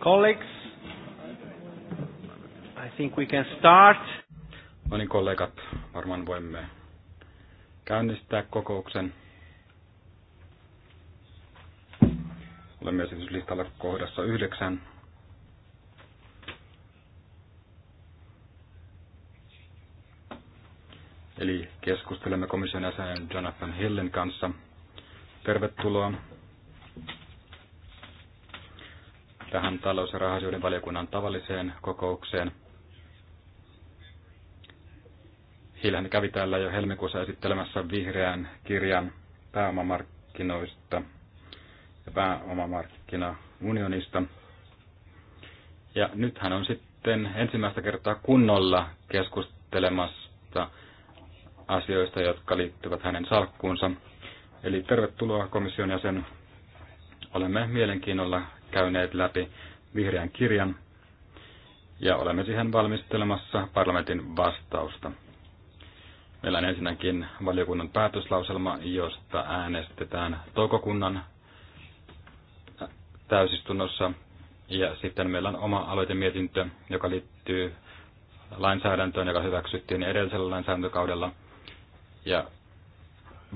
Colleagues, I think we can start. No niin, kollegat, varmaan voimme käynnistää kokouksen. Olemme esityslistalla kohdassa yhdeksän. Eli keskustelemme komission jäsenen Jonathan Hillen kanssa. Tervetuloa. tähän talous- ja rahasioiden valiokunnan tavalliseen kokoukseen. Hiilhän kävi täällä jo helmikuussa esittelemässä vihreän kirjan pääomamarkkinoista ja pääomamarkkinaunionista. Ja nythän on sitten ensimmäistä kertaa kunnolla keskustelemassa asioista, jotka liittyvät hänen salkkuunsa. Eli tervetuloa komission jäsen. Olemme mielenkiinnolla käyneet läpi vihreän kirjan ja olemme siihen valmistelemassa parlamentin vastausta. Meillä on ensinnäkin valiokunnan päätöslauselma, josta äänestetään toukokunnan täysistunnossa. Ja sitten meillä on oma aloitemietintö, joka liittyy lainsäädäntöön, joka hyväksyttiin edellisellä lainsäädäntökaudella. Ja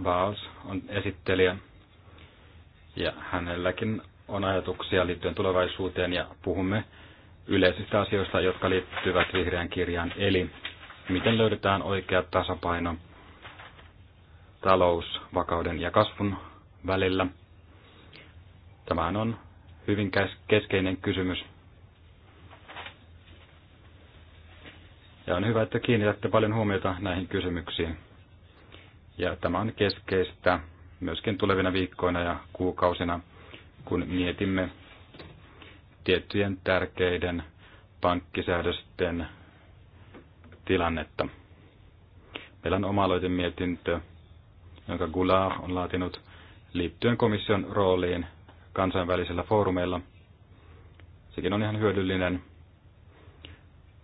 Baals on esittelijä. Ja hänelläkin on ajatuksia liittyen tulevaisuuteen ja puhumme yleisistä asioista, jotka liittyvät vihreän kirjaan, eli miten löydetään oikea tasapaino talousvakauden ja kasvun välillä. Tämä on hyvin keskeinen kysymys. Ja on hyvä, että kiinnitätte paljon huomiota näihin kysymyksiin. Ja tämä on keskeistä myöskin tulevina viikkoina ja kuukausina, kun mietimme tiettyjen tärkeiden pankkisäädösten tilannetta. Meillä on oma mietintö, jonka Goulart on laatinut liittyen komission rooliin kansainvälisellä foorumeilla. Sekin on ihan hyödyllinen.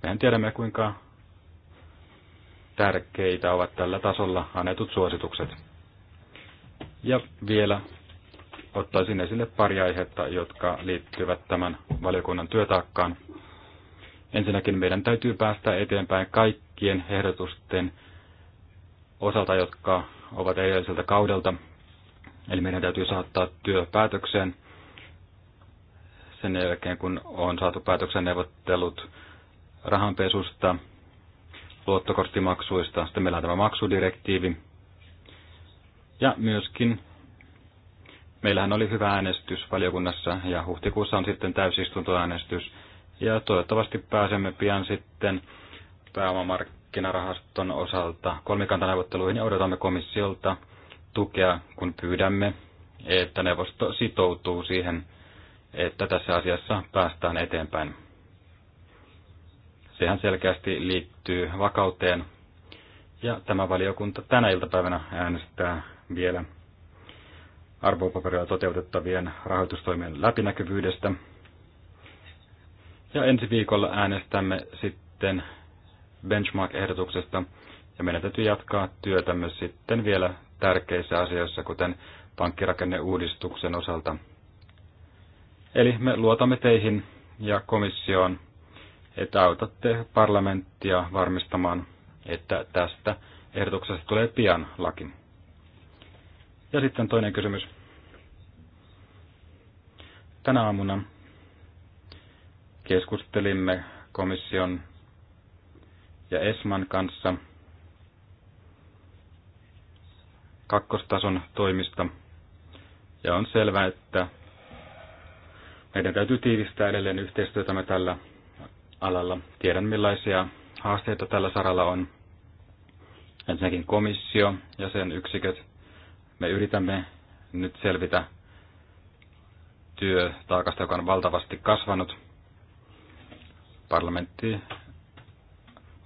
Mehän tiedämme, kuinka tärkeitä ovat tällä tasolla annetut suositukset. Ja vielä ottaisin esille pari aihetta, jotka liittyvät tämän valiokunnan työtaakkaan. Ensinnäkin meidän täytyy päästä eteenpäin kaikkien ehdotusten osalta, jotka ovat edelliseltä kaudelta. Eli meidän täytyy saattaa työ päätökseen sen jälkeen, kun on saatu päätöksen neuvottelut rahanpesusta, luottokorttimaksuista, sitten meillä on tämä maksudirektiivi ja myöskin Meillähän oli hyvä äänestys valiokunnassa ja huhtikuussa on sitten täysistuntoäänestys. Ja toivottavasti pääsemme pian sitten pääomamarkkinarahaston osalta kolmikantaneuvotteluihin ja odotamme komissiolta tukea, kun pyydämme, että neuvosto sitoutuu siihen, että tässä asiassa päästään eteenpäin. Sehän selkeästi liittyy vakauteen ja tämä valiokunta tänä iltapäivänä äänestää vielä arvopaperia toteutettavien rahoitustoimien läpinäkyvyydestä. Ja ensi viikolla äänestämme sitten benchmark-ehdotuksesta ja meidän täytyy jatkaa työtämme sitten vielä tärkeissä asioissa, kuten pankkirakenneuudistuksen osalta. Eli me luotamme teihin ja komissioon, että autatte parlamenttia varmistamaan, että tästä ehdotuksesta tulee pian laki. Ja sitten toinen kysymys. Tänä aamuna keskustelimme komission ja ESMAN kanssa kakkostason toimista. Ja on selvää, että meidän täytyy tiivistää edelleen yhteistyötämme tällä alalla. Tiedän millaisia haasteita tällä saralla on. Ensinnäkin komissio ja sen yksiköt. Me yritämme nyt selvitä työtaakasta, joka on valtavasti kasvanut. Parlamentti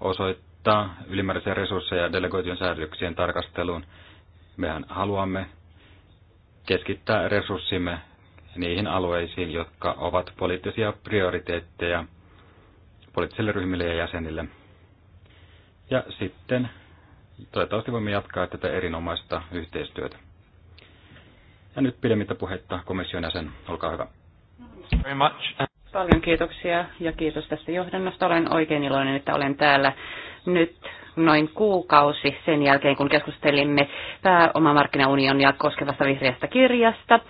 osoittaa ylimääräisiä resursseja delegoitujen säädöksien tarkasteluun. Mehän haluamme keskittää resurssimme niihin alueisiin, jotka ovat poliittisia prioriteetteja poliittisille ryhmille ja jäsenille. Ja sitten toivottavasti voimme jatkaa tätä erinomaista yhteistyötä. Ja nyt pidemmittä puhetta komission jäsen, olkaa hyvä. Very much. Paljon kiitoksia ja kiitos tästä johdannosta. Olen oikein iloinen, että olen täällä nyt noin kuukausi sen jälkeen, kun keskustelimme pääomamarkkinaunionia koskevasta vihreästä kirjasta.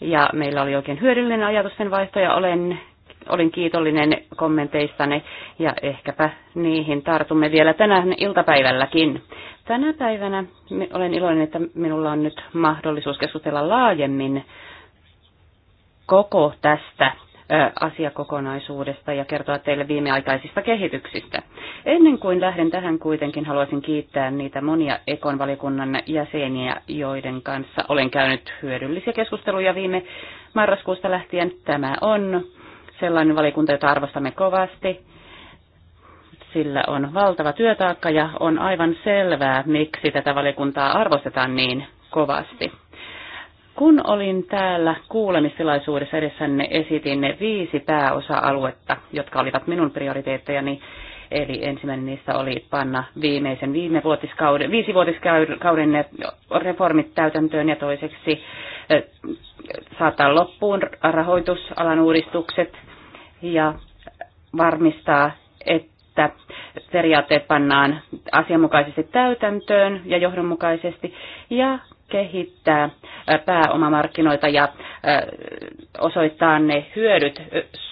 Ja meillä oli oikein hyödyllinen ajatusten vaihto ja olen Olin kiitollinen kommenteistanne ja ehkäpä niihin tartumme vielä tänään iltapäivälläkin. Tänä päivänä olen iloinen, että minulla on nyt mahdollisuus keskustella laajemmin koko tästä asiakokonaisuudesta ja kertoa teille viimeaikaisista kehityksistä. Ennen kuin lähden tähän kuitenkin haluaisin kiittää niitä monia Ekon valikunnan jäseniä, joiden kanssa olen käynyt hyödyllisiä keskusteluja viime marraskuusta lähtien. Tämä on sellainen valiokunta, jota arvostamme kovasti. Sillä on valtava työtaakka ja on aivan selvää, miksi tätä valiokuntaa arvostetaan niin kovasti. Kun olin täällä kuulemistilaisuudessa edessänne, esitin ne viisi pääosa-aluetta, jotka olivat minun prioriteettejani. Eli ensimmäinen niistä oli panna viimeisen viime vuotiskauden, viisivuotiskauden reformit täytäntöön ja toiseksi saattaa loppuun rahoitusalan uudistukset ja varmistaa, että periaatteet pannaan asianmukaisesti täytäntöön ja johdonmukaisesti ja kehittää pääomamarkkinoita ja osoittaa ne hyödyt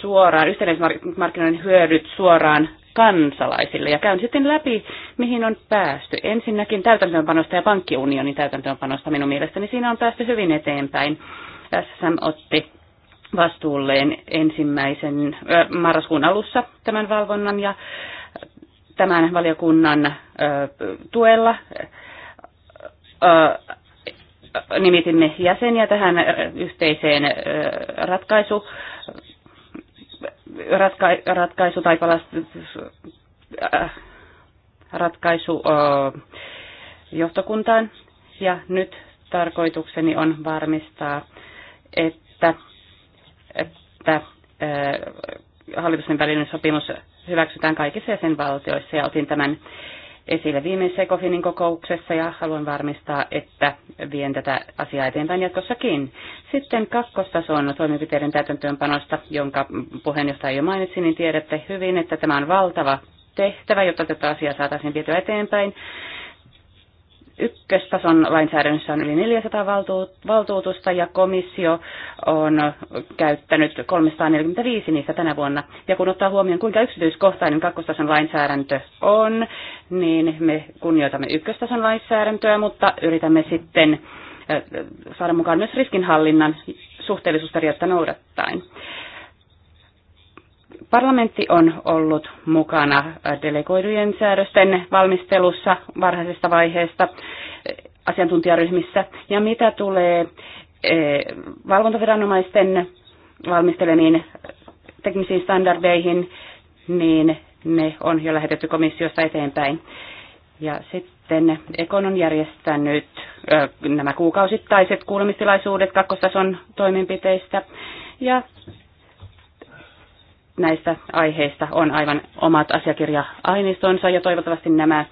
suoraan, yhtenäismarkkinoiden hyödyt suoraan kansalaisille. Ja käyn sitten läpi, mihin on päästy. Ensinnäkin täytäntöönpanosta ja pankkiunionin täytäntöönpanosta minun mielestäni. Siinä on päästy hyvin eteenpäin. SSM otti vastuulleen ensimmäisen marraskuun alussa tämän valvonnan ja tämän valiokunnan tuella nimitimme jäseniä tähän yhteiseen ratkaisu, ratka, ratkaisu tai palast, ratkaisu johtokuntaan. Ja nyt tarkoitukseni on varmistaa, että että hallitusten välinen sopimus hyväksytään kaikissa jäsenvaltioissa ja otin tämän esille viimeisessä Ecofinin kokouksessa ja haluan varmistaa, että vien tätä asiaa eteenpäin jatkossakin. Sitten kakkostason toimenpiteiden täytäntöönpanosta, jonka puheenjohtaja jo mainitsi, niin tiedätte hyvin, että tämä on valtava tehtävä, jotta tätä asiaa saataisiin vietyä eteenpäin ykköstason lainsäädännössä on yli 400 valtuutusta ja komissio on käyttänyt 345 niistä tänä vuonna. Ja kun ottaa huomioon, kuinka yksityiskohtainen kakkostason lainsäädäntö on, niin me kunnioitamme ykköstason lainsäädäntöä, mutta yritämme sitten äh, saada mukaan myös riskinhallinnan suhteellisuusperiaatetta noudattaen. Parlamentti on ollut mukana delegoidujen säädösten valmistelussa varhaisesta vaiheesta asiantuntijaryhmissä. Ja mitä tulee eh, valvontaviranomaisten valmistelemiin teknisiin standardeihin, niin ne on jo lähetetty komissiosta eteenpäin. Ja sitten Ekon on järjestänyt ö, eh, nämä kuukausittaiset kuulemistilaisuudet kakkostason toimenpiteistä. Ja näistä aiheista on aivan omat asiakirja-aineistonsa ja toivottavasti nämä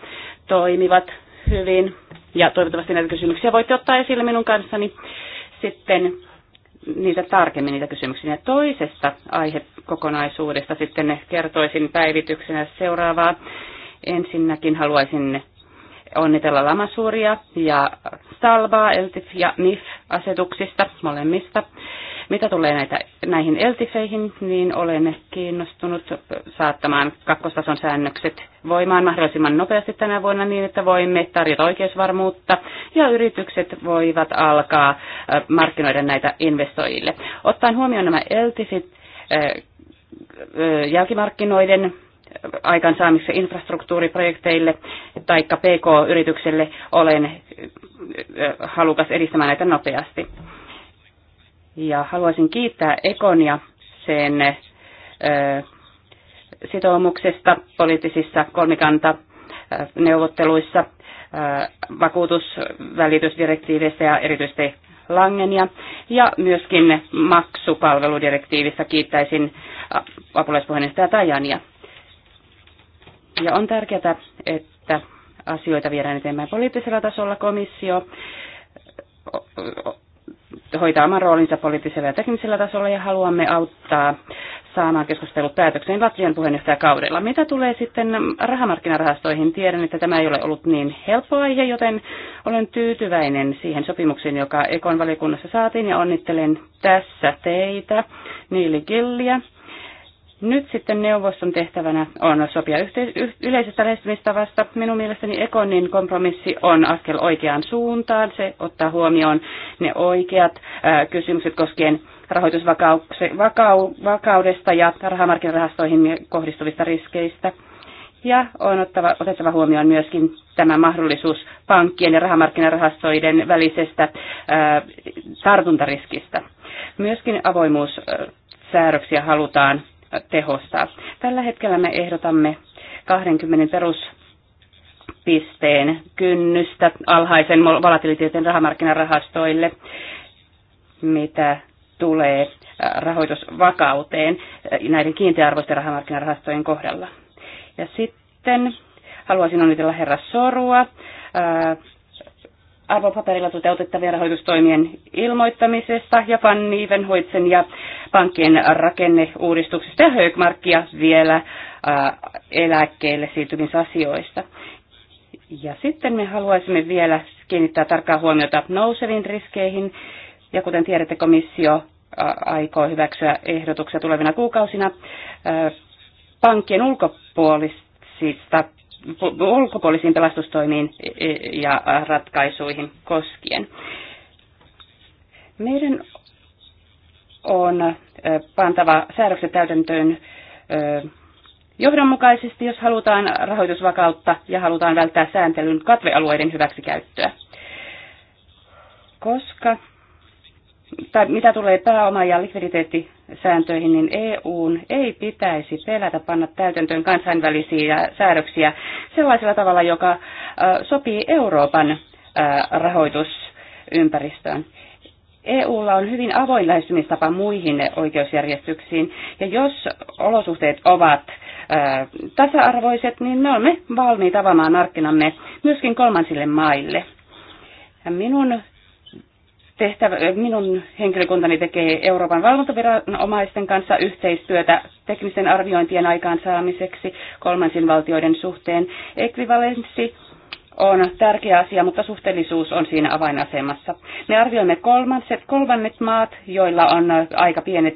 toimivat hyvin. Ja toivottavasti näitä kysymyksiä voitte ottaa esille minun kanssani sitten niitä tarkemmin niitä kysymyksiä. Ja toisesta aihekokonaisuudesta sitten kertoisin päivityksenä seuraavaa. Ensinnäkin haluaisin onnitella Lamasuuria ja Salbaa, Eltif ja NIF-asetuksista molemmista. Mitä tulee näitä, näihin eltifeihin, niin olen kiinnostunut saattamaan kakkostason säännökset voimaan mahdollisimman nopeasti tänä vuonna niin, että voimme tarjota oikeusvarmuutta ja yritykset voivat alkaa äh, markkinoida näitä investoijille. Ottaen huomioon nämä eltifit, äh, äh, jälkimarkkinoiden aikaansaamissa infrastruktuuriprojekteille tai PK-yritykselle olen halukas edistämään näitä nopeasti. Ja haluaisin kiittää Ekonia sen ö, sitoumuksesta poliittisissa kolmikanta neuvotteluissa, vakuutusvälitysdirektiivissä ja erityisesti Langenia. Ja myöskin maksupalveludirektiivissä kiittäisin apulaispuheenjohtaja Tajania. Ja on tärkeää, että asioita viedään eteenpäin poliittisella tasolla. Komissio hoitaa oman roolinsa poliittisella ja teknisellä tasolla ja haluamme auttaa saamaan keskustelut päätökseen Latvian puheenjohtajakaudella. Mitä tulee sitten rahamarkkinarahastoihin, tiedän, että tämä ei ole ollut niin helppo aihe, joten olen tyytyväinen siihen sopimukseen, joka Ekon valiokunnassa saatiin ja onnittelen tässä teitä, Niili Gilliä nyt sitten neuvoston tehtävänä on sopia yleisestä lähestymistavasta. Minun mielestäni Ekonin kompromissi on askel oikeaan suuntaan. Se ottaa huomioon ne oikeat äh, kysymykset koskien rahoitusvakaudesta ja rahamarkkinarahastoihin kohdistuvista riskeistä. Ja on ottava, otettava huomioon myöskin tämä mahdollisuus pankkien ja rahamarkkinarahastoiden välisestä ää, tartuntariskistä. Myöskin avoimuussäädöksiä halutaan tehostaa. Tällä hetkellä me ehdotamme 20 peruspisteen kynnystä alhaisen volatiliteetin rahamarkkinarahastoille, mitä tulee äh, rahoitusvakauteen äh, näiden kiinteäarvoisten rahamarkkinarahastojen kohdalla. Ja sitten haluaisin onnitella herra Sorua äh, arvopaperilla toteutettavien rahoitustoimien ilmoittamisesta ja Fanniven, Hoitsen ja pankkien rakenneuudistuksesta ja Höökmarkkia vielä ää, äh, eläkkeelle siirtymisasioista. Ja sitten me haluaisimme vielä kiinnittää tarkkaa huomiota nouseviin riskeihin. Ja kuten tiedätte, komissio äh, aikoo hyväksyä ehdotuksia tulevina kuukausina äh, pankkien ulkopuolisista ulkopuolisiin pelastustoimiin ja ratkaisuihin koskien. Meidän on pantava säädökset täytäntöön johdonmukaisesti, jos halutaan rahoitusvakautta ja halutaan välttää sääntelyn katvealueiden hyväksikäyttöä. Koska, tai mitä tulee pääoma- ja likviditeetti sääntöihin, niin EUn ei pitäisi pelätä panna täytäntöön kansainvälisiä säädöksiä sellaisella tavalla, joka sopii Euroopan rahoitusympäristöön. EUlla on hyvin avoin lähestymistapa muihin oikeusjärjestyksiin, ja jos olosuhteet ovat tasa-arvoiset, niin me olemme valmiita avaamaan markkinamme myöskin kolmansille maille. Minun tehtävä, minun henkilökuntani tekee Euroopan valvontaviranomaisten kanssa yhteistyötä teknisten arviointien aikaansaamiseksi kolmansin valtioiden suhteen. Ekvivalenssi on tärkeä asia, mutta suhteellisuus on siinä avainasemassa. Me arvioimme kolmanset, kolmannet maat, joilla on aika pienet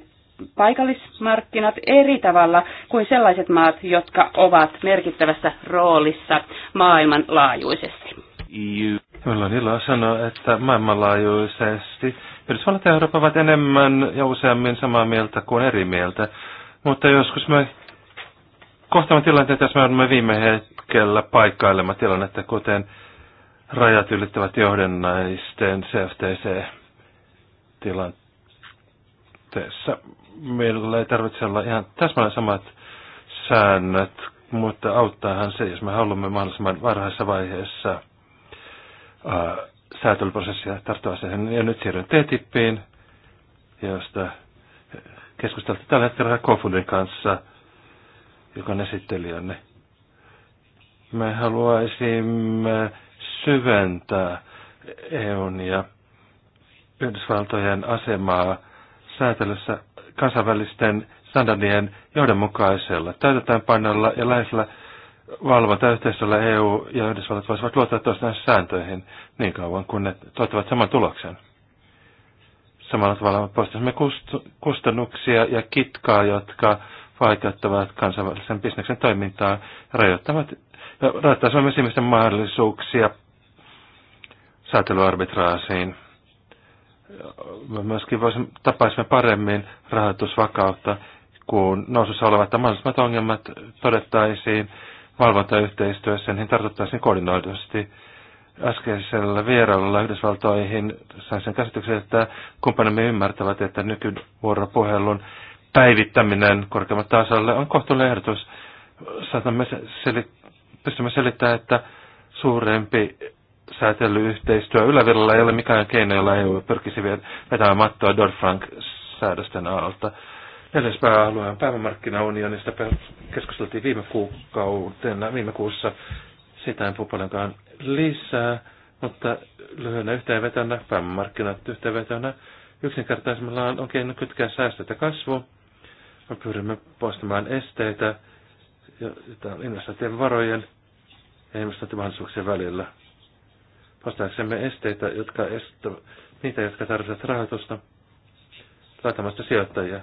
paikallismarkkinat eri tavalla kuin sellaiset maat, jotka ovat merkittävässä roolissa maailmanlaajuisesti. You. Minulla on ilo sanoa, että maailmanlaajuisesti Yhdysvallat ja Eurooppa ovat enemmän ja useammin samaa mieltä kuin eri mieltä. Mutta joskus me kohtaamme tilanteita, jos me olemme viime hetkellä paikkailema tilannetta, kuten rajat ylittävät johdennaisten CFTC-tilanteessa. Meillä ei tarvitse olla ihan täsmälleen samat säännöt, mutta auttaahan se, jos me haluamme mahdollisimman varhaisessa vaiheessa – Äh, säätelyprosessia tarttua Ja nyt siirryn TTIPiin, josta keskusteltiin tällä hetkellä Kofundin kanssa, joka on esittelijänne. Me haluaisimme syventää EUn ja Yhdysvaltojen asemaa säätelyssä kansainvälisten standardien johdonmukaisella täytäntöönpanolla ja läheisellä valvonta yhteistyöllä EU ja Yhdysvallat voisivat luottaa toistensa sääntöihin niin kauan, kun ne tuottavat saman tuloksen. Samalla tavalla me poistaisimme kustannuksia ja kitkaa, jotka vaikeuttavat kansainvälisen bisneksen toimintaa, rajoittavat, ja rajoittaisivat myös ihmisten mahdollisuuksia säätelyarbitraasiin. Me myöskin voisimme, tapaisimme paremmin rahoitusvakautta, kun nousussa olevat mahdollisimmat ongelmat todettaisiin valvontayhteistyössä, niin tartuttaisiin koordinoidusti. Äskeisellä vierailulla Yhdysvaltoihin sain sen käsityksen, että kumppanimme ymmärtävät, että nykyvuoropuhelun päivittäminen korkeammalle tasolle on kohtuullinen ehdotus. Saatamme seli- pystymme selittämään, että suurempi säätelyyhteistyö ylävirralla ei ole mikään keino, jolla EU pyrkisi vetämään mattoa Dodd-Frank-säädösten alta Neljäs pääalue on päivämarkkinaunionista. Keskusteltiin viime kuukautena, viime kuussa. Sitä en puhu paljonkaan lisää, mutta lyhyenä yhteenvetona, pääomamarkkinat yhteenvetona. yksinkertaisemmalla on keino kytkeä säästöt ja kasvu. Me pyrimme poistamaan esteitä ja investointien varojen ja investointimahdollisuuksien välillä. Poistaaksemme esteitä, jotka estävät niitä, jotka tarvitsevat rahoitusta, laitamasta sijoittajia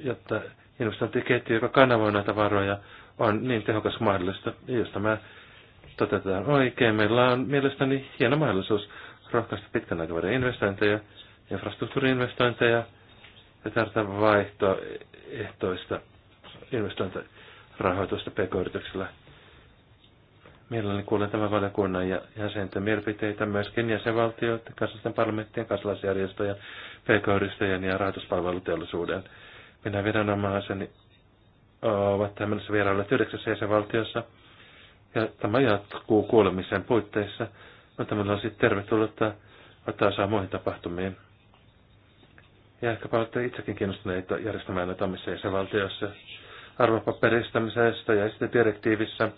jotta investointiketju, joka kanavoi näitä varoja, on niin tehokas mahdollista. josta jos tämä toteutetaan oikein, meillä on mielestäni hieno mahdollisuus rohkaista pitkän aikavälin investointeja, infrastruktuuriinvestointeja ja tarjota vaihtoehtoista investointirahoitusta pk yrityksellä Mielelläni kuulen tämän valiokunnan ja jäsenten mielipiteitä myöskin jäsenvaltioiden, kansallisten parlamenttien, kansalaisjärjestöjen, pk-yrittäjien ja rahoituspalveluteollisuuden. Minä viranomaiseni ovat tähän mennessä vierailleet yhdeksässä jäsenvaltiossa ja tämä jatkuu kuulemisen puitteissa, mutta meillä on sitten tervetullut ottaa saa muihin tapahtumiin. Ja ehkä olette itsekin kiinnostuneita järjestämään näitä omissa jäsenvaltioissa. Arvopaperistämisestä ja sitten direktiivissä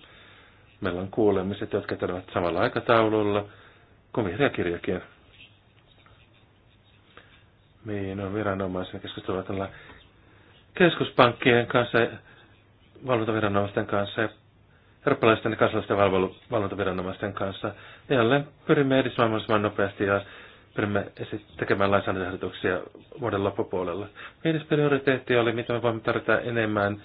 Meillä on kuulemiset, jotka tulevat samalla aikataululla kuin vihreä kirjakin. Niin, on viranomaisena keskustelua keskuspankkien kanssa, valvontaviranomaisten kanssa ja eurooppalaisten ja kansallisten valvontaviranomaisten kanssa. Ja jälleen pyrimme edistämään mahdollisimman nopeasti ja pyrimme tekemään lainsäädäntöehdotuksia vuoden loppupuolella. Meidän prioriteetti oli, mitä me voimme tarvita enemmän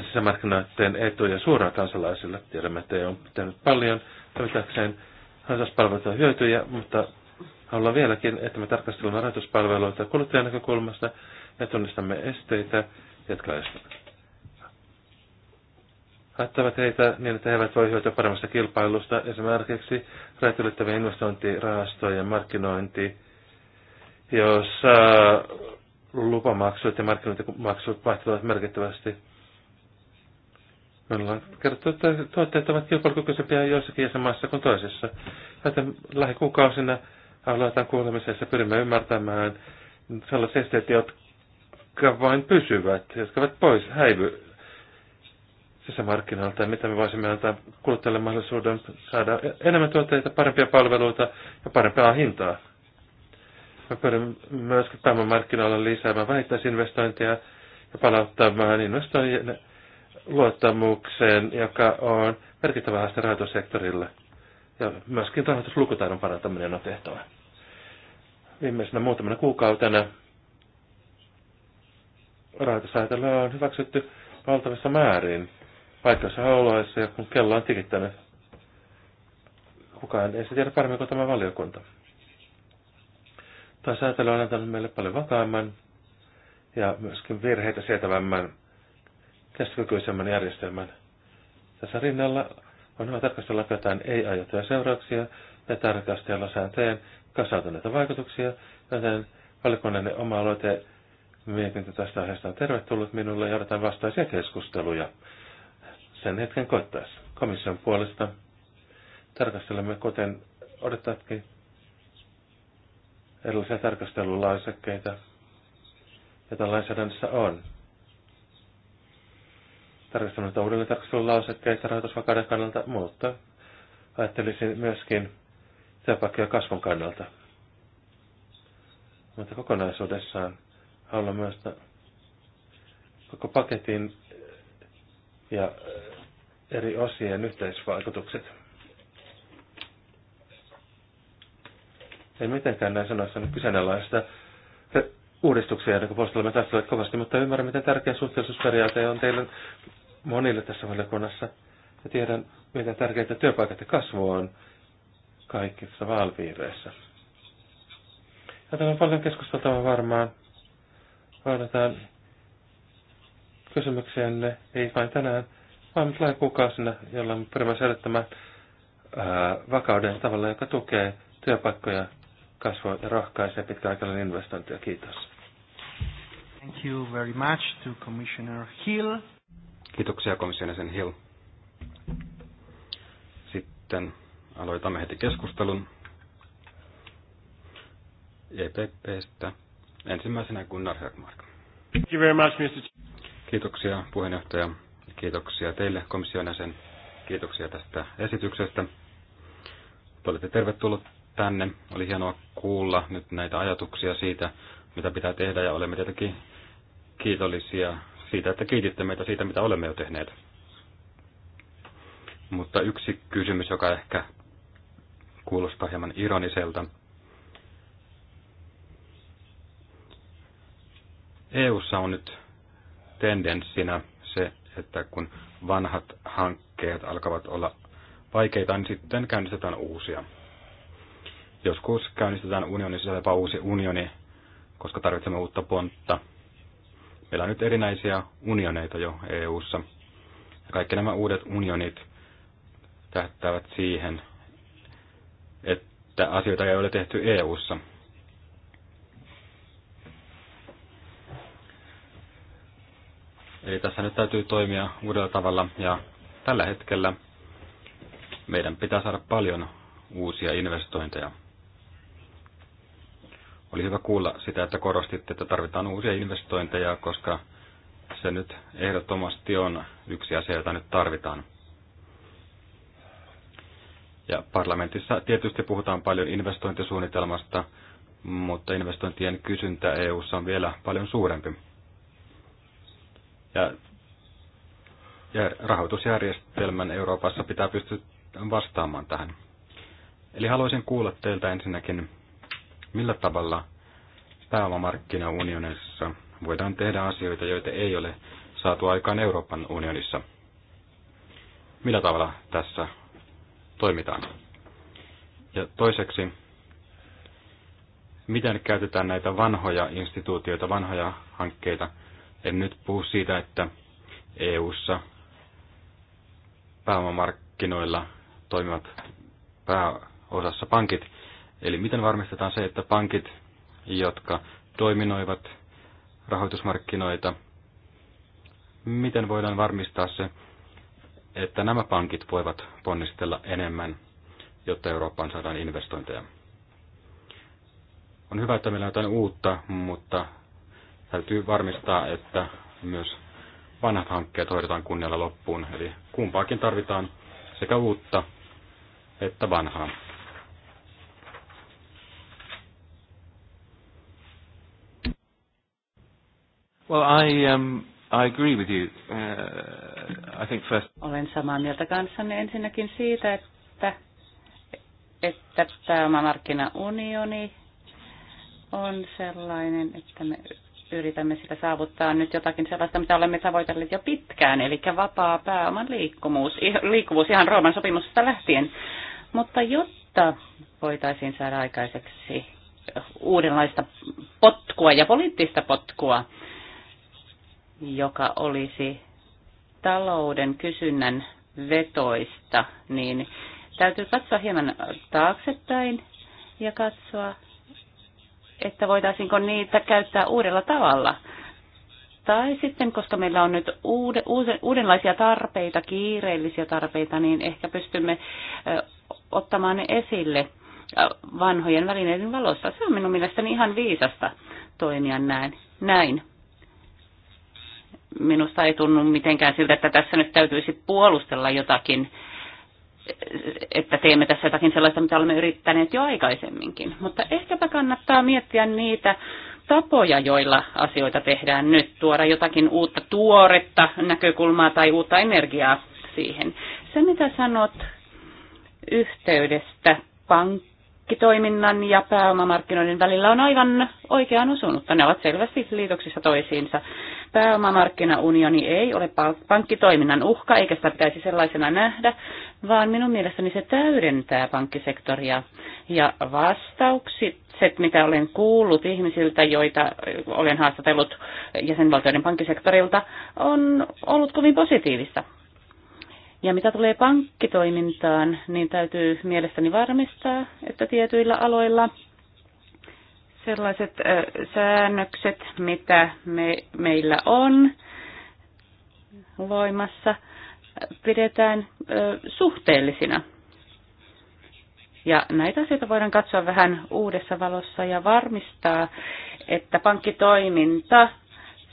sisämarkkinoiden etuja suoraan kansalaisille. Tiedämme, että ei ole pitänyt paljon löytääkseen kansalaispalveluita hyötyjä, mutta haluan vieläkin, että me tarkastelemme rahoituspalveluita kuluttajan näkökulmasta ja tunnistamme esteitä, jotka haittavat heitä niin, että he eivät voi hyötyä paremmasta kilpailusta, esimerkiksi rajatulittavien investointirahastojen markkinointi, jossa lupamaksut ja markkinointimaksut vaihtelevat merkittävästi Kyllä. kerrottu, että tuotteet ovat kilpailukykyisempiä joissakin jäsenmaissa kuin toisessa. Joten lähikuukausina aloitetaan kuulemisessa pyrimme ymmärtämään sellaiset esteet, jotka vain pysyvät, jotka ovat pois, häivy sisämarkkinoilta, mitä me voisimme antaa kuluttajille mahdollisuuden saada enemmän tuotteita, parempia palveluita ja parempaa hintaa. Me pyrimme myöskin pääomamarkkinoilla lisäämään vähittäisinvestointeja ja palauttamaan investointeja luottamukseen, joka on merkittävä haaste rahoitussektorille. Ja myöskin rahoituslukutaidon parantaminen on tehtävä. Viimeisenä muutamana kuukautena rahoitussäätelyä on hyväksytty valtavissa määrin paikassa oloissa ja kun kello on tikittänyt. Kukaan ei se tiedä paremmin kuin tämä valiokunta. Tämä säätely on antanut meille paljon vakaamman ja myöskin virheitä sietävämmän kestikykyisemman järjestelmän. Tässä rinnalla on hyvä tarkastella jotain ei-aiottuja seurauksia ja tarkastella sääntöjen kasautuneita vaikutuksia, joten valikoinen oma aloite mietintö tästä aiheesta on tervetullut minulle ja odotan vastaisia keskusteluja sen hetken koittaessa. Komission puolesta tarkastelemme, kuten odotatkin, erilaisia tarkastelulaisekkeita, joita lainsäädännössä on tarkastelun uudelleen tarkastelun lausekkeista rahoitusvakauden kannalta, mutta ajattelisin myöskin työpaikkojen kasvun kannalta. Mutta kokonaisuudessaan haluan myös koko paketin ja eri osien yhteisvaikutukset. En mitenkään näin sanoissa nyt kyseenalaista uudistuksia, joiden puolesta olemme taistelleet kovasti, mutta ymmärrän, miten tärkeä suhteellisuusperiaate on teille monille tässä valiokunnassa. Ja tiedän, miten tärkeitä työpaikat ja kasvu on kaikissa vaalipiireissä. Ja tämä on paljon keskusteltavaa varmaan. Vaadetaan kysymyksiänne, ei vain tänään, vaan nyt lain kuukausina, jolla on pyrimme säilyttämään vakauden tavalla, joka tukee työpaikkoja, kasvua ja rohkaisee pitkäaikainen investointia. Kiitos. Thank you very much to Commissioner Hill. Kiitoksia komission jäsen Hill. Sitten aloitamme heti keskustelun EPPstä. Ensimmäisenä Gunnar Högmark. Kiitoksia puheenjohtaja. Kiitoksia teille komission jäsen. Kiitoksia tästä esityksestä. Te olette tervetullut tänne. Oli hienoa kuulla nyt näitä ajatuksia siitä, mitä pitää tehdä ja olemme tietenkin kiitollisia siitä, että kiititte meitä siitä, mitä olemme jo tehneet. Mutta yksi kysymys, joka ehkä kuulostaa hieman ironiselta. EU:ssa on nyt tendenssinä se, että kun vanhat hankkeet alkavat olla vaikeita, niin sitten käynnistetään uusia. Joskus käynnistetään unionin sisällä jopa uusi unioni, koska tarvitsemme uutta pontta – Meillä on nyt erinäisiä unioneita jo EU:ssa. Ja kaikki nämä uudet unionit tähtävät siihen, että asioita ei ole tehty EU:ssa. Eli tässä nyt täytyy toimia uudella tavalla ja tällä hetkellä meidän pitää saada paljon uusia investointeja. Oli hyvä kuulla sitä, että korostitte, että tarvitaan uusia investointeja, koska se nyt ehdottomasti on yksi asia, jota nyt tarvitaan. Ja parlamentissa tietysti puhutaan paljon investointisuunnitelmasta, mutta investointien kysyntä EU:ssa on vielä paljon suurempi. Ja, ja rahoitusjärjestelmän Euroopassa pitää pystyä vastaamaan tähän. Eli haluaisin kuulla teiltä ensinnäkin, millä tavalla pääomamarkkinaunionissa voidaan tehdä asioita, joita ei ole saatu aikaan Euroopan unionissa. Millä tavalla tässä toimitaan? Ja toiseksi, miten käytetään näitä vanhoja instituutioita, vanhoja hankkeita. En nyt puhu siitä, että EU-ssa pääomamarkkinoilla toimivat pääosassa pankit Eli miten varmistetaan se, että pankit, jotka dominoivat rahoitusmarkkinoita, miten voidaan varmistaa se, että nämä pankit voivat ponnistella enemmän, jotta Eurooppaan saadaan investointeja. On hyvä, että meillä on jotain uutta, mutta täytyy varmistaa, että myös vanhat hankkeet hoidetaan kunnialla loppuun. Eli kumpaakin tarvitaan sekä uutta että vanhaa. Well, I, um, I agree with you. Uh, I think first... Olen samaa mieltä kanssanne ensinnäkin siitä, että, että tämä markkinaunioni on sellainen, että me yritämme sitä saavuttaa nyt jotakin sellaista, mitä olemme tavoitelleet jo pitkään, eli vapaa pääoman liikkuvuus, liikkuvuus ihan Rooman sopimuksesta lähtien. Mutta jotta voitaisiin saada aikaiseksi uudenlaista potkua ja poliittista potkua, joka olisi talouden kysynnän vetoista, niin täytyy katsoa hieman taaksepäin ja katsoa, että voitaisiinko niitä käyttää uudella tavalla. Tai sitten, koska meillä on nyt uude, uudenlaisia tarpeita, kiireellisiä tarpeita, niin ehkä pystymme ottamaan ne esille vanhojen välineiden valossa. Se on minun mielestäni ihan viisasta toimia näin. näin minusta ei tunnu mitenkään siltä, että tässä nyt täytyisi puolustella jotakin, että teemme tässä jotakin sellaista, mitä olemme yrittäneet jo aikaisemminkin. Mutta ehkäpä kannattaa miettiä niitä tapoja, joilla asioita tehdään nyt, tuoda jotakin uutta tuoretta näkökulmaa tai uutta energiaa siihen. Se, mitä sanot yhteydestä pank- pankkitoiminnan ja pääomamarkkinoiden välillä on aivan oikeaan osunut. Ne ovat selvästi liitoksissa toisiinsa. Pääomamarkkinaunioni ei ole pankkitoiminnan uhka, eikä sitä pitäisi sellaisena nähdä, vaan minun mielestäni se täydentää pankkisektoria. Ja vastaukset, mitä olen kuullut ihmisiltä, joita olen haastatellut jäsenvaltioiden pankkisektorilta, on ollut kovin positiivista. Ja mitä tulee pankkitoimintaan, niin täytyy mielestäni varmistaa, että tietyillä aloilla sellaiset säännökset, mitä me, meillä on voimassa, pidetään suhteellisina. Ja näitä asioita voidaan katsoa vähän uudessa valossa ja varmistaa, että pankkitoiminta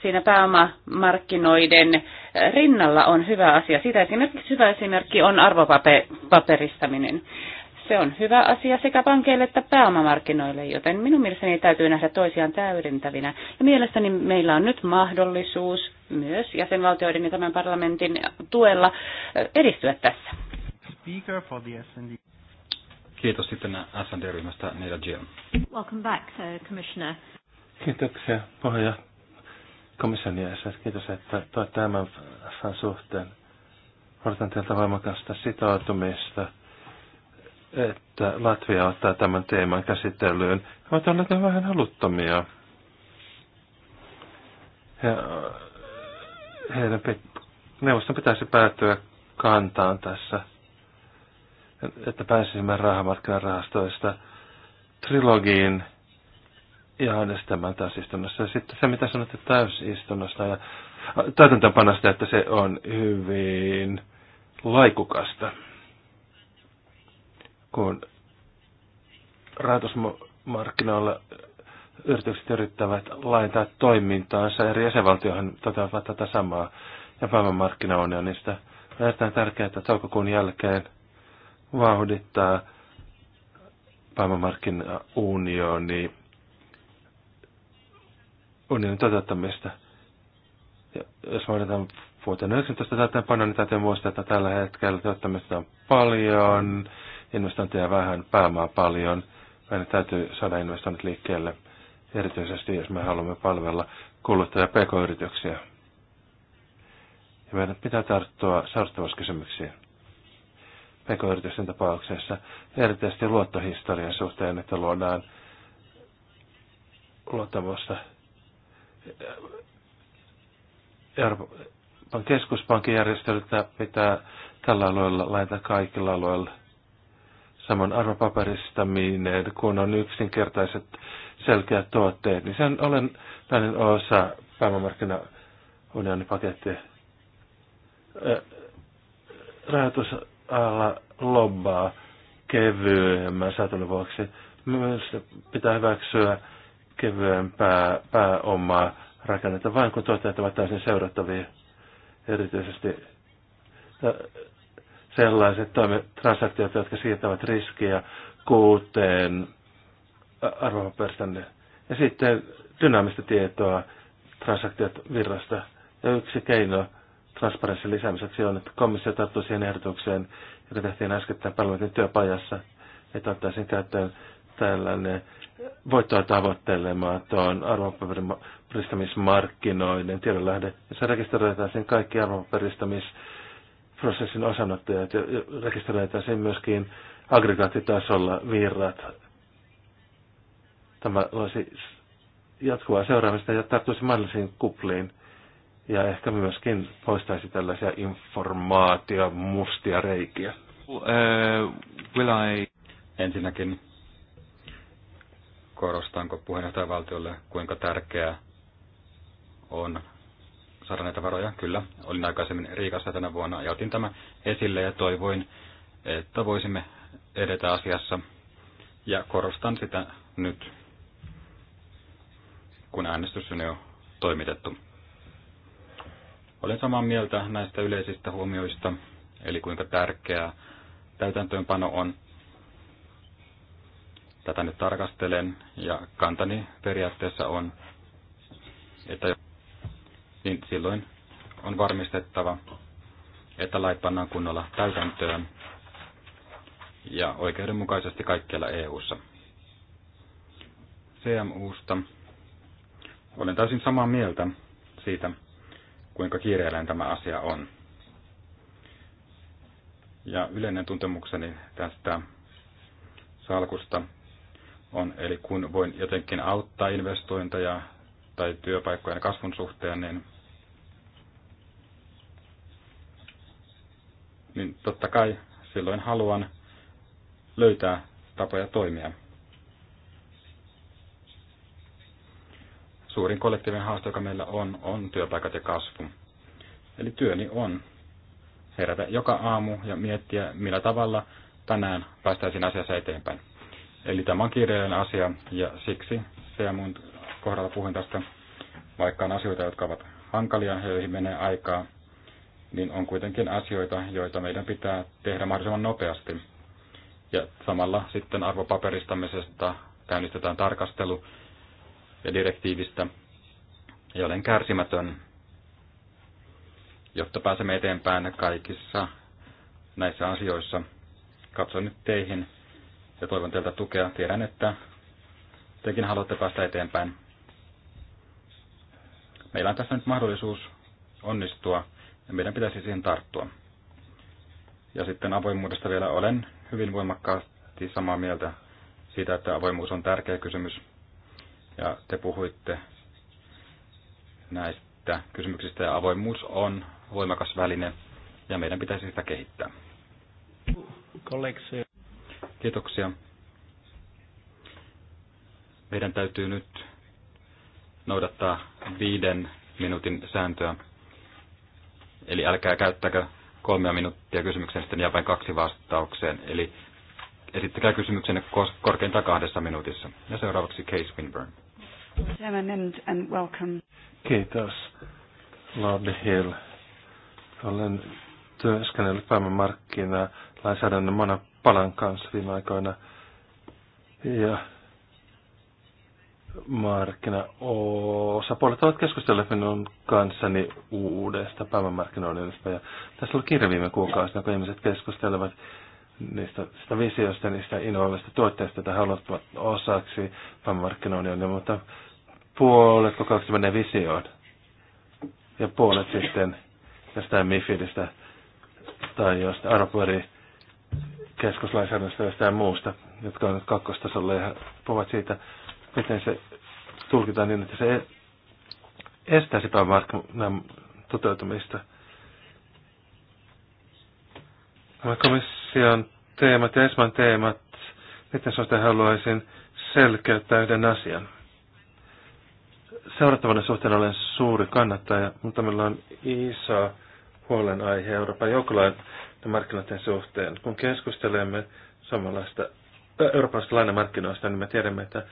siinä pääomamarkkinoiden eh, rinnalla on hyvä asia. Sitä esimerkiksi hyvä esimerkki on arvopaperistaminen. Se on hyvä asia sekä pankeille että pääomamarkkinoille, joten minun mielestäni täytyy nähdä toisiaan täydentävinä. Ja mielestäni meillä on nyt mahdollisuus myös jäsenvaltioiden ja tämän parlamentin tuella eh, edistyä tässä. Speaker for the Kiitos sitten SND-ryhmästä Neila Jill. Welcome back, uh, Commissioner. Kiitoksia, puheenjohtaja komission jäsen. Kiitos, että toi tämän suhteen. Odotan teiltä voimakasta sitoutumista, että Latvia ottaa tämän teeman käsittelyyn. He ovat olleet vähän haluttomia. Ja äh, heidän pit, neuvoston pitäisi päätyä kantaan tässä, että pääsisimme rahamarkkinarahastoista trilogiin – ja äänestämään täysistunnossa. Sitten se, mitä sanotte täysistunnossa ja täytäntöönpanosta, että se on hyvin laikukasta, kun rahoitusmarkkinoilla yritykset yrittävät laajentaa toimintaansa. Eri jäsenvaltiohan toteuttavat tätä samaa ja pääomamarkkinaunionista. On erittäin tärkeää, että toukokuun jälkeen vauhdittaa pääomamarkkinaunioni on niin toteuttamista. Ja jos me odotetaan vuoteen 19 panna, niin täytyy muistaa, että tällä hetkellä työttömyyttä on paljon, investointeja vähän, pääomaa paljon. Meidän täytyy saada investoinnit liikkeelle, erityisesti jos me haluamme palvella ja pk-yrityksiä. Ja meidän pitää tarttua saavuttavuuskysymyksiin pk-yritysten tapauksessa, erityisesti luottohistorian suhteen, että luodaan luottamusta Euroopan keskuspankin järjestelytä pitää tällä alueella laita kaikilla alueilla. saman arvopaperistaminen, kun on yksinkertaiset selkeät tuotteet, niin sen olen olennainen osa pääomamarkkinaunionin pakettia. Rahoitusala lobbaa kevyemmän säätelyn vuoksi. Myös pitää hyväksyä kevyempää pääomaa rakennetaan vain kun tuotteet ovat täysin seurattavia. Erityisesti sellaiset transaktiot, jotka siirtävät riskiä kuuteen arvopaperistanne. Ja sitten dynaamista tietoa transaktiot virrasta. Ja yksi keino transparenssin lisäämiseksi on, että komissio tarttuu siihen ehdotukseen, joka tehtiin äskettäin parlamentin työpajassa, että ottaisiin käyttöön tällainen voittoa tuon arvopaperistamismarkkinoiden tiedonlähde, jossa sen kaikki arvopaperistamisprosessin osanottajat ja sen myöskin aggregaattitasolla virrat. Tämä olisi jatkuvaa seuraamista ja tarttuisi mahdollisiin kupliin ja ehkä myöskin poistaisi tällaisia informaatio mustia reikiä. Uh, will I... Ensinnäkin korostaanko puheenjohtajavaltiolle, kuinka tärkeää on saada näitä varoja. Kyllä, olin aikaisemmin Riikassa tänä vuonna ja otin tämä esille ja toivoin, että voisimme edetä asiassa. Ja korostan sitä nyt, kun äänestys on jo toimitettu. Olen samaa mieltä näistä yleisistä huomioista, eli kuinka tärkeää täytäntöönpano on tätä nyt tarkastelen ja kantani periaatteessa on, että niin silloin on varmistettava, että lait pannaan kunnolla täytäntöön ja oikeudenmukaisesti kaikkialla EU-ssa. CMUsta olen täysin samaa mieltä siitä, kuinka kiireellinen tämä asia on. Ja yleinen tuntemukseni tästä salkusta on. Eli kun voin jotenkin auttaa investointeja tai työpaikkojen kasvun suhteen, niin, niin totta kai silloin haluan löytää tapoja toimia. Suurin kollektiivinen haaste, joka meillä on, on työpaikat ja kasvu. Eli työni on herätä joka aamu ja miettiä, millä tavalla tänään päästäisiin asiassa eteenpäin. Eli tämä on kiireellinen asia ja siksi se mun kohdalla puhuin tästä, vaikka on asioita, jotka ovat hankalia ja joihin menee aikaa, niin on kuitenkin asioita, joita meidän pitää tehdä mahdollisimman nopeasti. Ja samalla sitten arvopaperistamisesta käynnistetään tarkastelu ja direktiivistä. Ja olen kärsimätön, jotta pääsemme eteenpäin kaikissa näissä asioissa. Katson nyt teihin ja toivon teiltä tukea. Tiedän, että tekin haluatte päästä eteenpäin. Meillä on tässä nyt mahdollisuus onnistua ja meidän pitäisi siihen tarttua. Ja sitten avoimuudesta vielä olen hyvin voimakkaasti samaa mieltä siitä, että avoimuus on tärkeä kysymys. Ja te puhuitte näistä kysymyksistä ja avoimuus on voimakas väline ja meidän pitäisi sitä kehittää. Kiitoksia. Meidän täytyy nyt noudattaa viiden minuutin sääntöä. Eli älkää käyttäkö kolmea minuuttia kysymykseen, sitten jää vain kaksi vastaukseen. Eli esittäkää kysymyksenne korkeintaan kahdessa minuutissa. Ja seuraavaksi Case Winburn. Kiitos, Lord Hill. Olen työskennellyt markkinaa lainsäädännön mona palan kanssa viime aikoina. Ja markkinaosapuolet ovat keskustelleet minun kanssani uudesta päivämarkkinoinnista. Ja tässä on kirja viime kuukausina, kun ihmiset keskustelevat niistä sitä visioista, niistä innovaavista tuotteista, joita haluavat osaksi päivämarkkinoinnista. mutta puolet kokouksista menee visioon. Ja puolet sitten jostain Mifidistä tai jostain Arpori keskuslainsäädännöstä ja sitä muusta, jotka on kakkostasolla ja puhuvat siitä, miten se tulkitaan niin, että se sitä markkinan toteutumista. Tämä komission teemat ja ESMAn teemat, miten sinusta haluaisin selkeyttää yhden asian. Seurattavana suhteen olen suuri kannattaja, mutta meillä on iso huolenaihe Euroopan joukkolain ja markkinoiden suhteen. Kun keskustelemme suomalaista, Euroopasta eurooppalaisista lainamarkkinoista, niin me tiedämme, että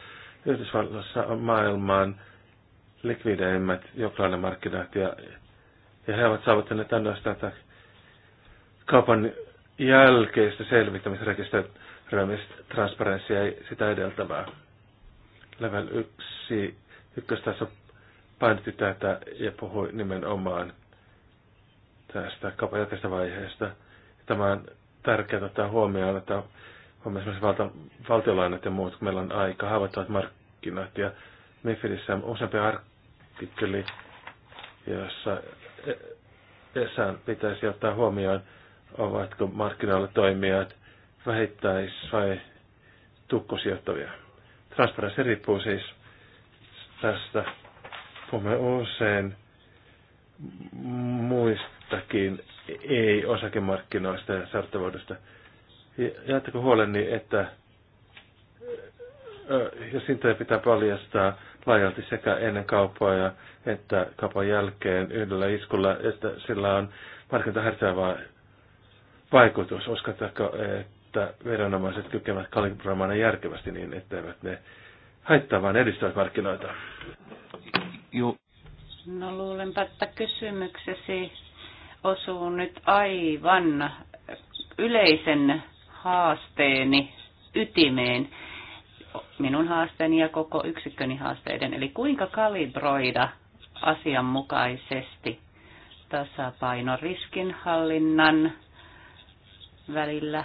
Yhdysvalloissa on maailman likvideimmät joukkolainamarkkinat ja, ja he ovat saavuttaneet ainoastaan kaupan jälkeistä selvittämisrekisteröimistä transparenssia ei sitä edeltävää. Level 1 ykköstaso painotti tätä ja puhui nimenomaan tästä kaupan jälkeistä vaiheesta – Tämä on tärkeää ottaa huomioon, että on esimerkiksi valta, valtiolainat ja muut, kun meillä on aika haavoittuvat markkinat. Ja Mifidissä on useampi artikkeli, jossa e-, Esan pitäisi ottaa huomioon, ovatko markkinoilla toimijat vähittäis- vai tukkosijoittavia. Transparenssi riippuu siis tästä. Puhumme usein muista jotakin ei-osakemarkkinoista ja sarttavuudesta. Jaatteko huoleni, että jos hintoja pitää paljastaa laajalti sekä ennen kauppaa ja että kaupan jälkeen yhdellä iskulla, että sillä on markkinoita härsäävää vaikutus. Uskotteko, että viranomaiset kykenevät kalibroimaan järkevästi niin, etteivät ne haittaa vaan edistävät markkinoita? Joo. No luulenpa, että kysymyksesi osuu nyt aivan yleisen haasteeni ytimeen, minun haasteeni ja koko yksikköni haasteiden, eli kuinka kalibroida asianmukaisesti tasapaino riskinhallinnan välillä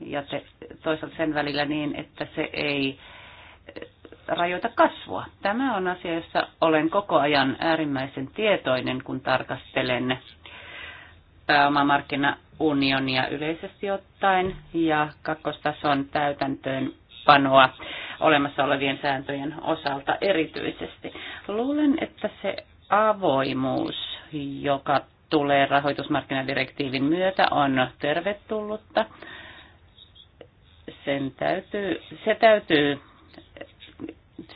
ja te, toisaalta sen välillä niin, että se ei rajoita kasvua. Tämä on asia, jossa olen koko ajan äärimmäisen tietoinen, kun tarkastelen pääomamarkkinaunionia yleisesti ottaen ja kakkostason täytäntöön panoa olemassa olevien sääntöjen osalta erityisesti. Luulen, että se avoimuus, joka tulee rahoitusmarkkinadirektiivin myötä, on tervetullutta. Sen täytyy, se täytyy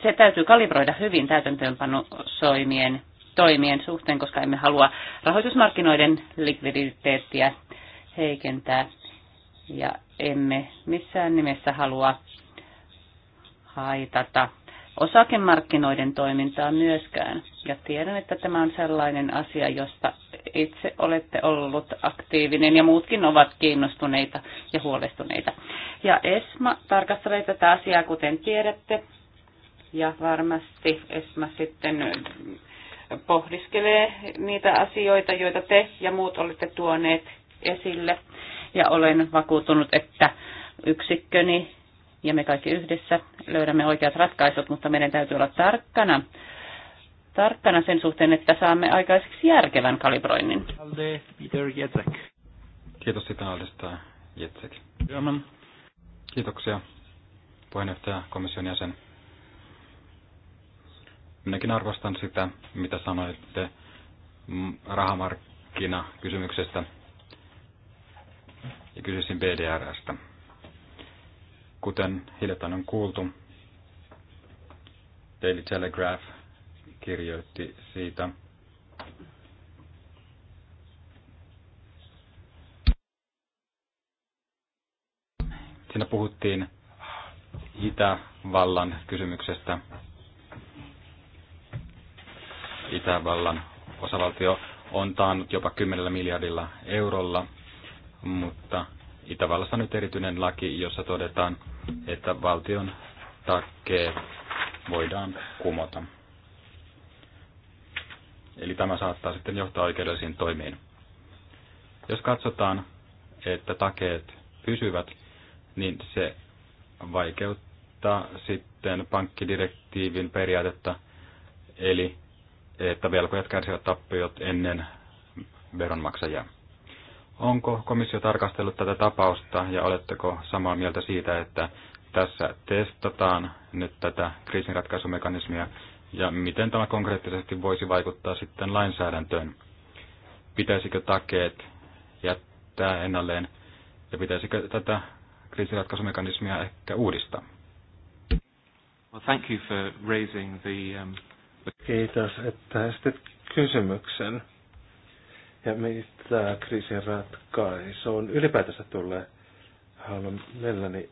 se täytyy kalibroida hyvin täytäntöönpanosoimien toimien suhteen, koska emme halua rahoitusmarkkinoiden likviditeettiä heikentää ja emme missään nimessä halua haitata osakemarkkinoiden toimintaa myöskään. Ja tiedän, että tämä on sellainen asia, josta itse olette ollut aktiivinen ja muutkin ovat kiinnostuneita ja huolestuneita. Ja ESMA tarkastelee tätä asiaa, kuten tiedätte, ja varmasti Esma sitten pohdiskelee niitä asioita, joita te ja muut olette tuoneet esille. Ja olen vakuutunut, että yksikköni ja me kaikki yhdessä löydämme oikeat ratkaisut, mutta meidän täytyy olla tarkkana, tarkkana sen suhteen, että saamme aikaiseksi järkevän kalibroinnin. Kiitos sitä Aldesta Jetsek. Kiitoksia puheenjohtaja komission jäsen. Minäkin arvostan sitä, mitä sanoitte mm, rahamarkkinakysymyksestä ja kysyisin BDRstä. Kuten hiljattain on kuultu, Daily Telegraph kirjoitti siitä, Siinä puhuttiin Itävallan kysymyksestä Itävallan osavaltio on taannut jopa 10 miljardilla eurolla, mutta Itävallassa on nyt erityinen laki, jossa todetaan, että valtion takkeet voidaan kumota. Eli tämä saattaa sitten johtaa oikeudellisiin toimiin. Jos katsotaan, että takeet pysyvät, niin se vaikeuttaa sitten pankkidirektiivin periaatetta, eli että velkojat kärsivät tappiot ennen veronmaksajia. Onko komissio tarkastellut tätä tapausta ja oletteko samaa mieltä siitä, että tässä testataan nyt tätä kriisinratkaisumekanismia ja miten tämä konkreettisesti voisi vaikuttaa sitten lainsäädäntöön? Pitäisikö takeet jättää ennalleen ja pitäisikö tätä kriisinratkaisumekanismia ehkä uudistaa? Well, thank you for raising the um, Kiitos, että esitit kysymyksen. Ja mitä kriisin ratkaisuun ylipäätänsä tulee? Haluan mielelläni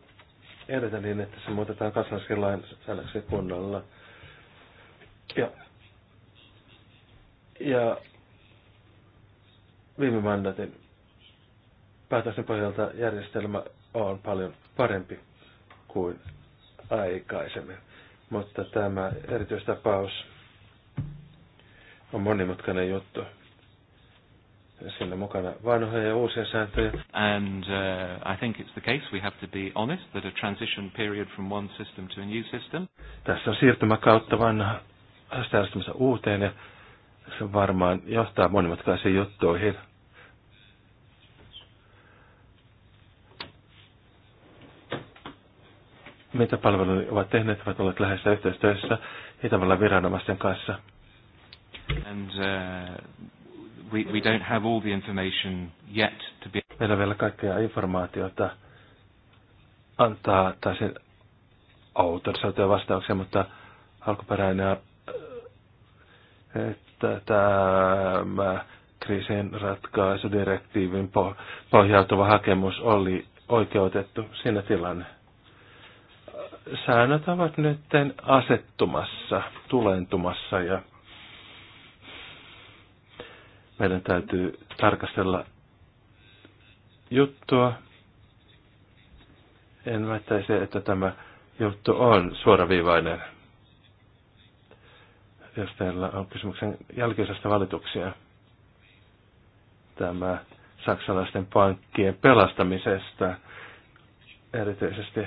edetä niin, että se muutetaan kansalaisen lainsäädännöksi kunnolla. Ja, ja viime mandatin päätösten pohjalta järjestelmä on paljon parempi kuin aikaisemmin. Mutta tämä erityistapaus on monimutkainen juttu. Siinä mukana vanhoja ja uusia sääntöjä. And uh, I think it's the case we have to be honest that a transition period from one system to a new system. Tässä on siirtymäkautta vanha säästämässä uuteen ja se varmaan johtaa monimutkaisiin juttuihin. Mitä palvelut ovat tehneet, ovat olleet läheisessä yhteistyössä Itävallan viranomaisten kanssa. And, uh, we, we don't have all the information yet to be... Meillä on vielä kaikkea informaatiota antaa täysin autorisoituja vastauksia, mutta alkuperäinen, äh, että tämä kriisin ratkaisudirektiivin pohjautuva hakemus oli oikeutettu siinä tilanne. Säännöt ovat nyt asettumassa, tulentumassa ja meidän täytyy tarkastella juttua. En väittäisi, että tämä juttu on suoraviivainen, jos teillä on kysymyksen jälkeisestä valituksia. Tämä saksalaisten pankkien pelastamisesta erityisesti.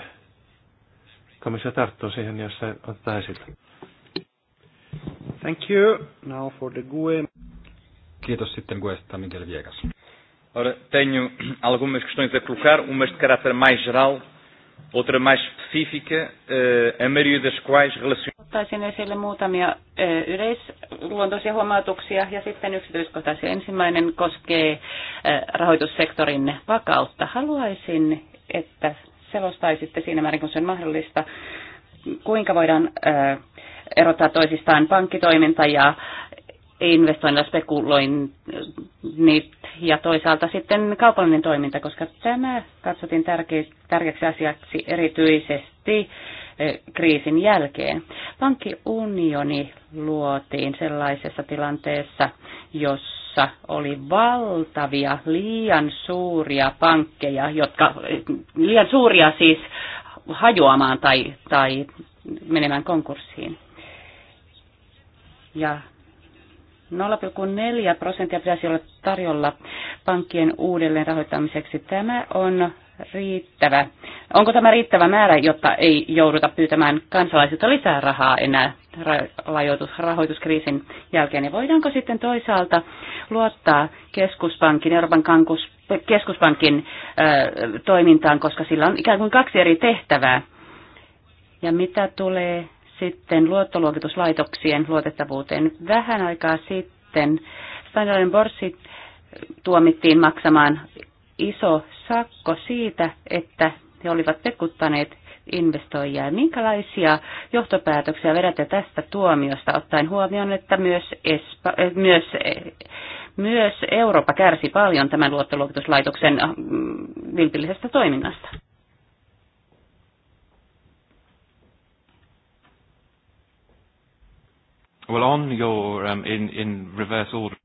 Komissio tarttuu siihen, jos se on esille. Thank you. Now for the GUE. Kiitos sitten Guesta Miguel Viegas. Ora, tenho algumas questões a colocar, umas de caráter mais geral, outra mais específica, eh, a maioria das quais relaciona... Ottaisin esille muutamia eh, yleisluontoisia huomautuksia ja sitten yksityiskohtaisia. Ensimmäinen koskee eh, rahoitussektorin vakautta. Haluaisin, että selostaisitte siinä määrin, kun se on mahdollista, kuinka voidaan erottaa toisistaan pankkitoiminta ja investoinnilla spekuloinnit ja toisaalta sitten kaupallinen toiminta, koska tämä katsotin tärkeäksi asiaksi erityisesti eh, kriisin jälkeen. Pankkiunioni luotiin sellaisessa tilanteessa, jossa oli valtavia, liian suuria pankkeja, jotka, eh, liian suuria siis hajoamaan tai, tai menemään konkurssiin. Ja 0,4 prosenttia pitäisi olla tarjolla pankkien uudelleen rahoittamiseksi. Tämä on riittävä. Onko tämä riittävä määrä, jotta ei jouduta pyytämään kansalaisilta lisää rahaa enää rahoituskriisin jälkeen? Ja voidaanko sitten toisaalta luottaa keskuspankin, Euroopan kankus, keskuspankin ö, toimintaan, koska sillä on ikään kuin kaksi eri tehtävää? Ja mitä tulee sitten luottoluokituslaitoksien luotettavuuteen. Vähän aikaa sitten Standard Borsi tuomittiin maksamaan iso sakko siitä, että he olivat pekuttaneet investoijia. Minkälaisia johtopäätöksiä vedätte tästä tuomiosta, ottaen huomioon, että myös, Espa, eh, myös, eh, myös Eurooppa kärsi paljon tämän luottoluokituslaitoksen mm, vilpillisestä toiminnasta? Well, on your, um, in, in reverse order.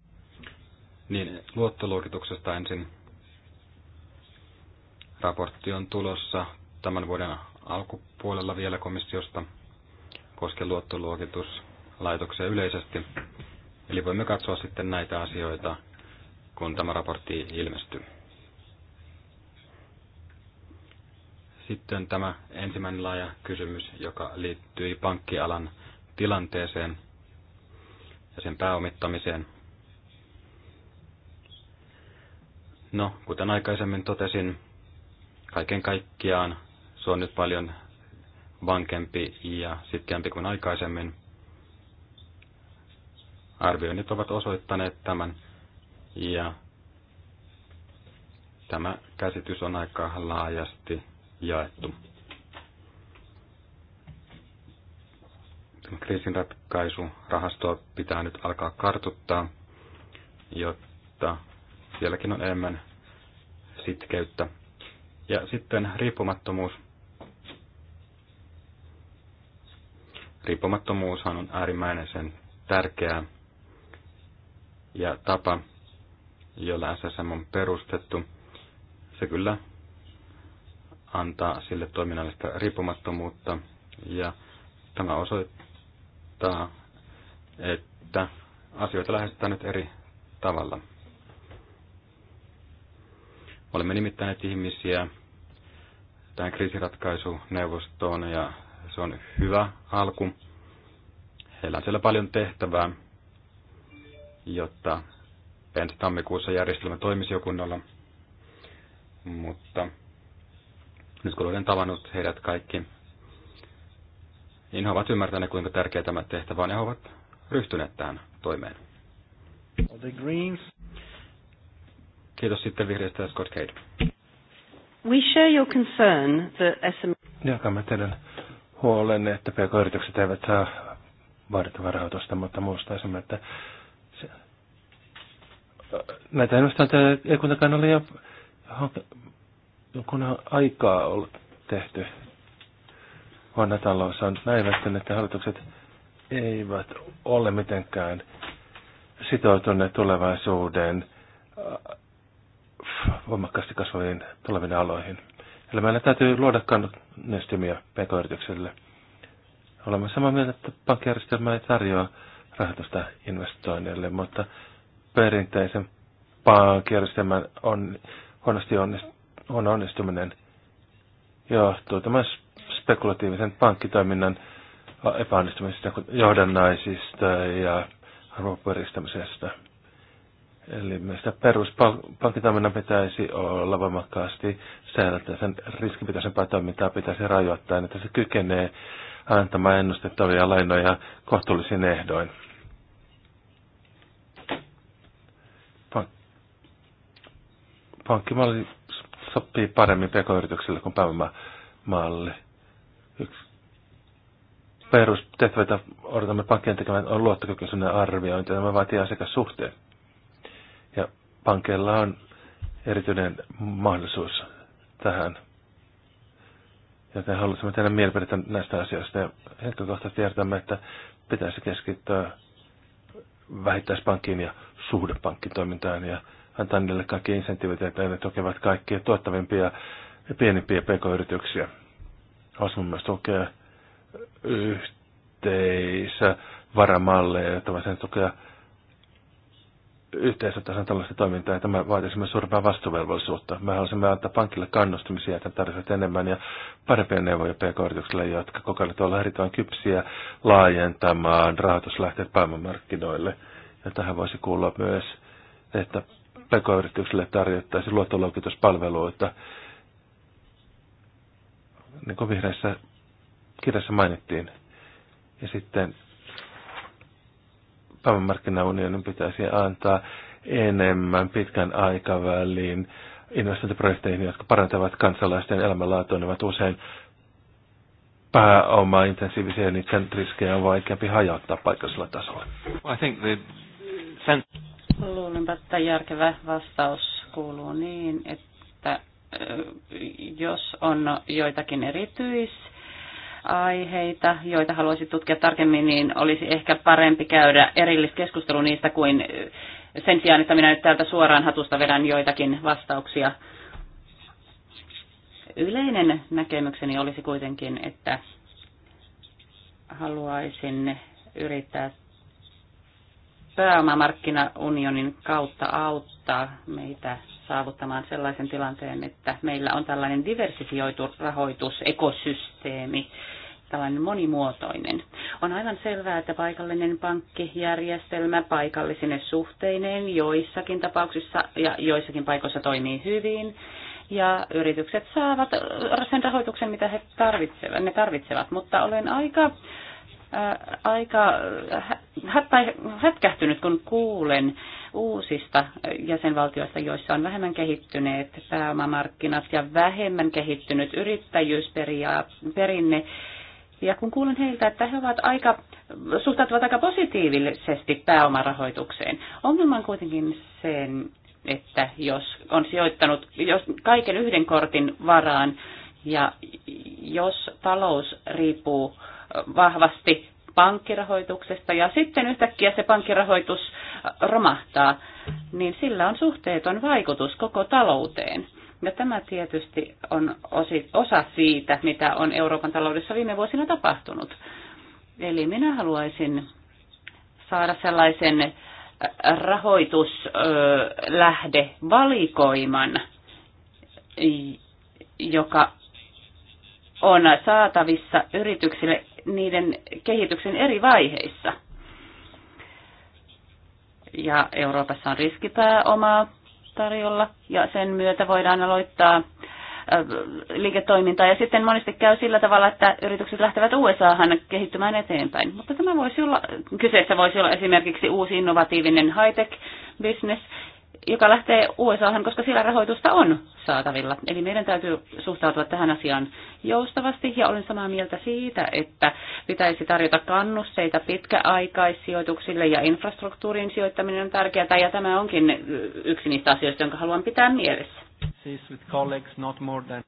Niin, luottoluokituksesta ensin. Raportti on tulossa tämän vuoden alkupuolella vielä komissiosta koskien luottoluokituslaitoksia yleisesti. Eli voimme katsoa sitten näitä asioita, kun tämä raportti ilmestyy. Sitten tämä ensimmäinen laaja kysymys, joka liittyy pankkialan tilanteeseen – ja sen pääomittamiseen. No, kuten aikaisemmin totesin, kaiken kaikkiaan se on nyt paljon vankempi ja sitkeämpi kuin aikaisemmin. Arvioinnit ovat osoittaneet tämän ja tämä käsitys on aika laajasti jaettu. kriisinratkaisurahastoa pitää nyt alkaa kartuttaa, jotta sielläkin on enemmän sitkeyttä. Ja sitten riippumattomuus. Riippumattomuushan on äärimmäinen sen tärkeä ja tapa, jolla SSM on perustettu, se kyllä antaa sille toiminnallista riippumattomuutta ja tämä osoittaa, osoittaa, että asioita lähestytään nyt eri tavalla. Olemme nimittäneet ihmisiä tähän kriisiratkaisuneuvostoon ja se on hyvä alku. Heillä on siellä paljon tehtävää, jotta ensi tammikuussa järjestelmä toimisi jo kunnolla. Mutta nyt kun olen tavannut heidät kaikki, niin he ovat ymmärtäneet, kuinka tärkeä tämä tehtävä on, ja he ovat ryhtyneet tähän toimeen. The Greens. Kiitos sitten vihreistä Scott Cade. We share your concern that SM... Jakamme teidän huolenne, että pk-yritykset eivät saa vaadittavaa rahoitusta, mutta muistaisimme, että se, näitä ennusteita ei kuitenkaan ole jo kun on aikaa ollut tehty vuonna talous on näivettynyt että hallitukset eivät ole mitenkään sitoutuneet tulevaisuuden äh, voimakkaasti kasvaviin tuleviin aloihin. Eli meillä täytyy luoda kannustimia pk-yritykselle. Olemme samaa mieltä, että pankkijärjestelmä ei tarjoa rahoitusta investoinneille, mutta perinteisen pankkijärjestelmän on, huonosti onnistuminen johtuu tämän spekulatiivisen pankkitoiminnan epäonnistumisista, johdannaisista ja arvopuristamisesta. Eli meistä peruspankkitoiminnan pitäisi olla voimakkaasti säädeltä, sen riskipitoisempaa toimintaa pitäisi rajoittaa, että se kykenee antamaan ennustettavia lainoja kohtuullisin ehdoin. pankkimalli sopii paremmin pk-yrityksille kuin pääomamalli perustehtävät odotamme pankkien tekemään on luottokykyisyyden arviointi. me vaatii asiakassuhteen. Ja pankeilla on erityinen mahdollisuus tähän. Joten haluaisimme tehdä mielipidettä näistä asioista. Ja hetkokohtaisesti tiedämme, että pitäisi keskittyä vähittäispankkiin ja suhdepankkitoimintaan ja antaa niille kaikki insentiivit, että ne tukevat kaikkia tuottavimpia ja pienimpiä pk-yrityksiä. Osmo myös tukee yhteisö varamalleja, jotta voisin tukea yhteisötason tällaista toimintaa, ja tämä vaatisi myös suurempaa vastuvelvollisuutta. Me haluaisimme antaa pankille kannustamisia, että tarvitset enemmän ja parempia neuvoja pk-yrityksille, jotka kokeilevat olla erittäin kypsiä laajentamaan rahoituslähteet pääomamarkkinoille. Ja tähän voisi kuulla myös, että pk-yrityksille tarjottaisiin luottoluokituspalveluita. Niin kuin vihreissä kirjassa mainittiin. Ja sitten pääomamarkkinaunionin pitäisi antaa enemmän pitkän aikavälin investointiprojekteihin, jotka parantavat kansalaisten elämänlaatua, ne ovat usein intensiivisiä ja niiden riskejä on vaikeampi hajauttaa paikallisella tasolla. I think the Luulenpa, että järkevä vastaus kuuluu niin, että jos on joitakin erityis aiheita, joita haluaisit tutkia tarkemmin, niin olisi ehkä parempi käydä erilliskeskustelu niistä kuin sen sijaan, että minä nyt täältä suoraan hatusta vedän joitakin vastauksia. Yleinen näkemykseni olisi kuitenkin, että haluaisin yrittää pääomamarkkinaunionin kautta auttaa meitä saavuttamaan sellaisen tilanteen, että meillä on tällainen diversifioitu rahoitusekosysteemi, tällainen monimuotoinen. On aivan selvää, että paikallinen pankkijärjestelmä paikallisine suhteineen joissakin tapauksissa ja joissakin paikoissa toimii hyvin ja yritykset saavat sen rahoituksen, mitä he tarvitsevat, ne tarvitsevat. Mutta olen aika, äh, aika hä, hä, hätkähtynyt, kun kuulen, uusista jäsenvaltioista, joissa on vähemmän kehittyneet pääomamarkkinat ja vähemmän kehittynyt yrittäjyysperinne. Ja kun kuulen heiltä, että he ovat aika, suhtautuvat aika positiivisesti pääomarahoitukseen. Ongelma on kuitenkin sen, että jos on sijoittanut jos kaiken yhden kortin varaan ja jos talous riippuu vahvasti pankkirahoituksesta ja sitten yhtäkkiä se pankkirahoitus äh, romahtaa, niin sillä on suhteeton vaikutus koko talouteen. Ja tämä tietysti on osi, osa siitä, mitä on Euroopan taloudessa viime vuosina tapahtunut. Eli minä haluaisin saada sellaisen äh, rahoituslähde äh, valikoiman, joka on saatavissa yrityksille niiden kehityksen eri vaiheissa. Ja Euroopassa on riskipääomaa tarjolla ja sen myötä voidaan aloittaa liiketoimintaa. Ja sitten monesti käy sillä tavalla, että yritykset lähtevät USAhan kehittymään eteenpäin. Mutta tämä voisi olla, kyseessä voisi olla esimerkiksi uusi innovatiivinen high-tech business, joka lähtee USAhan, koska siellä rahoitusta on saatavilla. Eli meidän täytyy suhtautua tähän asiaan joustavasti ja olen samaa mieltä siitä, että pitäisi tarjota kannusteita pitkäaikaissijoituksille ja infrastruktuurin sijoittaminen on tärkeää ja tämä onkin yksi niistä asioista, jonka haluan pitää mielessä. Siis with colleagues, not more than...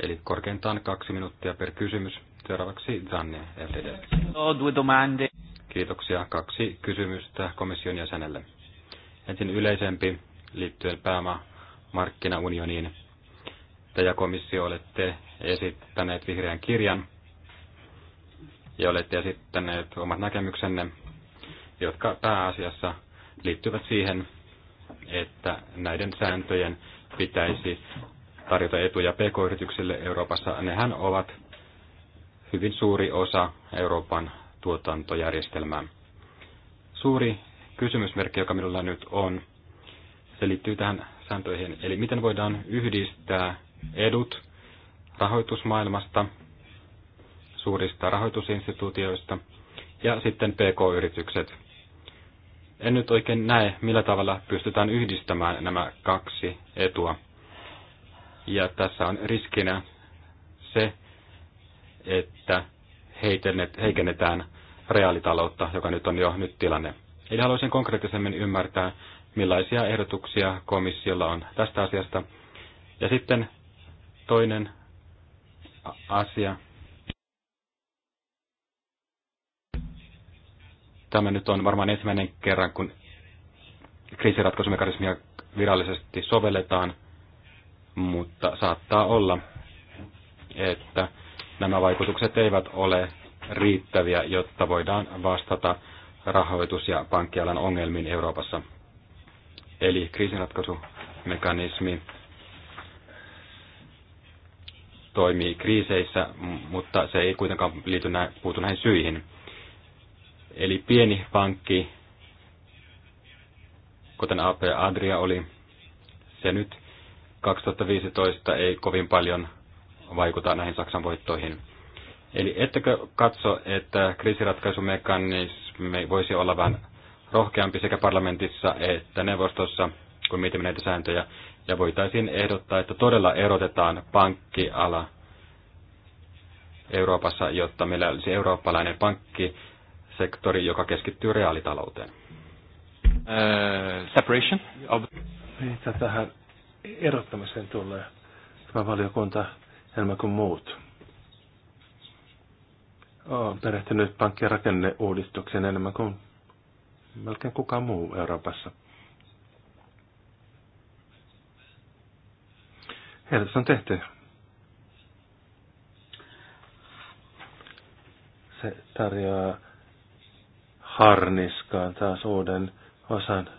Eli korkeintaan kaksi minuuttia per kysymys. Seuraavaksi Zanne FDD. Kiitoksia. Kaksi kysymystä komission jäsenelle ensin yleisempi liittyen pääomamarkkinaunioniin. Te ja komissio olette esittäneet vihreän kirjan ja olette esittäneet omat näkemyksenne, jotka pääasiassa liittyvät siihen, että näiden sääntöjen pitäisi tarjota etuja pk-yrityksille Euroopassa. Nehän ovat hyvin suuri osa Euroopan tuotantojärjestelmää. Suuri kysymysmerkki, joka minulla nyt on, se liittyy tähän sääntöihin. Eli miten voidaan yhdistää edut rahoitusmaailmasta, suurista rahoitusinstituutioista ja sitten PK-yritykset. En nyt oikein näe, millä tavalla pystytään yhdistämään nämä kaksi etua. Ja tässä on riskinä se, että heikennetään reaalitaloutta, joka nyt on jo nyt tilanne. Eli haluaisin konkreettisemmin ymmärtää, millaisia ehdotuksia komissiolla on tästä asiasta. Ja sitten toinen asia. Tämä nyt on varmaan ensimmäinen kerran, kun kriisiratkaisumekanismia virallisesti sovelletaan, mutta saattaa olla, että nämä vaikutukset eivät ole riittäviä, jotta voidaan vastata rahoitus- ja pankkialan ongelmiin Euroopassa. Eli kriisinratkaisumekanismi toimii kriiseissä, mutta se ei kuitenkaan liity nä- puutu näihin syihin. Eli pieni pankki, kuten AP Adria oli, se nyt 2015 ei kovin paljon vaikuta näihin Saksan voittoihin. Eli ettekö katso, että kriisiratkaisumekanismi me voisi olla vähän rohkeampi sekä parlamentissa että neuvostossa, kun mietimme näitä sääntöjä, ja voitaisiin ehdottaa, että todella erotetaan pankkiala Euroopassa, jotta meillä olisi eurooppalainen pankkisektori, joka keskittyy reaalitalouteen. Uh, separation? Mitä niin, tähän erottamiseen tulee? Tämä valiokunta enemmän kuin muut olen perehtynyt pankkien rakenneuudistuksen enemmän kuin melkein kukaan muu Euroopassa. Heille on tehty. Se tarjoaa harniskaan taas uuden osan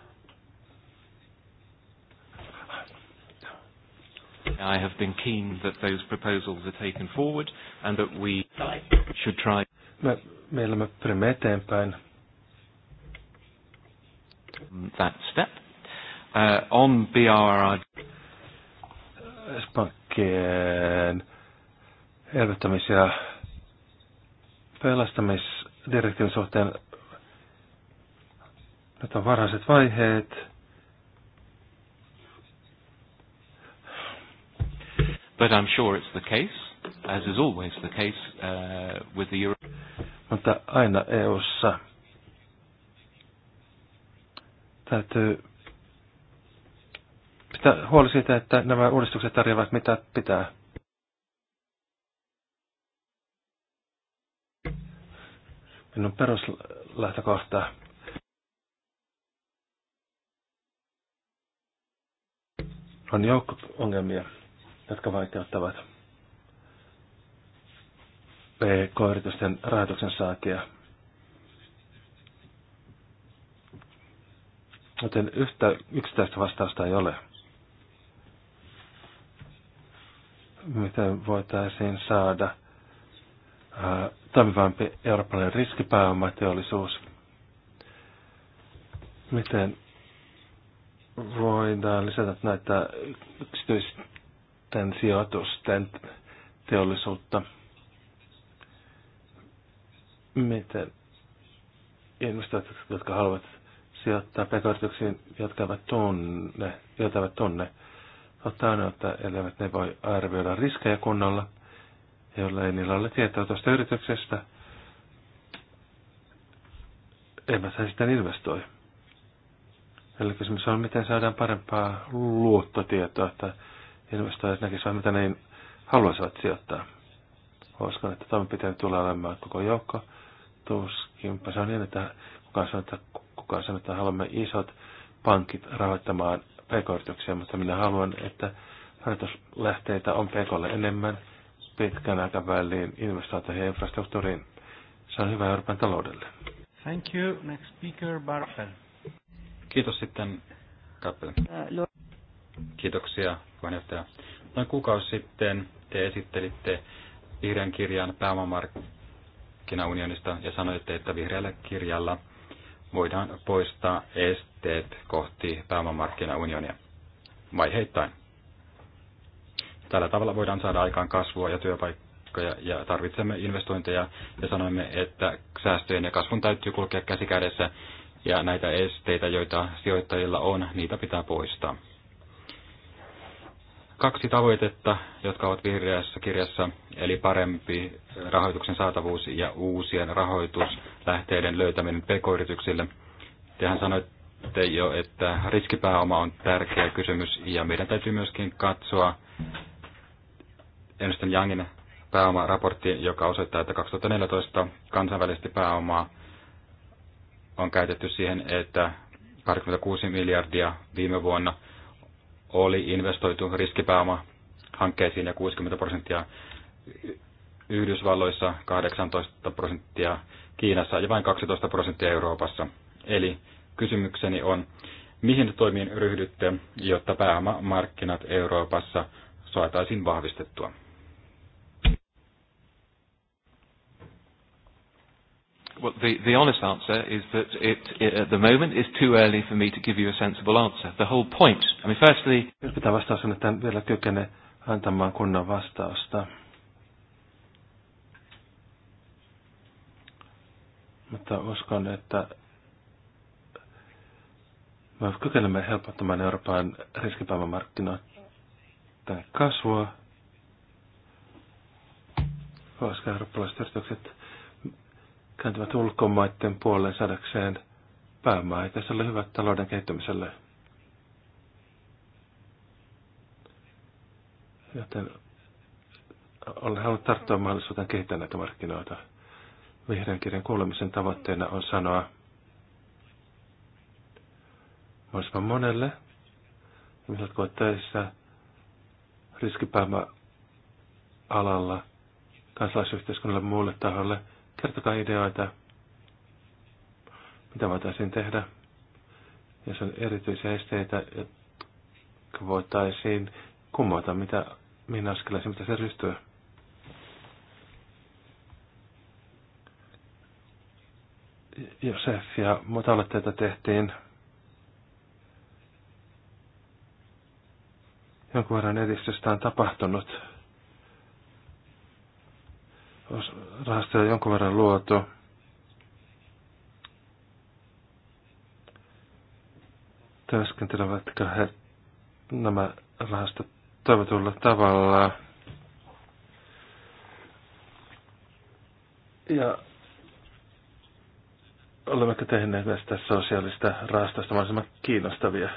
I have been keen that those proposals are taken forward and that we should try. That step. Uh, on BRRD. Pankkien elvyttämis- ja pelastamisdirektiivin suhteen nyt on varhaiset vaiheet But I'm sure it's the case, as is always the case uh, with the Euro. Mutta aina EU:ssa täytyy pitää huoli siitä, että nämä uudistukset tarjoavat mitä pitää. Minun peruslähtökohta on joukko ongelmia jotka vaikeuttavat PK-yritysten rahoituksen saatia. Joten yhtä yksittäistä vastausta ei ole. Miten voitaisiin saada ää, toimivampi eurooppalainen riskipääomateollisuus? Miten voidaan lisätä näitä yksityisiä näiden sijoitusten teollisuutta. Miten ihmiset, jotka haluavat sijoittaa pk jotka eivät tunne, joita eivät tunne, ottaa aina, että elävät ne voi arvioida riskejä kunnolla, ei niillä ole tietoa tuosta yrityksestä, eivät hän sitten investoi. Eli kysymys on, miten saadaan parempaa luottotietoa, että investoijat näkisivät, mitä ne haluaisivat sijoittaa. Uskon, että toimenpiteitä tulee olemaan koko joukko. Tuskinpä se on niin, että kukaan sanoo, että, kukaan sanoo, että haluamme isot pankit rahoittamaan pk mutta minä haluan, että rahoituslähteitä on PKlle enemmän pitkän aikavälin investointeihin ja infrastruktuuriin. Se on hyvä Euroopan taloudelle. Thank you. Next speaker, Barfel. Kiitos sitten, Kappel. Äh, Kiitoksia, puheenjohtaja. Noin kuukausi sitten te esittelitte vihreän kirjan pääomamarkkinaunionista ja sanoitte, että vihreällä kirjalla voidaan poistaa esteet kohti pääomamarkkinaunionia vaiheittain. Tällä tavalla voidaan saada aikaan kasvua ja työpaikkoja ja tarvitsemme investointeja ja sanoimme, että säästöjen ja kasvun täytyy kulkea käsi ja näitä esteitä, joita sijoittajilla on, niitä pitää poistaa kaksi tavoitetta, jotka ovat vihreässä kirjassa, eli parempi rahoituksen saatavuus ja uusien rahoituslähteiden löytäminen pk-yrityksille. Tehän sanoitte jo, että riskipääoma on tärkeä kysymys ja meidän täytyy myöskin katsoa Ernst Youngin pääomaraportti, joka osoittaa, että 2014 kansainvälisesti pääomaa on käytetty siihen, että 26 miljardia viime vuonna – oli investoitu riskipääoma hankkeisiin ja 60 prosenttia Yhdysvalloissa, 18 prosenttia Kiinassa ja vain 12 prosenttia Euroopassa. Eli kysymykseni on, mihin toimiin ryhdytte, jotta pääomamarkkinat Euroopassa saataisiin vahvistettua? Well, the, the honest answer is that it, it, at the moment it's too early for me to give you a sensible answer. The whole point, I mean firstly... Jos pitää vastaa sen, että en vielä kykene antamaan kunnan vastausta. Mutta uskon, että me kykenemme helpottamaan Euroopan riskipäivämarkkinoiden kasvua, koska eurooppalaiset yritykset kääntyvät ulkomaiden puoleen saadakseen pääomaa. Ei tässä hyvä talouden kehittymiselle. Joten olen halunnut tarttua mahdollisuuteen kehittää näitä markkinoita. Vihreän kirjan kuulemisen tavoitteena on sanoa mahdollisimman monelle, ihmiset, jotka ovat töissä riskipääoma-alalla, kansalaisyhteiskunnalle muulle taholle – Kertokaa ideoita, mitä voitaisiin tehdä, jos on erityisiä esteitä, jotka voitaisiin kumota, mitä, mihin askeleisiin pitäisi ryhtyä. Josef ja muita aloitteita tehtiin jonkun verran edistystä on tapahtunut rahastoja jonkun verran luotu. Työskentelevätkö he nämä rahastot toivotulla tavalla? Ja olemmeko tehneet näistä sosiaalista rahastosta mahdollisimman kiinnostavia?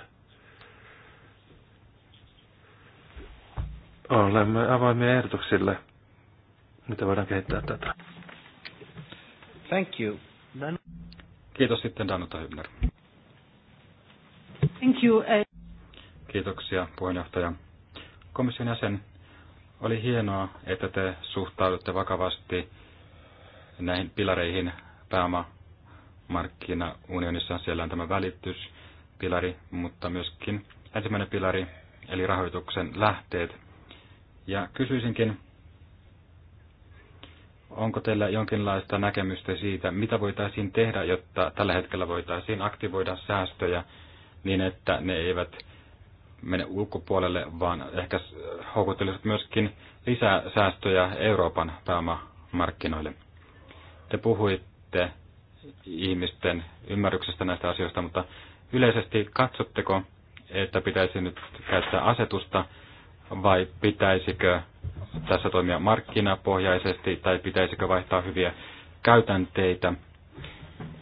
Olemme avoimia ehdotuksille. Miten voidaan kehittää tätä? Thank you. Dan... Kiitos sitten Danuta Hybner. Thank you. Eh. Kiitoksia puheenjohtaja. Komission jäsen, oli hienoa, että te suhtaudutte vakavasti näihin pilareihin pääomamarkkinaunionissa. Siellä on tämä välityspilari, mutta myöskin ensimmäinen pilari, eli rahoituksen lähteet. Ja kysyisinkin, Onko teillä jonkinlaista näkemystä siitä, mitä voitaisiin tehdä, jotta tällä hetkellä voitaisiin aktivoida säästöjä niin, että ne eivät mene ulkopuolelle, vaan ehkä houkuttelisivat myöskin lisää säästöjä Euroopan pääomamarkkinoille. Te puhuitte ihmisten ymmärryksestä näistä asioista, mutta yleisesti katsotteko, että pitäisi nyt käyttää asetusta vai pitäisikö tässä toimia markkinapohjaisesti tai pitäisikö vaihtaa hyviä käytänteitä?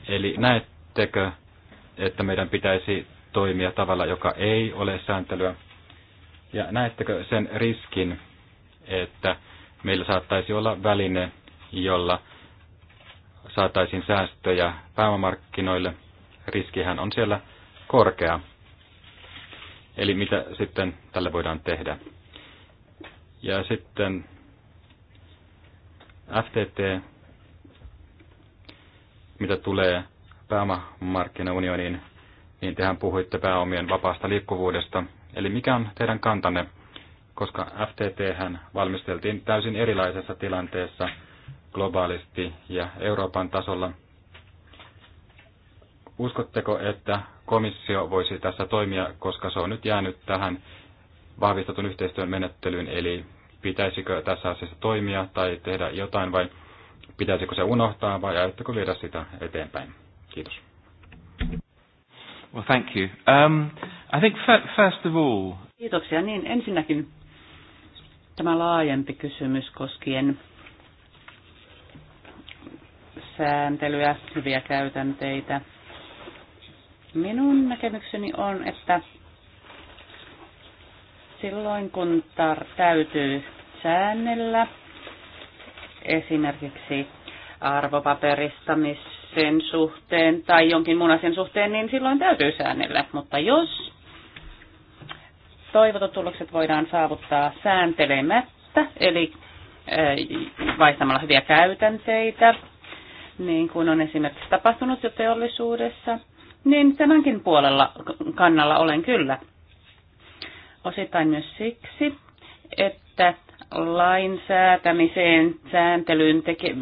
Eli näettekö, että meidän pitäisi toimia tavalla, joka ei ole sääntelyä? Ja näettekö sen riskin, että meillä saattaisi olla väline, jolla saataisiin säästöjä pääomamarkkinoille? Riskihän on siellä korkea. Eli mitä sitten tälle voidaan tehdä? Ja sitten FTT, mitä tulee pääomamarkkinaunioniin, niin tehän puhuitte pääomien vapaasta liikkuvuudesta. Eli mikä on teidän kantanne, koska FTT valmisteltiin täysin erilaisessa tilanteessa globaalisti ja Euroopan tasolla. Uskotteko, että komissio voisi tässä toimia, koska se on nyt jäänyt tähän vahvistetun yhteistyön menettelyyn, eli pitäisikö tässä asiassa toimia tai tehdä jotain vai pitäisikö se unohtaa vai ajatteko viedä sitä eteenpäin? Kiitos. Well, thank you. Um, I think first of all... Kiitoksia. Niin, ensinnäkin tämä laajempi kysymys koskien sääntelyä, hyviä käytänteitä. Minun näkemykseni on, että silloin, kun tar- täytyy säännellä esimerkiksi arvopaperistamisen suhteen tai jonkin muun asian suhteen, niin silloin täytyy säännellä. Mutta jos toivotut tulokset voidaan saavuttaa sääntelemättä, eli vaihtamalla hyviä käytänteitä, niin kuin on esimerkiksi tapahtunut jo teollisuudessa, niin tämänkin puolella kannalla olen kyllä Osittain myös siksi, että lainsäätämiseen, sääntelyyn, teke,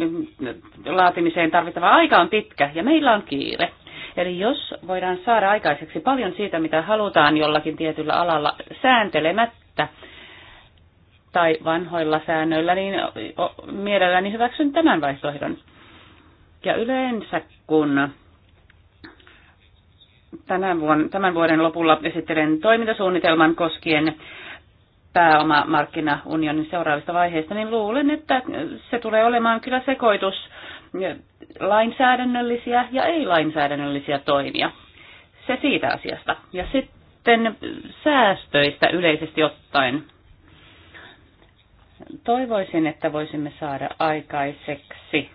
laatimiseen tarvittava aika on pitkä ja meillä on kiire. Eli jos voidaan saada aikaiseksi paljon siitä, mitä halutaan jollakin tietyllä alalla sääntelemättä tai vanhoilla säännöillä, niin mielelläni hyväksyn tämän vaihtoehdon. Ja yleensä kun tämän, vuon, tämän vuoden lopulla esittelen toimintasuunnitelman koskien pääomamarkkinaunionin seuraavista vaiheista, niin luulen, että se tulee olemaan kyllä sekoitus lainsäädännöllisiä ja ei-lainsäädännöllisiä toimia. Se siitä asiasta. Ja sitten säästöistä yleisesti ottaen. Toivoisin, että voisimme saada aikaiseksi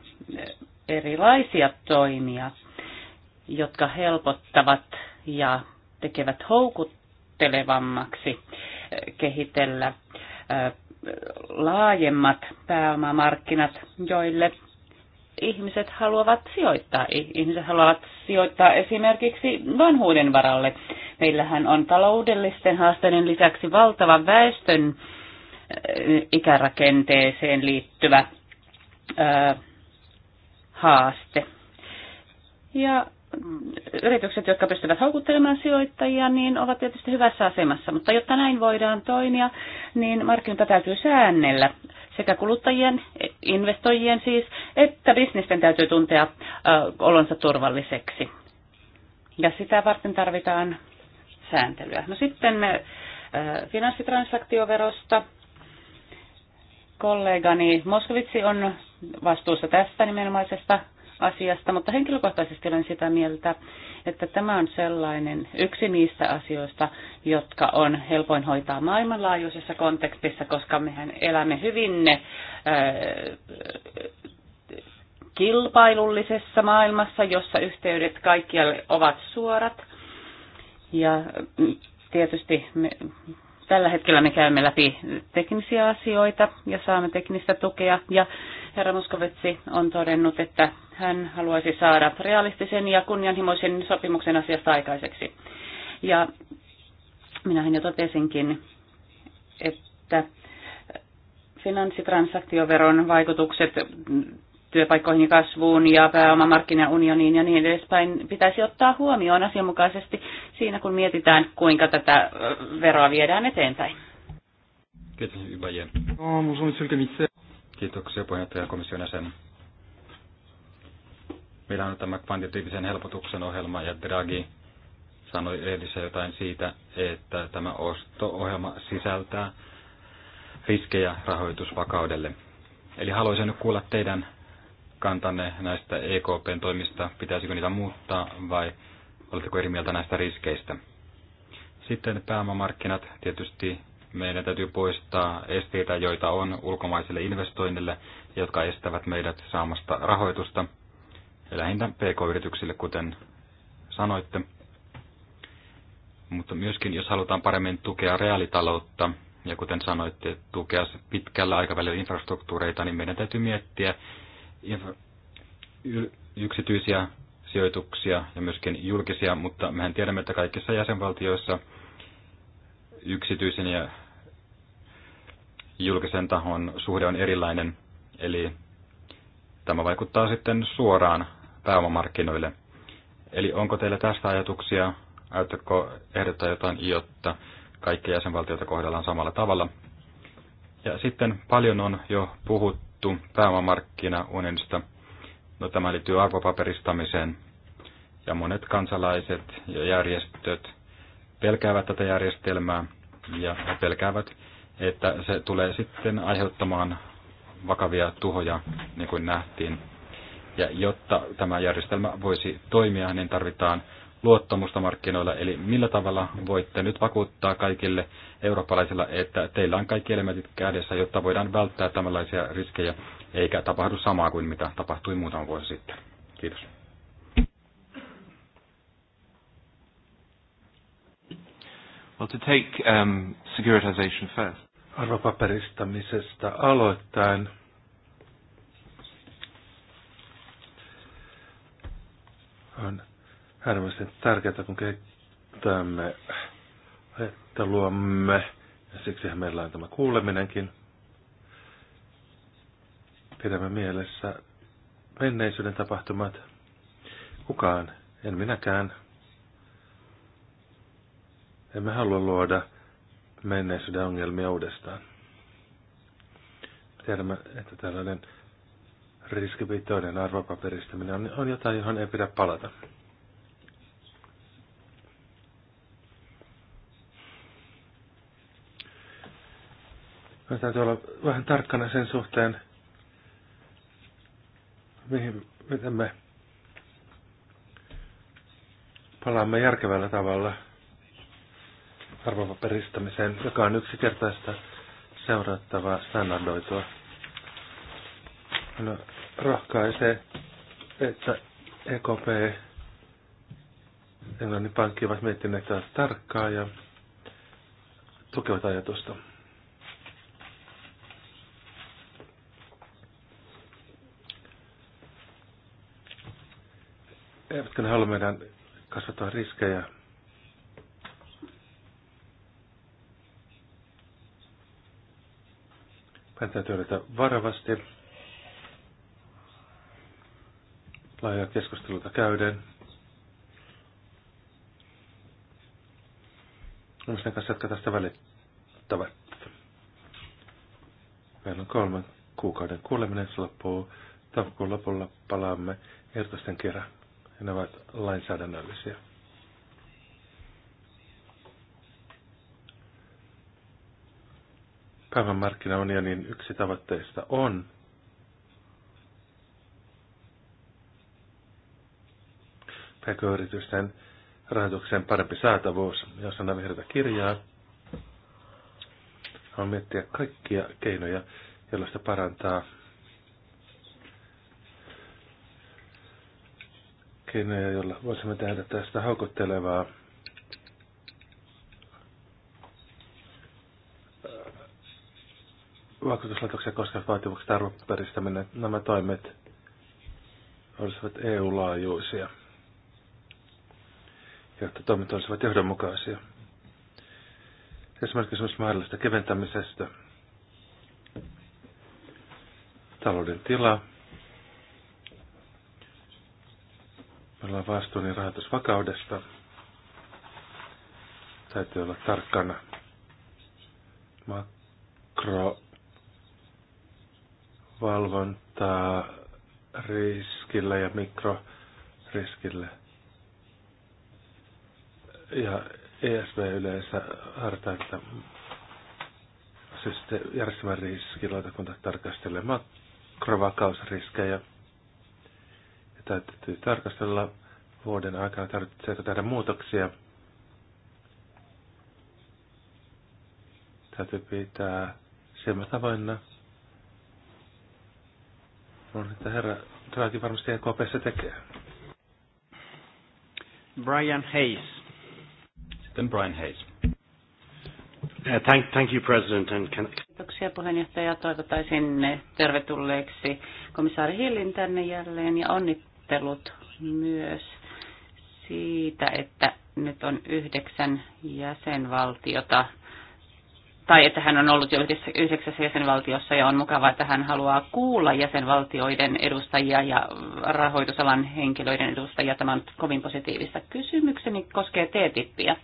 erilaisia toimia jotka helpottavat ja tekevät houkuttelevammaksi eh, kehitellä eh, laajemmat pääomamarkkinat, joille ihmiset haluavat sijoittaa. Ihmiset haluavat sijoittaa esimerkiksi vanhuuden varalle. Meillähän on taloudellisten haasteiden lisäksi valtava väestön eh, ikärakenteeseen liittyvä haaste. Ja yritykset, jotka pystyvät houkuttelemaan sijoittajia, niin ovat tietysti hyvässä asemassa. Mutta jotta näin voidaan toimia, niin markkinoita täytyy säännellä. Sekä kuluttajien, investoijien siis, että bisnesten täytyy tuntea äh, olonsa turvalliseksi. Ja sitä varten tarvitaan sääntelyä. No sitten äh, finanssitransaktioverosta. Kollegani Moskovitsi on vastuussa tästä nimenomaisesta asiasta, mutta henkilökohtaisesti olen sitä mieltä, että tämä on sellainen yksi niistä asioista, jotka on helpoin hoitaa maailmanlaajuisessa kontekstissa, koska mehän elämme hyvin ne, äh, kilpailullisessa maailmassa, jossa yhteydet kaikkialle ovat suorat. Ja mm, tietysti me, Tällä hetkellä me käymme läpi teknisiä asioita ja saamme teknistä tukea. Ja herra Muskovitsi on todennut, että hän haluaisi saada realistisen ja kunnianhimoisen sopimuksen asiasta aikaiseksi. Ja minähän jo totesinkin, että finanssitransaktioveron vaikutukset työpaikkoihin ja kasvuun ja pääomamarkkinaunioniin ja niin edespäin pitäisi ottaa huomioon asianmukaisesti siinä, kun mietitään, kuinka tätä veroa viedään eteenpäin. Kiitos, Ybaje. No, Kiitoksia puheenjohtaja komission jäsen. Meillä on tämä kvantitiivisen helpotuksen ohjelma ja Draghi sanoi edessä jotain siitä, että tämä osto-ohjelma sisältää riskejä rahoitusvakaudelle. Eli haluaisin nyt kuulla teidän kantanne näistä EKPn toimista, pitäisikö niitä muuttaa vai oletteko eri mieltä näistä riskeistä? Sitten pääomamarkkinat, tietysti meidän täytyy poistaa esteitä, joita on ulkomaisille investoinnille, jotka estävät meidät saamasta rahoitusta, lähinnä pk-yrityksille, kuten sanoitte. Mutta myöskin, jos halutaan paremmin tukea reaalitaloutta, ja kuten sanoitte, tukea pitkällä aikavälillä infrastruktuureita, niin meidän täytyy miettiä, yksityisiä sijoituksia ja myöskin julkisia, mutta mehän tiedämme, että kaikissa jäsenvaltioissa yksityisen ja julkisen tahon suhde on erilainen, eli tämä vaikuttaa sitten suoraan pääomamarkkinoille. Eli onko teillä tästä ajatuksia? Ajatteko ehdottaa jotain, jotta kaikki jäsenvaltioita kohdellaan samalla tavalla? Ja sitten paljon on jo puhuttu puhuttu pääomamarkkinaunionista. No, tämä liittyy arvopaperistamiseen ja monet kansalaiset ja järjestöt pelkäävät tätä järjestelmää ja pelkäävät, että se tulee sitten aiheuttamaan vakavia tuhoja, niin kuin nähtiin. Ja jotta tämä järjestelmä voisi toimia, niin tarvitaan luottamusta markkinoilla, eli millä tavalla voitte nyt vakuuttaa kaikille eurooppalaisilla, että teillä on kaikki elementit kädessä, jotta voidaan välttää tämänlaisia riskejä, eikä tapahdu samaa kuin mitä tapahtui muutama vuosi sitten. Kiitos. Well, to take um, securitization first. Arvopaperistamisesta aloittain. On äärimmäisen tärkeää, kun kehittämme, että luomme, ja siksi meillä on tämä kuuleminenkin. Pidämme mielessä menneisyyden tapahtumat. Kukaan, en minäkään. Emme halua luoda menneisyyden ongelmia uudestaan. Tiedämme, että tällainen riskipitoinen arvopaperistaminen on jotain, johon ei pidä palata. Meidän täytyy olla vähän tarkkana sen suhteen, mihin, miten me palaamme järkevällä tavalla arvopaperistämiseen, joka on yksinkertaista seurattavaa standardoitua. No, rohkaisee, että EKP Englannin pankki ovat miettineet tarkkaa ja tukevat ajatusta. eivätkö ne halua meidän kasvattaa riskejä. Meidän täytyy edetä varovasti, laajaa keskusteluta käyden. Ihmisten kanssa, jotka tästä välittävät. Meillä on kolmen kuukauden kuuleminen, se loppuu. Tavukuun lopulla palaamme ehdotusten kerran ja ne ovat lainsäädännöllisiä. Päivän markkinaunionin yksi tavoitteista on pk-yritysten rahoituksen parempi saatavuus. Jos on vihreätä kirjaa on miettiä kaikkia keinoja, joilla sitä parantaa keinoja, joilla voisimme tehdä tästä haukottelevaa. Vakuutuslaitoksia koskevat vaatimukset arvopaperistäminen, nämä toimet olisivat EU-laajuisia, jotta toimet olisivat johdonmukaisia. Esimerkiksi kysymys mahdollisesta keventämisestä, talouden tilaa. jolla on niin rahoitus vakaudesta. täytyy olla tarkkana makrovalvontaa riskillä ja mikroriskillä. Ja ESV yleensä harjoittaa tätä siis järjestelmän riskilautakunta tarkastelee makrovakausriskejä täytyy tarkastella vuoden aikana, tarvitseeko tehdä muutoksia. Täytyy pitää silmät avoinna. On, että herra Draghi varmasti EKPssä tekee. Brian Hayes. Sitten Brian Hayes. Uh, thank, thank you, President. And can... Kiitoksia puheenjohtaja. Toivotaisin tervetulleeksi komissaari Hillin tänne jälleen ja onni, pahoittelut myös siitä, että nyt on yhdeksän jäsenvaltiota, tai että hän on ollut jo yhdeksässä jäsenvaltiossa ja on mukavaa, että hän haluaa kuulla jäsenvaltioiden edustajia ja rahoitusalan henkilöiden edustajia. Tämä on kovin positiivista. Kysymykseni koskee T-tippiä.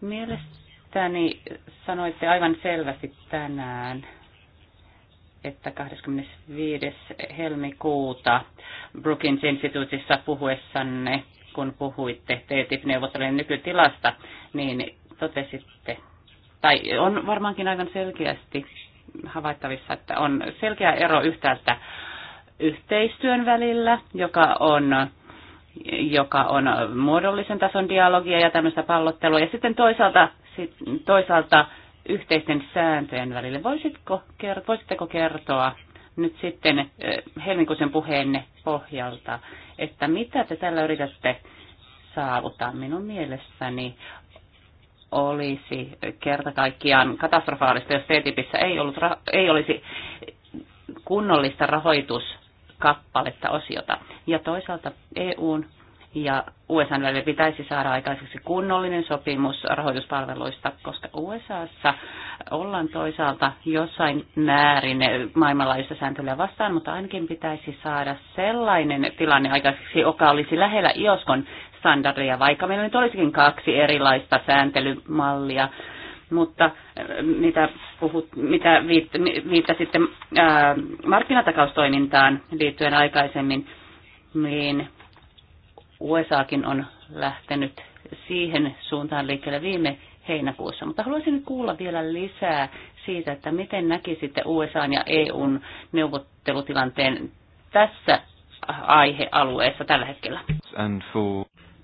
Mielestäni sanoitte aivan selvästi tänään, että 25. helmikuuta Brookings Instituutissa puhuessanne, kun puhuitte TTIP-neuvottelujen nykytilasta, niin totesitte, tai on varmaankin aivan selkeästi havaittavissa, että on selkeä ero yhtäältä yhteistyön välillä, joka on joka on muodollisen tason dialogia ja tämmöistä pallottelua, ja sitten toisaalta, toisaalta yhteisten sääntöjen välille. Voisitko, voisitteko kertoa nyt sitten eh, helmikuisen puheenne pohjalta, että mitä te tällä yritätte saavuttaa? Minun mielestäni olisi kerta kaikkiaan katastrofaalista, jos TTIPissä ei, ollut, ei olisi kunnollista rahoituskappaletta osiota. Ja toisaalta EUn ja USA välillä pitäisi saada aikaiseksi kunnollinen sopimus rahoituspalveluista, koska USAssa ollaan toisaalta jossain määrin maailmanlaajuista sääntelyä vastaan, mutta ainakin pitäisi saada sellainen tilanne aikaiseksi, joka olisi lähellä IOSKon standardia vaikka meillä nyt olisikin kaksi erilaista sääntelymallia. Mutta äh, mitä, puhut, mitä viitt, viittasitte ää, äh, markkinatakaustoimintaan liittyen aikaisemmin, niin USAkin on lähtenyt siihen suuntaan liikkeelle viime heinäkuussa. Mutta haluaisin kuulla vielä lisää siitä, että miten näkisitte USA ja EUn neuvottelutilanteen tässä aihealueessa tällä hetkellä.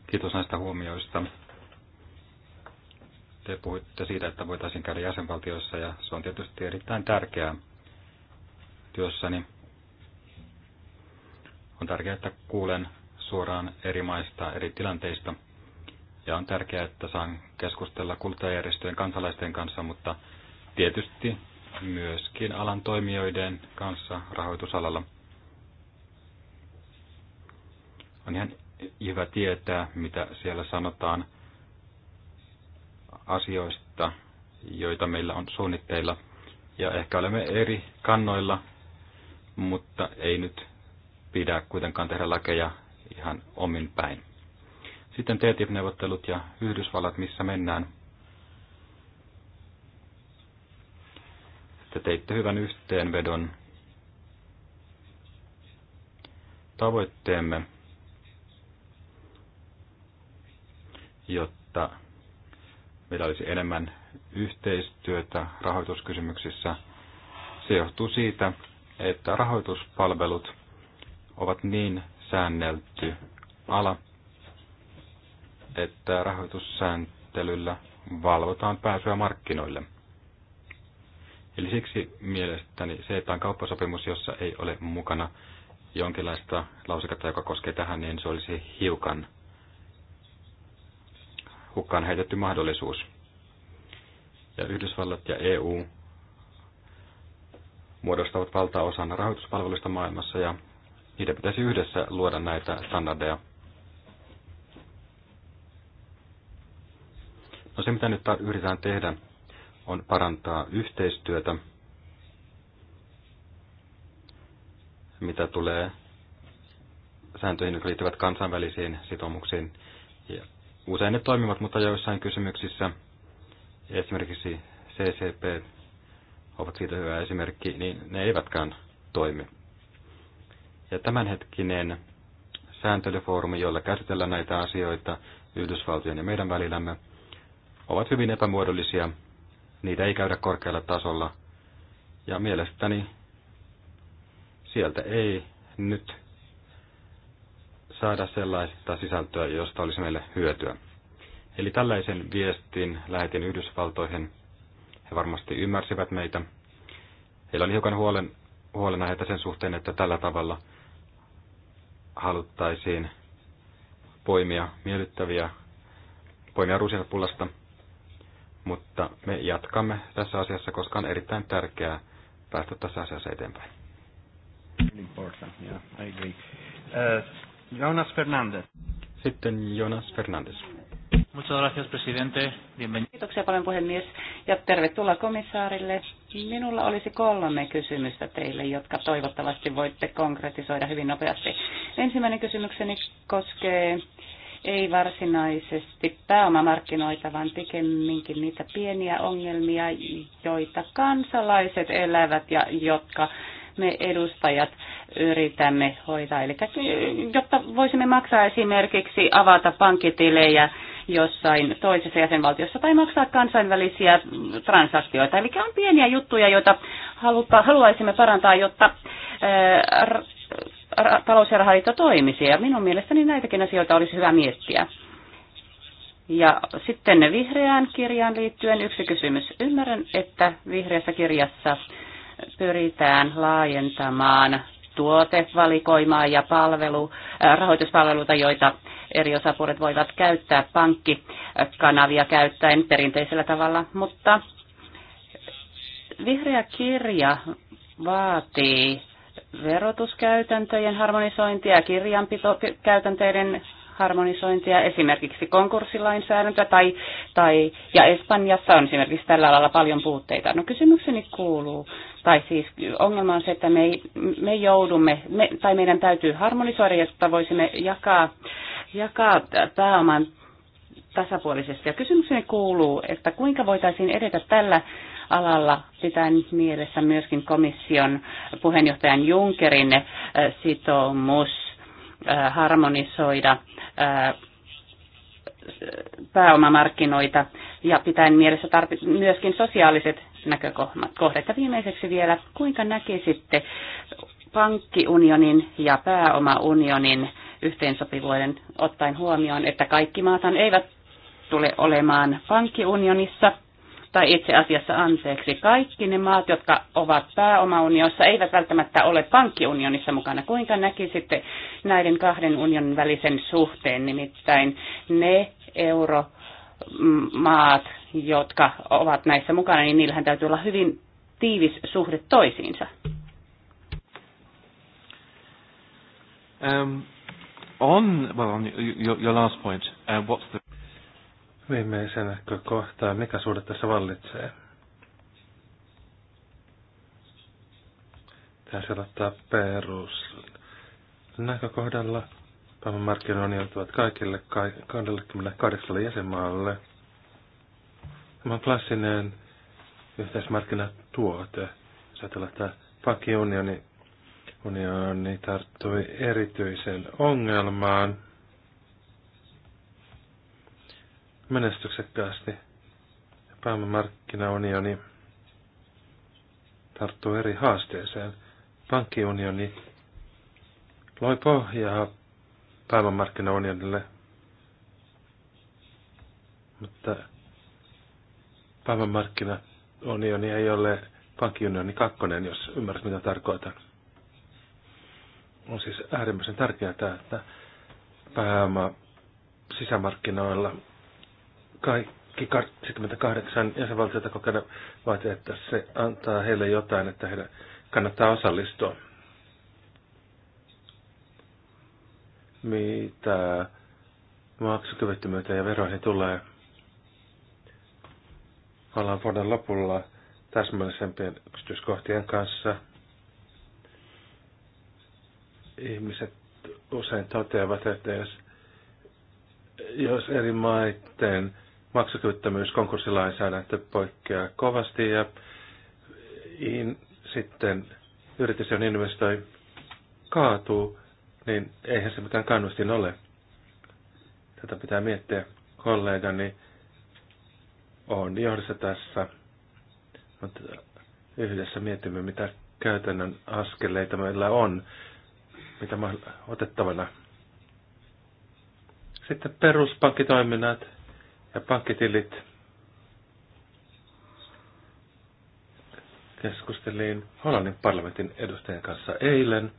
Kiitos näistä huomioista. Te puhuitte siitä, että voitaisiin käydä jäsenvaltioissa ja se on tietysti erittäin tärkeää työssäni. On tärkeää, että kuulen suoraan eri maista, eri tilanteista. Ja on tärkeää, että saan keskustella kuluttajajärjestöjen kansalaisten kanssa, mutta tietysti myöskin alan toimijoiden kanssa rahoitusalalla. On ihan hyvä tietää, mitä siellä sanotaan asioista, joita meillä on suunnitteilla. Ja ehkä olemme eri kannoilla, mutta ei nyt pidä kuitenkaan tehdä lakeja ihan omin päin. Sitten TTIP-neuvottelut ja Yhdysvallat, missä mennään. Te teitte hyvän yhteenvedon. Tavoitteemme, jotta meillä olisi enemmän yhteistyötä rahoituskysymyksissä, se johtuu siitä, että rahoituspalvelut ovat niin säännelty ala, että rahoitussääntelyllä valvotaan pääsyä markkinoille. Eli siksi mielestäni se, että on kauppasopimus, jossa ei ole mukana jonkinlaista lausekatta, joka koskee tähän, niin se olisi hiukan hukkaan heitetty mahdollisuus. Ja Yhdysvallat ja EU muodostavat valtaosan rahoituspalveluista maailmassa ja niiden pitäisi yhdessä luoda näitä standardeja. No se, mitä nyt yritetään tehdä, on parantaa yhteistyötä, mitä tulee sääntöihin, jotka liittyvät kansainvälisiin sitoumuksiin. Usein ne toimivat, mutta joissain kysymyksissä, esimerkiksi CCP ovat siitä hyvä esimerkki, niin ne eivätkään toimi. Ja tämänhetkinen sääntelyfoorumi, jolla käsitellään näitä asioita Yhdysvaltojen ja meidän välillämme, ovat hyvin epämuodollisia. Niitä ei käydä korkealla tasolla. Ja mielestäni sieltä ei nyt saada sellaista sisältöä, josta olisi meille hyötyä. Eli tällaisen viestin lähetin Yhdysvaltoihin. He varmasti ymmärsivät meitä. Heillä oli hiukan huolen, huolenaiheita sen suhteen, että tällä tavalla – haluttaisiin poimia miellyttäviä, poimia rusinat pullasta, mutta me jatkamme tässä asiassa, koska on erittäin tärkeää päästä tässä asiassa eteenpäin. Important, yeah, I agree. Uh, Jonas Fernandez. Sitten Jonas Fernandez. Muchas gracias, presidente. Bienvenido. Kiitoksia paljon puhemies ja tervetuloa komissaarille Minulla olisi kolme kysymystä teille, jotka toivottavasti voitte konkretisoida hyvin nopeasti. Ensimmäinen kysymykseni koskee ei varsinaisesti pääomamarkkinoita, vaan pikemminkin niitä pieniä ongelmia, joita kansalaiset elävät ja jotka me edustajat yritämme hoitaa. Eli jotta voisimme maksaa esimerkiksi avata pankkitilejä jossain toisessa jäsenvaltiossa tai maksaa kansainvälisiä transaktioita. Eli on pieniä juttuja, joita haluta, haluaisimme parantaa, jotta eh, talous- ja rahaliitto toimisi. Ja minun mielestäni näitäkin asioita olisi hyvä miettiä. Ja sitten vihreään kirjaan liittyen yksi kysymys. Ymmärrän, että vihreässä kirjassa pyritään laajentamaan tuotevalikoimaa ja palvelu, äh, rahoituspalveluita, joita eri osapuolet voivat käyttää pankkikanavia käyttäen perinteisellä tavalla, mutta vihreä kirja vaatii verotuskäytäntöjen harmonisointia ja kirjanpitokäytänteiden harmonisointia, esimerkiksi konkurssilainsäädäntöä tai, tai, ja Espanjassa on esimerkiksi tällä alalla paljon puutteita. No kysymykseni kuuluu, tai siis ongelma on se, että me, ei, me joudumme, me, tai meidän täytyy harmonisoida, jotta voisimme jakaa, jakaa pääoman tasapuolisesti. Ja kysymykseni kuuluu, että kuinka voitaisiin edetä tällä alalla pitäen mielessä myöskin komission puheenjohtajan Junckerin äh, sitoumus äh, harmonisoida pääomamarkkinoita ja pitäen mielessä tarvi, myöskin sosiaaliset näkökohdat. Ja viimeiseksi vielä, kuinka näkisitte pankkiunionin ja pääomaunionin yhteensopivuuden ottaen huomioon, että kaikki maathan eivät tule olemaan pankkiunionissa tai itse asiassa anteeksi, kaikki ne maat, jotka ovat pääomaunionissa, eivät välttämättä ole pankkiunionissa mukana. Kuinka näkisitte näiden kahden unionin välisen suhteen, nimittäin ne euromaat, jotka ovat näissä mukana, niin niillähän täytyy olla hyvin tiivis suhde toisiinsa. Um, on, well, on your, your last point, uh, what's the viimeisenä kohtaan, mikä suhde tässä vallitsee. Tässä aloittaa perus näkökohdalla. Päivän markkinoinnin joutuvat kaikille 28 jäsenmaalle. Tämä on klassinen yhteismarkkinatuote. Jos ajatellaan, että pankkiunioni unioni tarttui erityisen ongelmaan, menestyksekkäästi. Pääomamarkkinaunioni tarttuu eri haasteeseen. Pankkiunioni loi pohjaa pääomamarkkinaunionille, mutta pääomamarkkinaunioni ei ole pankkiunioni kakkonen, jos ymmärrät mitä tarkoitan. On siis äärimmäisen tärkeää, että pääoma sisämarkkinoilla kaikki 28 jäsenvaltiota kokeilla, vaatii, että se antaa heille jotain, että heidän kannattaa osallistua. Mitä maksukyvyttömyyteen ja veroihin tulee, ollaan vuoden lopulla täsmällisempien yksityiskohtien kanssa. Ihmiset usein toteavat, että jos, jos eri maiden maksukyvyttömyys konkurssilainsäädäntö poikkeaa kovasti ja in, sitten yritys, on investoi, kaatuu, niin eihän se mitään kannustin ole. Tätä pitää miettiä. Kollegani on johdossa tässä, mutta yhdessä mietimme, mitä käytännön askeleita meillä on, mitä otettavana. Sitten peruspankkitoiminnat, ja pankkitilit. Keskustelin Hollannin parlamentin edustajien kanssa eilen.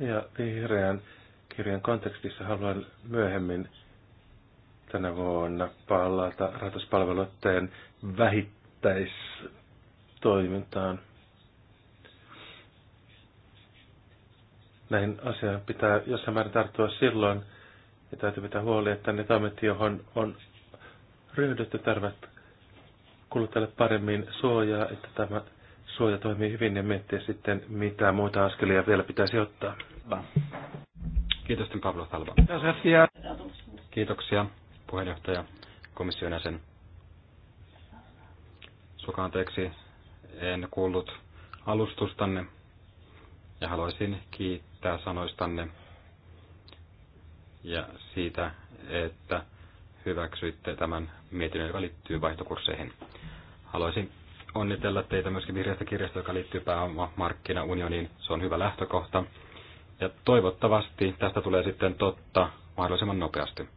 Ja vihreän kirjan kontekstissa haluan myöhemmin tänä vuonna palata rahoituspalveluiden vähittäistoimintaan. näihin asioihin pitää jossain määrin tarttua silloin, ja täytyy pitää huoli, että ne toimet, johon on ryhdytty, tarvitsevat kuluttajalle paremmin suojaa, että tämä suoja toimii hyvin ja miettiä sitten, mitä muita askelia vielä pitäisi ottaa. Kiitos, Pablo Talva. Kiitoksia, puheenjohtaja, komission jäsen. Suka anteeksi, en kuullut alustustanne ja haluaisin kiittää sanoistanne ja siitä, että hyväksyitte tämän mietinnön, joka liittyy vaihtokursseihin. Haluaisin onnitella teitä myöskin vihreästä kirjasta, joka liittyy pääomamarkkinaunioniin. Se on hyvä lähtökohta. Ja toivottavasti tästä tulee sitten totta mahdollisimman nopeasti.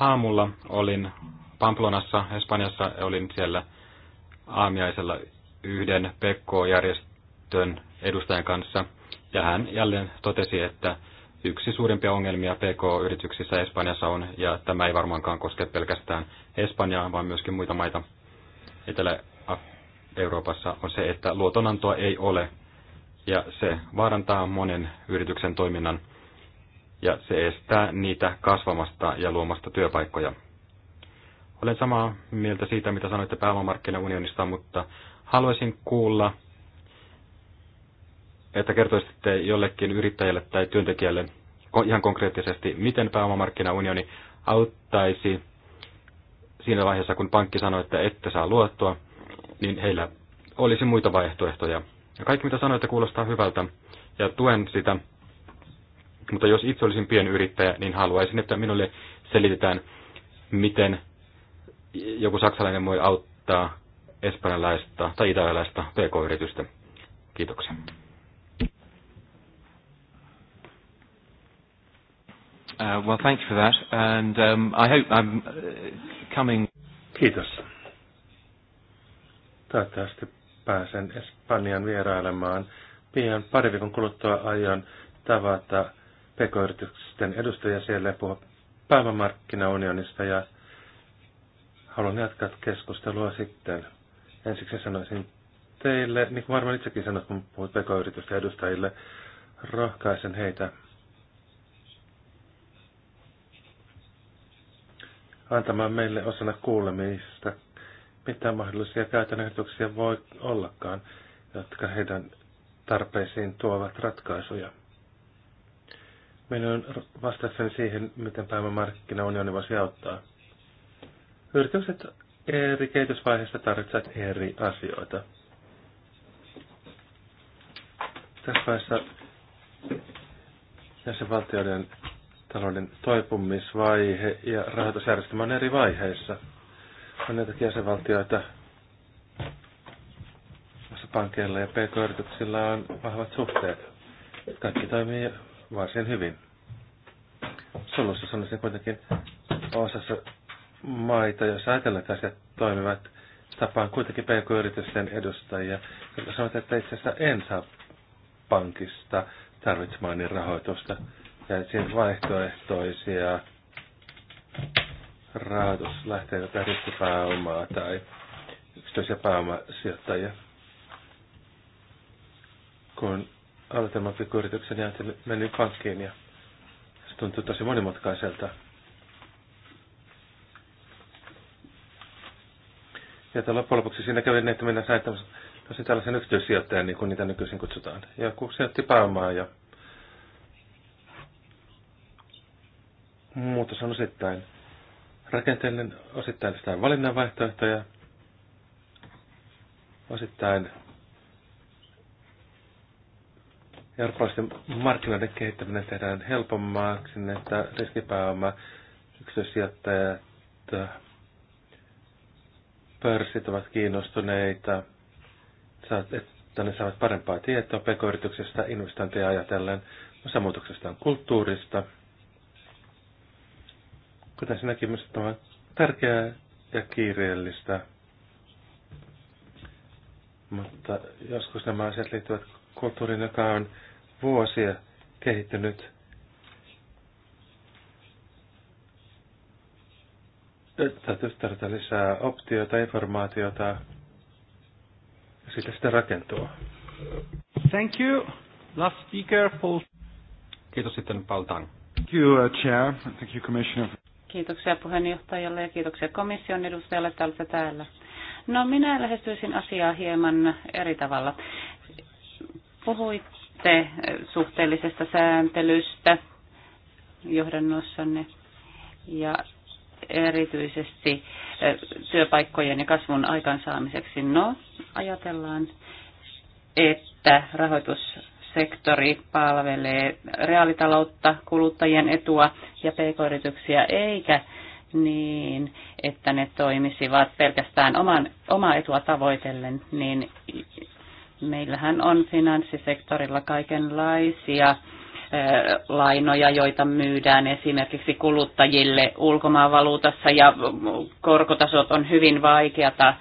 Aamulla olin Pamplonassa, Espanjassa, olin siellä aamiaisella yhden PK-järjestön edustajan kanssa, ja hän jälleen totesi, että yksi suurimpia ongelmia PK-yrityksissä Espanjassa on, ja tämä ei varmaankaan koske pelkästään Espanjaa, vaan myöskin muita maita Etelä-Euroopassa, on se, että luotonantoa ei ole, ja se vaarantaa monen yrityksen toiminnan, ja se estää niitä kasvamasta ja luomasta työpaikkoja. Olen samaa mieltä siitä, mitä sanoitte pääomamarkkinaunionista, mutta Haluaisin kuulla, että kertoisitte jollekin yrittäjälle tai työntekijälle ihan konkreettisesti, miten pääomamarkkinaunioni auttaisi siinä vaiheessa, kun pankki sanoi, että ette saa luottoa, niin heillä olisi muita vaihtoehtoja. Ja kaikki, mitä sanoitte, kuulostaa hyvältä ja tuen sitä. Mutta jos itse olisin pienyrittäjä, niin haluaisin, että minulle selitetään, miten joku saksalainen voi auttaa espanjalaista tai italialaista pk-yritystä. Kiitoksia. Uh, well, thank you for that, and um, I hope I'm uh, coming. Kiitos. Toivottavasti pääsen Espanjan vierailemaan. Pian pari viikon kuluttua aion tavata pk-yritysten edustajia siellä ja puhua päivämarkkinaunionista ja haluan jatkaa keskustelua sitten. Ensiksi sanoisin teille, niin kuin varmaan itsekin sanot, kun puhut pk-yritysten edustajille, rohkaisen heitä antamaan meille osana kuulemista, mitä mahdollisia käytännön voi ollakaan, jotka heidän tarpeisiin tuovat ratkaisuja. Minun vastaukseni siihen, miten pääomamarkkinaunioni voisi auttaa. Yritykset eri kehitysvaiheessa tarvitset eri asioita. Tässä vaiheessa jäsenvaltioiden talouden toipumisvaihe ja rahoitusjärjestelmä on eri vaiheissa. On näitä jäsenvaltioita, joissa pankeilla ja pk-yrityksillä on vahvat suhteet. Kaikki toimii varsin hyvin. Solussa sanoisin kuitenkin osassa maita, jos ajatellaan, että asiat toimivat, tapaan kuitenkin pk-yritysten edustajia, jotka sanovat, että itse asiassa en saa pankista tarvitsemaani rahoitusta ja siinä vaihtoehtoisia rahoituslähteitä tai riskipääomaa tai yksityisiä pääomasijoittajia. Kun aloitimme pikkuyrityksen, niin menin pankkiin ja se tuntui tosi monimutkaiselta Ja loppujen lopuksi siinä kävi niin, että minä sain tosi tällaisen yksityissijoittajan, niin kuin niitä nykyisin kutsutaan. Ja kun sijoitti pääomaa ja muutos on osittain rakenteellinen, osittain sitä valinnanvaihtoehtoja, osittain eurooppalaisten markkinoiden kehittäminen tehdään helpommaksi, että riskipääoma, yksityissijoittajat, pörssit ovat kiinnostuneita, että ne saavat parempaa tietoa pk-yrityksestä, investointeja ajatellen, osa muutoksesta on kulttuurista. Kuten sinäkin myös tämä on tärkeää ja kiireellistä. Mutta joskus nämä asiat liittyvät kulttuuriin, joka on vuosia kehittynyt tätä tarjota lisää optiota, informaatiota, siitä sitä rakentua. Thank you. Last speaker, Paul. Kiitos sitten Paul Tang. Thank you, uh, Chair. Thank you, Commissioner. Kiitoksia puheenjohtajalle ja kiitoksia komission edustajalle tältä täällä. No minä lähestyisin asiaa hieman eri tavalla. Puhuitte suhteellisesta sääntelystä johdannossanne ja erityisesti työpaikkojen ja kasvun aikaansaamiseksi? No, ajatellaan, että rahoitussektori palvelee reaalitaloutta, kuluttajien etua ja pk-yrityksiä, eikä niin, että ne toimisivat pelkästään oman, omaa etua tavoitellen, niin meillähän on finanssisektorilla kaikenlaisia lainoja, joita myydään esimerkiksi kuluttajille ulkomaanvaluutassa ja korkotasot on hyvin vaikeata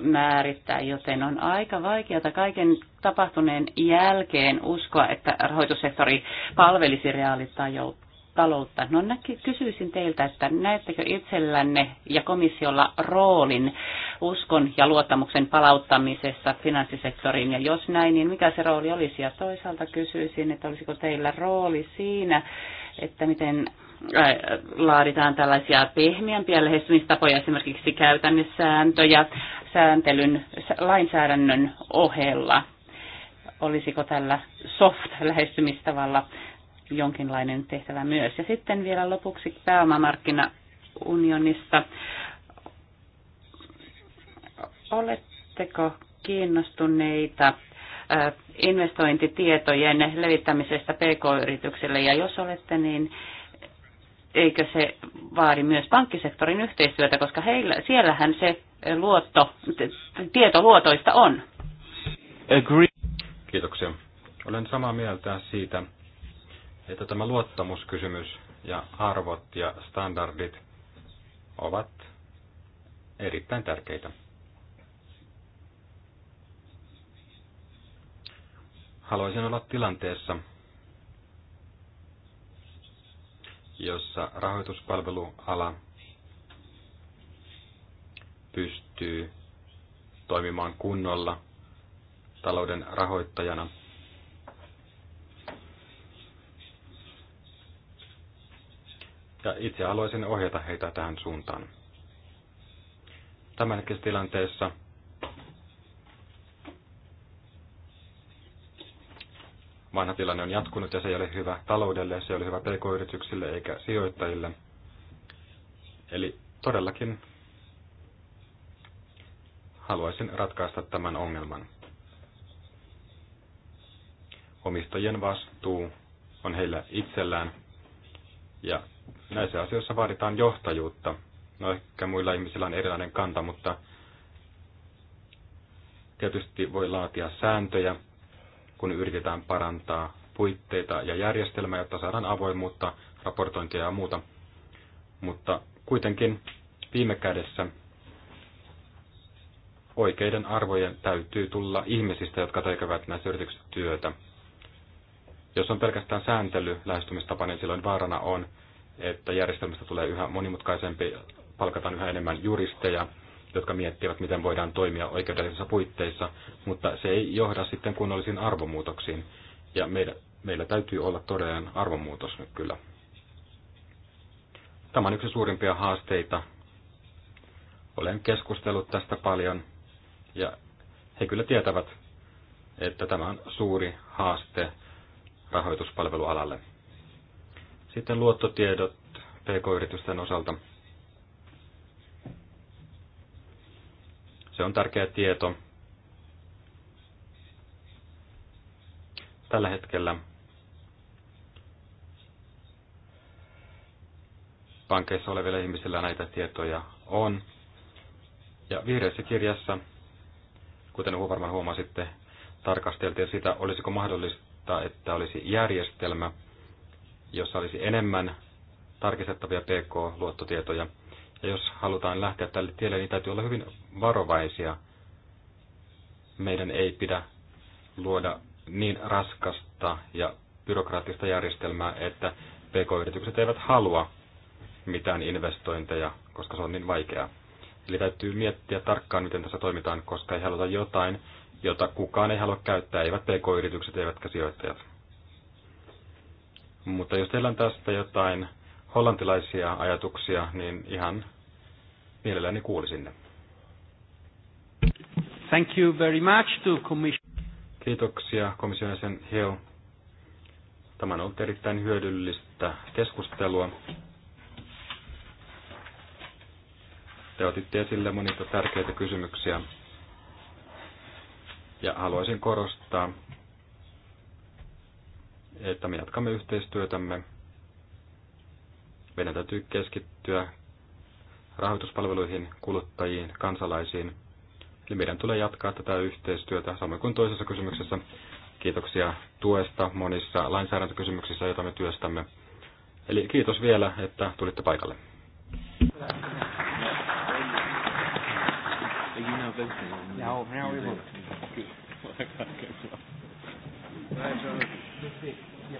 määrittää, joten on aika vaikeata kaiken tapahtuneen jälkeen uskoa, että rahoitussektori palvelisi reaalitajoutta taloutta. No näki, kysyisin teiltä, että näettekö itsellänne ja komissiolla roolin uskon ja luottamuksen palauttamisessa finanssisektoriin, ja jos näin, niin mikä se rooli olisi? Ja toisaalta kysyisin, että olisiko teillä rooli siinä, että miten äh, laaditaan tällaisia pehmiämpiä lähestymistapoja, esimerkiksi käytännesääntöjä sääntelyn lainsäädännön ohella. Olisiko tällä soft-lähestymistavalla jonkinlainen tehtävä myös. Ja sitten vielä lopuksi pääomamarkkinaunionista. Oletteko kiinnostuneita äh, investointitietojen levittämisestä pk-yrityksille, ja jos olette, niin eikö se vaadi myös pankkisektorin yhteistyötä, koska heillä, siellähän se luotto, tieto luotoista on. Agree. Kiitoksia. Olen samaa mieltä siitä, että tämä luottamuskysymys ja arvot ja standardit ovat erittäin tärkeitä. Haluaisin olla tilanteessa, jossa rahoituspalveluala pystyy toimimaan kunnolla talouden rahoittajana – Ja itse haluaisin ohjata heitä tähän suuntaan. Tämänhetkisessä tilanteessa vanha tilanne on jatkunut ja se ei ole hyvä taloudelle, se ei ole hyvä pk-yrityksille eikä sijoittajille. Eli todellakin haluaisin ratkaista tämän ongelman. Omistajien vastuu on heillä itsellään ja näissä asioissa vaaditaan johtajuutta. No ehkä muilla ihmisillä on erilainen kanta, mutta tietysti voi laatia sääntöjä, kun yritetään parantaa puitteita ja järjestelmää, jotta saadaan avoimuutta, raportointia ja muuta. Mutta kuitenkin viime kädessä oikeiden arvojen täytyy tulla ihmisistä, jotka tekevät näissä yrityksissä työtä. Jos on pelkästään sääntely lähestymistapa, niin silloin vaarana on, että järjestelmästä tulee yhä monimutkaisempi, palkataan yhä enemmän juristeja, jotka miettivät, miten voidaan toimia oikeudellisissa puitteissa, mutta se ei johda sitten kunnollisiin arvomuutoksiin. Ja meillä, meillä täytyy olla todellinen arvomuutos nyt kyllä. Tämä on yksi suurimpia haasteita. Olen keskustellut tästä paljon ja he kyllä tietävät, että tämä on suuri haaste rahoituspalvelualalle. Sitten luottotiedot pk-yritysten osalta. Se on tärkeä tieto. Tällä hetkellä pankeissa olevilla ihmisillä näitä tietoja on. Ja vihreässä kirjassa, kuten varmaan huomasitte, tarkasteltiin sitä, olisiko mahdollista, että olisi järjestelmä, jossa olisi enemmän tarkistettavia PK-luottotietoja. Ja jos halutaan lähteä tälle tielle, niin täytyy olla hyvin varovaisia. Meidän ei pidä luoda niin raskasta ja byrokraattista järjestelmää, että PK-yritykset eivät halua mitään investointeja, koska se on niin vaikeaa. Eli täytyy miettiä tarkkaan, miten tässä toimitaan, koska ei haluta jotain, jota kukaan ei halua käyttää, eivät PK-yritykset eivätkä sijoittajat. Mutta jos teillä on tästä jotain hollantilaisia ajatuksia, niin ihan mielelläni kuulisin ne. Thank you very much to commission. Kiitoksia komission jäsen Hill. Tämä on ollut erittäin hyödyllistä keskustelua. Te otitte esille monita tärkeitä kysymyksiä. Ja haluaisin korostaa, että me jatkamme yhteistyötämme. Meidän täytyy keskittyä rahoituspalveluihin, kuluttajiin, kansalaisiin. Eli meidän tulee jatkaa tätä yhteistyötä samoin kuin toisessa kysymyksessä. Kiitoksia tuesta monissa lainsäädäntökysymyksissä, joita me työstämme. Eli kiitos vielä, että tulitte paikalle. Now, now we will. Perfekt. Ja,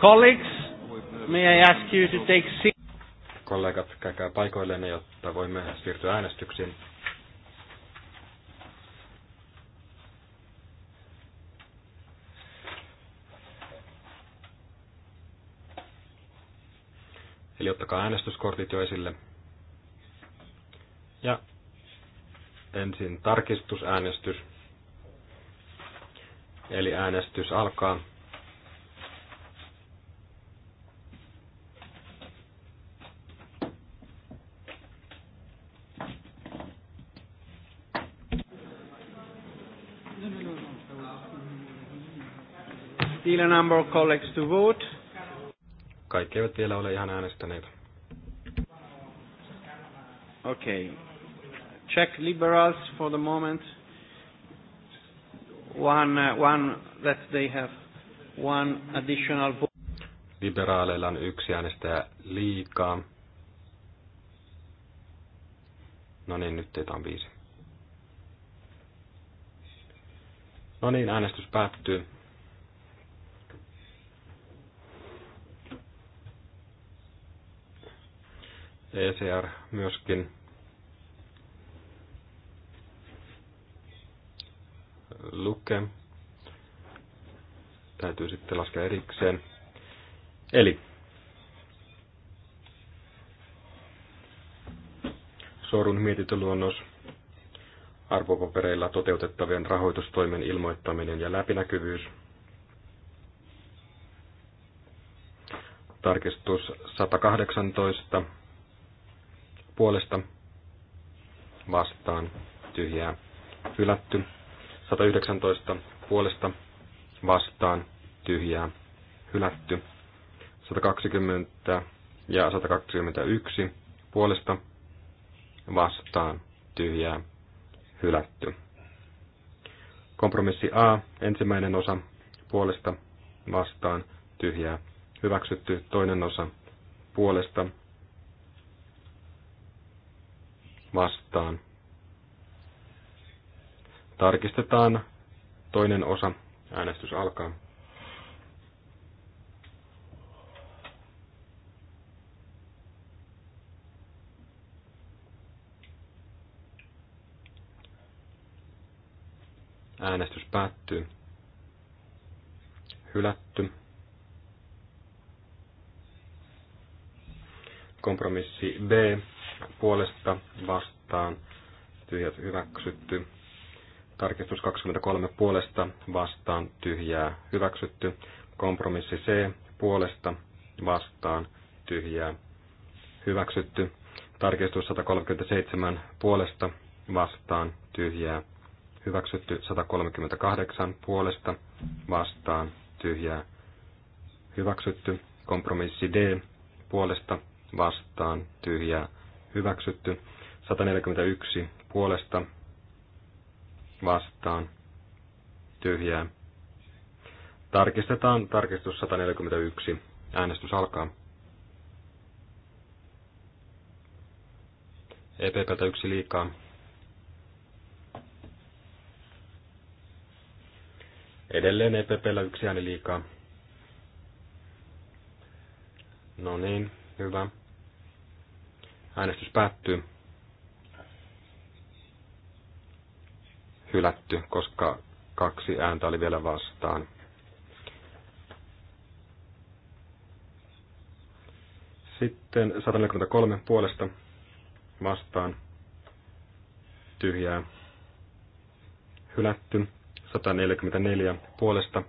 Colleagues, may I ask you to take seat? Kollegat, käykää paikoilleen, jotta voimme siirtyä äänestyksiin. Eli ottakaa äänestyskortit jo esille. Ja ensin tarkistusäänestys. Eli äänestys alkaa. Still a number of colleagues to vote. Kaikki eivät vielä ole ihan äänestäneet. Okay. Czech liberals for the moment. One, uh, one that they have one additional vote. Liberaaleilla on yksi äänestäjä liikaa. No niin, nyt teitä on viisi. No niin, äänestys päättyy. ECR myöskin luke. Täytyy sitten laskea erikseen. Eli Sorun mietintöluonnos arvopapereilla toteutettavien rahoitustoimen ilmoittaminen ja läpinäkyvyys. Tarkistus 118 puolesta vastaan tyhjää hylätty. 119 puolesta vastaan tyhjää hylätty. 120 ja 121 puolesta vastaan tyhjää hylätty. Kompromissi A, ensimmäinen osa puolesta vastaan tyhjää hyväksytty, toinen osa puolesta vastaan. Tarkistetaan toinen osa. Äänestys alkaa. Äänestys päättyy. Hylätty. Kompromissi B puolesta vastaan tyhjät hyväksytty. Tarkistus 23 puolesta vastaan tyhjää hyväksytty. Kompromissi C puolesta vastaan tyhjää hyväksytty. Tarkistus 137 puolesta vastaan tyhjää hyväksytty. 138 puolesta vastaan tyhjää hyväksytty. Kompromissi D puolesta vastaan tyhjää hyväksytty. 141 puolesta vastaan tyhjää. Tarkistetaan tarkistus 141. Äänestys alkaa. EPPltä yksi liikaa. Edelleen EPPllä yksi ääni liikaa. No niin, hyvä. Äänestys päättyy. Hylätty, koska kaksi ääntä oli vielä vastaan. Sitten 143 puolesta vastaan tyhjää hylätty. 144 puolesta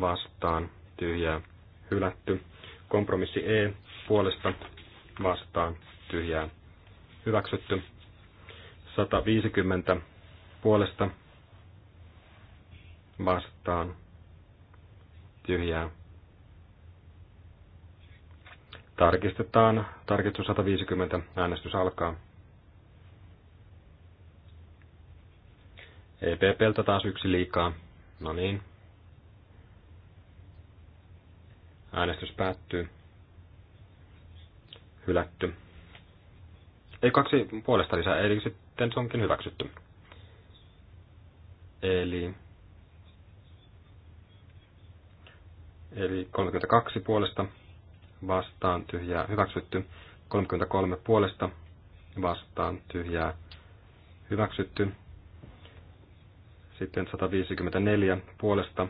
vastaan tyhjää hylätty. Kompromissi E puolesta vastaan tyhjää hyväksytty. 150 puolesta vastaan tyhjää. Tarkistetaan. Tarkistus 150. Äänestys alkaa. EPPltä taas yksi liikaa. No niin. Äänestys päättyy. Hylätty. Ei kaksi puolesta lisää, eli sitten se onkin hyväksytty. Eli, eli 32 puolesta vastaan tyhjää hyväksytty, 33 puolesta vastaan tyhjää hyväksytty, sitten 154 puolesta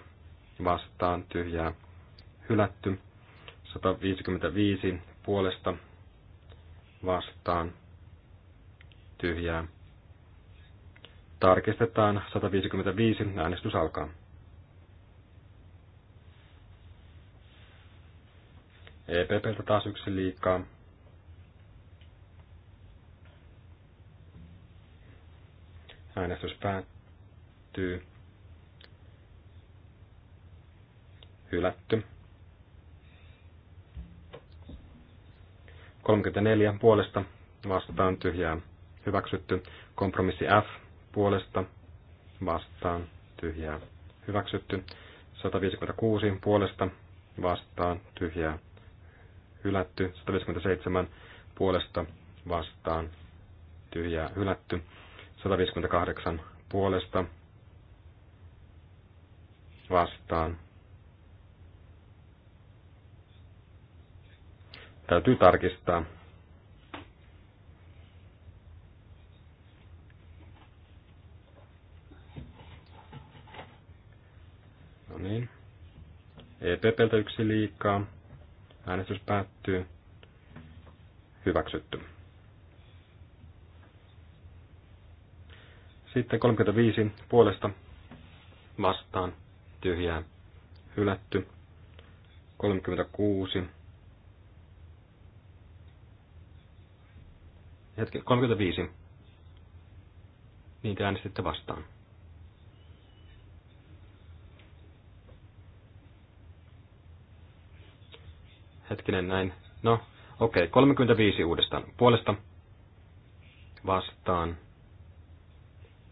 vastaan tyhjää hylätty, 155 puolesta vastaan tyhjää. Tarkistetaan 155, äänestys alkaa. EPPltä taas yksi liikaa. Äänestys päättyy. Hylätty. 34 puolesta vastaan tyhjää hyväksytty. Kompromissi F puolesta vastaan tyhjää hyväksytty. 156 puolesta vastaan tyhjää hylätty. 157 puolesta vastaan tyhjää hylätty. 158 puolesta vastaan. Täytyy tarkistaa. niin. EPPltä yksi liikaa. Äänestys päättyy. Hyväksytty. Sitten 35 puolesta vastaan tyhjää hylätty. 36. Hetki, 35. Niitä äänestitte vastaan. hetkinen näin. No, okei, okay, 35 uudestaan. Puolesta vastaan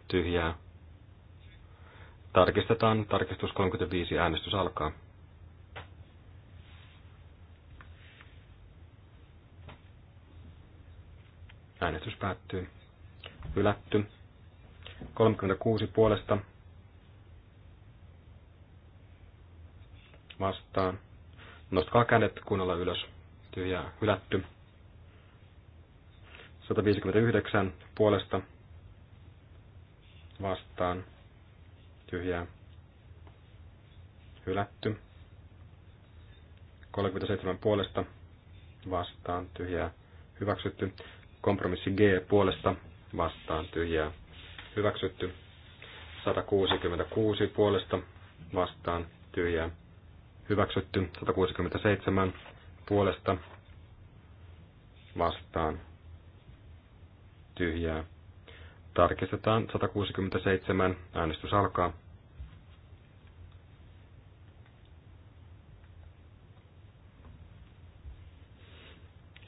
tyhjää. Tarkistetaan. Tarkistus 35. Äänestys alkaa. Äänestys päättyy. Hylätty. 36 puolesta vastaan Nostakaa kädet kunnolla ylös. Tyhjää hylätty. 159 puolesta vastaan. Tyhjää hylätty. 37 puolesta vastaan tyhjää hyväksytty. Kompromissi G puolesta vastaan tyhjää hyväksytty. 166 puolesta vastaan tyhjää hyväksytty 167 puolesta vastaan tyhjää. Tarkistetaan 167, äänestys alkaa.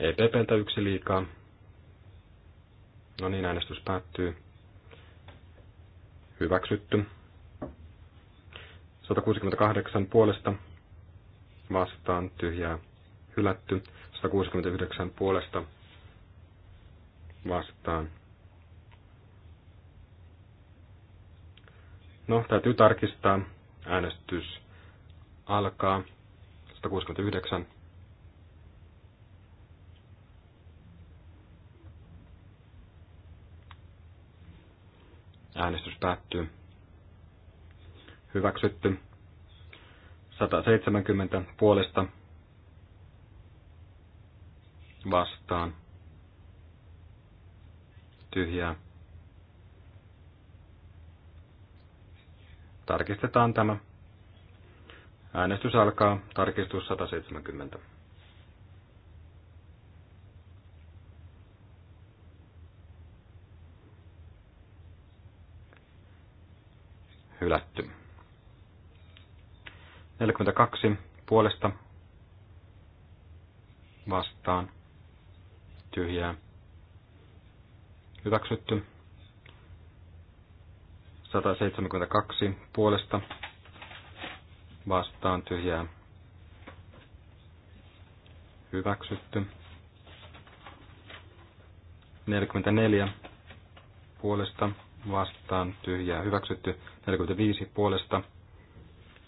Ei yksi liikaa. No niin, äänestys päättyy. Hyväksytty. 168 puolesta vastaan tyhjää hylätty. 169 puolesta vastaan. No, täytyy tarkistaa. Äänestys alkaa. 169. Äänestys päättyy. Hyväksytty. 170 puolesta vastaan tyhjää. Tarkistetaan tämä. Äänestys alkaa. Tarkistus 170. Hylätty. 42 puolesta vastaan tyhjää hyväksytty. 172 puolesta vastaan tyhjää hyväksytty. 44 puolesta vastaan tyhjää hyväksytty. 45 puolesta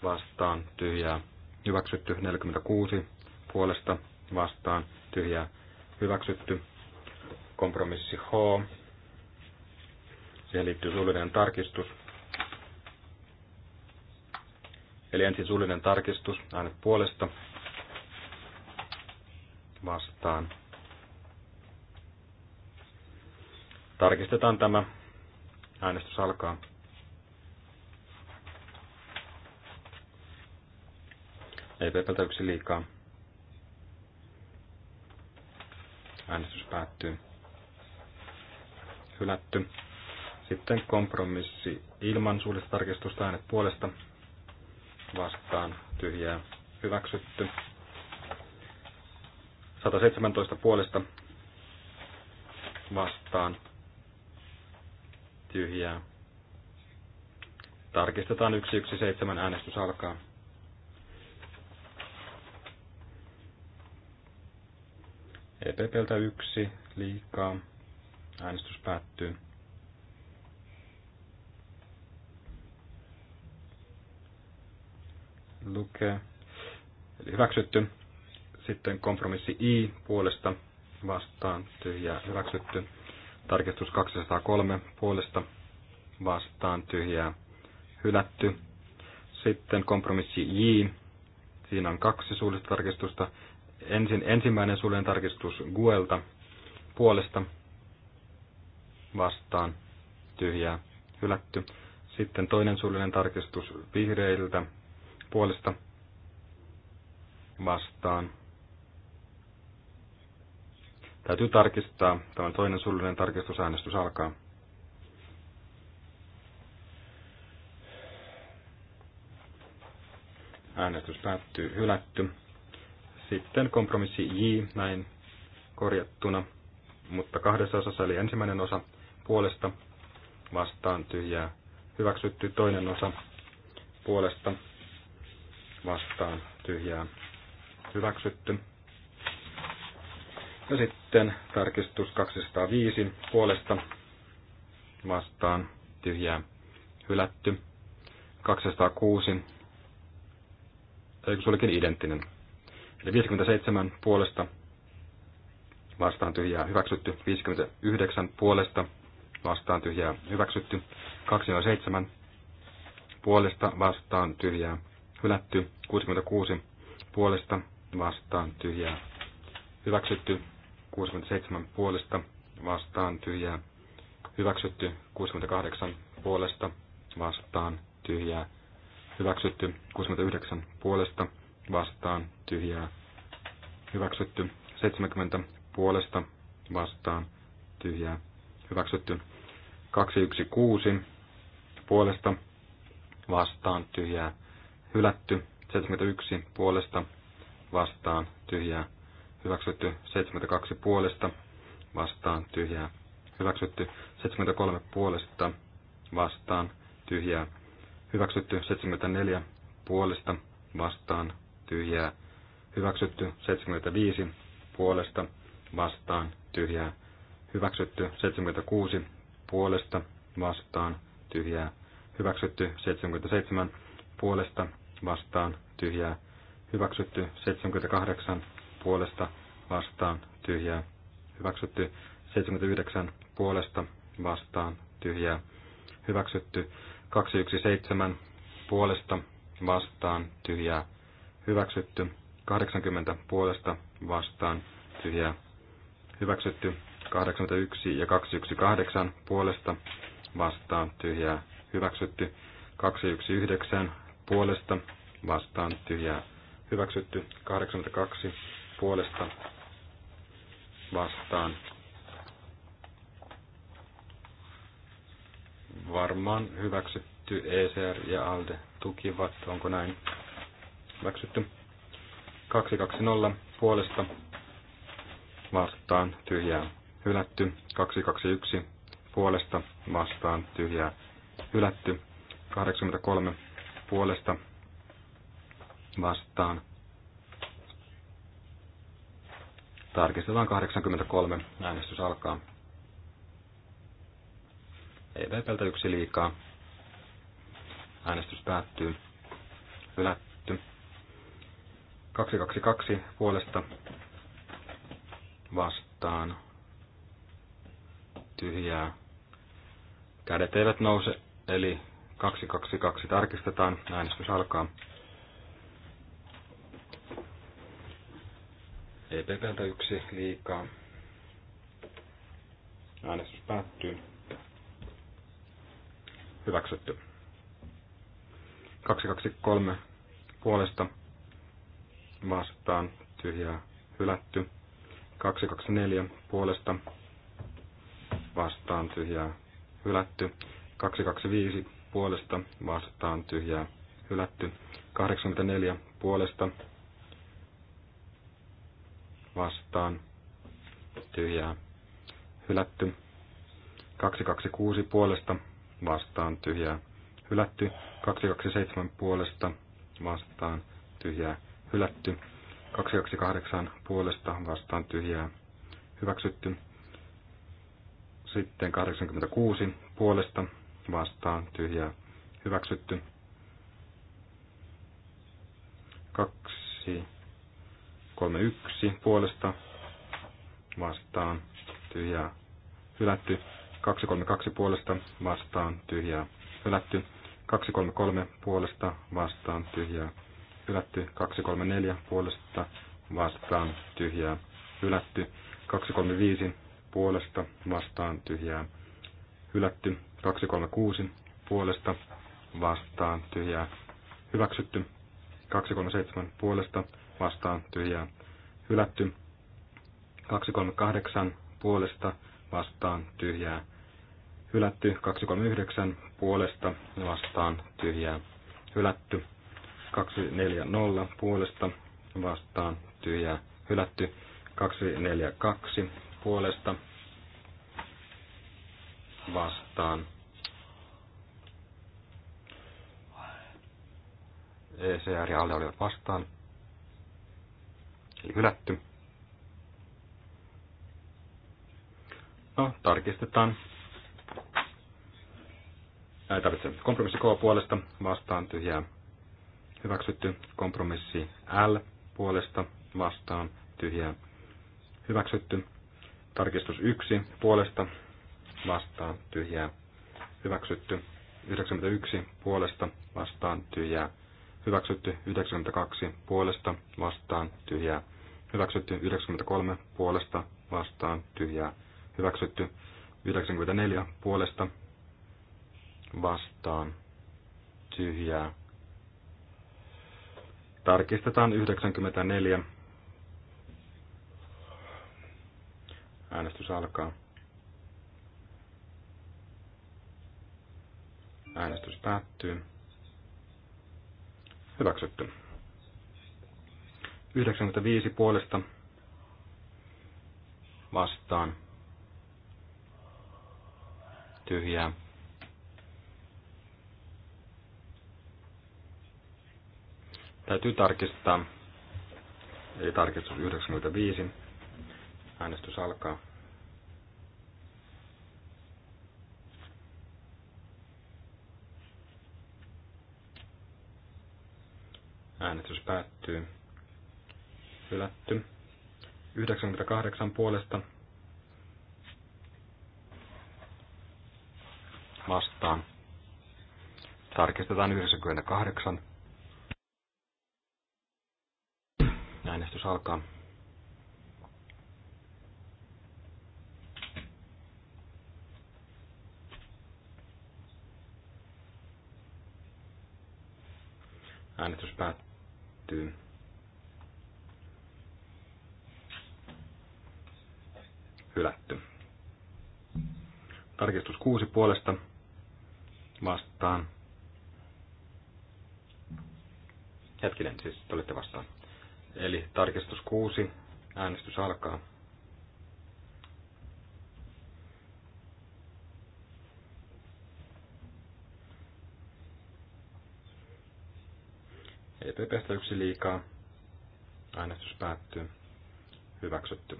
vastaan tyhjää hyväksytty, 46 puolesta vastaan tyhjää hyväksytty, kompromissi H, siihen liittyy suullinen tarkistus. Eli ensin suullinen tarkistus, äänet puolesta vastaan. Tarkistetaan tämä. Äänestys alkaa. Ei yksi liikaa. Äänestys päättyy. Hylätty. Sitten kompromissi ilman suullista tarkistusta äänet puolesta vastaan tyhjää hyväksytty. 117 puolesta vastaan tyhjää. Tarkistetaan 117 äänestys alkaa. EPPltä yksi liikaa. Äänestys päättyy. Lukee. Eli hyväksytty. Sitten kompromissi I puolesta vastaan tyhjä hyväksytty. Tarkistus 203 puolesta vastaan tyhjää hylätty. Sitten kompromissi J. Siinä on kaksi suullista tarkistusta ensin ensimmäinen suljen tarkistus Guelta puolesta vastaan tyhjää hylätty. Sitten toinen suullinen tarkistus vihreiltä puolesta vastaan. Täytyy tarkistaa. Tämä toinen suullinen tarkistusäänestys alkaa. Äänestys päättyy hylätty. Sitten kompromissi J näin korjattuna, mutta kahdessa osassa eli ensimmäinen osa puolesta vastaan tyhjää hyväksytty, toinen osa puolesta vastaan tyhjää hyväksytty. Ja sitten tarkistus 205 puolesta vastaan tyhjää hylätty. 206, eikö se olikin identtinen Eli 57 puolesta vastaan tyhjää hyväksytty, 59 puolesta vastaan tyhjää hyväksytty, 27 puolesta vastaan tyhjää hylätty, 66 puolesta vastaan tyhjää hyväksytty, 67 puolesta vastaan tyhjää hyväksytty, 68 puolesta vastaan tyhjää hyväksytty, 69 puolesta vastaan tyhjää hyväksytty. 70 puolesta vastaan tyhjää hyväksytty. 216 puolesta vastaan tyhjää hylätty. 71 puolesta vastaan tyhjää hyväksytty. 72 puolesta vastaan tyhjää hyväksytty. 73 puolesta vastaan tyhjää hyväksytty. 74 puolesta vastaan tyhjää hyväksytty 75 puolesta vastaan tyhjää hyväksytty 76 puolesta vastaan tyhjää hyväksytty 77 puolesta vastaan tyhjää hyväksytty 78 puolesta vastaan tyhjää hyväksytty 79 puolesta vastaan tyhjää hyväksytty 217 puolesta vastaan tyhjää hyväksytty. 80 puolesta vastaan tyhjää hyväksytty. 81 ja 218 puolesta vastaan tyhjää hyväksytty. 219 puolesta vastaan tyhjää hyväksytty. 82 puolesta vastaan varmaan hyväksytty ECR ja ALDE tukivat, onko näin? hyväksytty. 220 puolesta vastaan tyhjää hylätty. 221 puolesta vastaan tyhjää hylätty. 83 puolesta vastaan. Tarkistetaan 83. Äänestys alkaa. EVPltä yksi liikaa. Äänestys päättyy. Hylätty. 222 puolesta vastaan tyhjää. Kädet eivät nouse, eli 222 tarkistetaan. Äänestys alkaa. EPPltä yksi liikaa. Äänestys päättyy. Hyväksytty. 223 puolesta vastaan tyhjää hylätty. 224 puolesta vastaan tyhjää hylätty. 225 puolesta vastaan tyhjää hylätty. 84 puolesta vastaan tyhjää hylätty. 226 puolesta vastaan tyhjää hylätty. 227 puolesta vastaan tyhjää hylätty. 228 puolesta vastaan tyhjää hyväksytty. Sitten 86 puolesta vastaan tyhjää hyväksytty. 231 puolesta vastaan tyhjää hylätty. 232 puolesta vastaan tyhjää hylätty. 233 puolesta vastaan tyhjää hylätty 234 puolesta vastaan tyhjää hylätty 235 puolesta vastaan tyhjää hylätty 236 puolesta vastaan tyhjää hyväksytty 237 puolesta vastaan tyhjää hylätty 238 puolesta vastaan tyhjää hylätty 239 puolesta vastaan tyhjää hylätty 240 puolesta vastaan tyhjää hylätty. 242 puolesta vastaan. ECR ja alle olivat vastaan. Eli hylätty. No, tarkistetaan. Ei tarvitse. Kompromissi K puolesta vastaan tyhjää hyväksytty. Kompromissi L puolesta vastaan tyhjää hyväksytty. Tarkistus 1 puolesta vastaan tyhjää hyväksytty. 91 puolesta vastaan tyhjää hyväksytty. 92 puolesta vastaan tyhjää hyväksytty. 93 puolesta vastaan tyhjää hyväksytty. 94 puolesta vastaan tyhjää Tarkistetaan 94. Äänestys alkaa. Äänestys päättyy. Hyväksytty. 95 puolesta vastaan. Tyhjää Täytyy tarkistaa. Eli tarkistus 95. Äänestys alkaa. Äänestys päättyy. Hylätty. 98 puolesta vastaan. Tarkistetaan 98. Äänestys alkaa. Äänestys päättyy. Hylätty. Tarkistus kuusi puolesta vastaan. Hetkinen, siis te olette vastaan. Eli tarkistus 6. Äänestys alkaa. EPPstä yksi liikaa. Äänestys päättyy. Hyväksytty.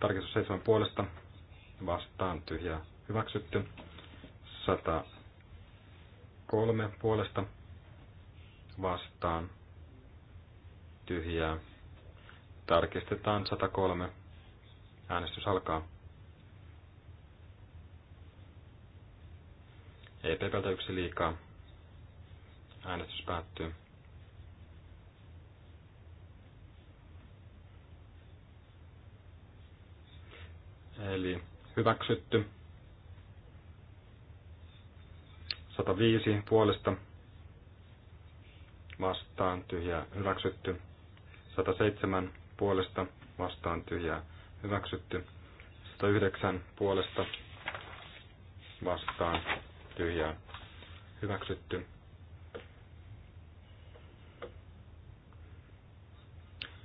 Tarkistus 7 puolesta. Vastaan tyhjä Hyväksytty. 103 puolesta vastaan tyhjää. Tarkistetaan 103. Äänestys alkaa. EPPltä yksi liikaa. Äänestys päättyy. Eli hyväksytty. 105 puolesta vastaan tyhjää hyväksytty. 107 puolesta vastaan tyhjää hyväksytty. 109 puolesta vastaan tyhjää hyväksytty.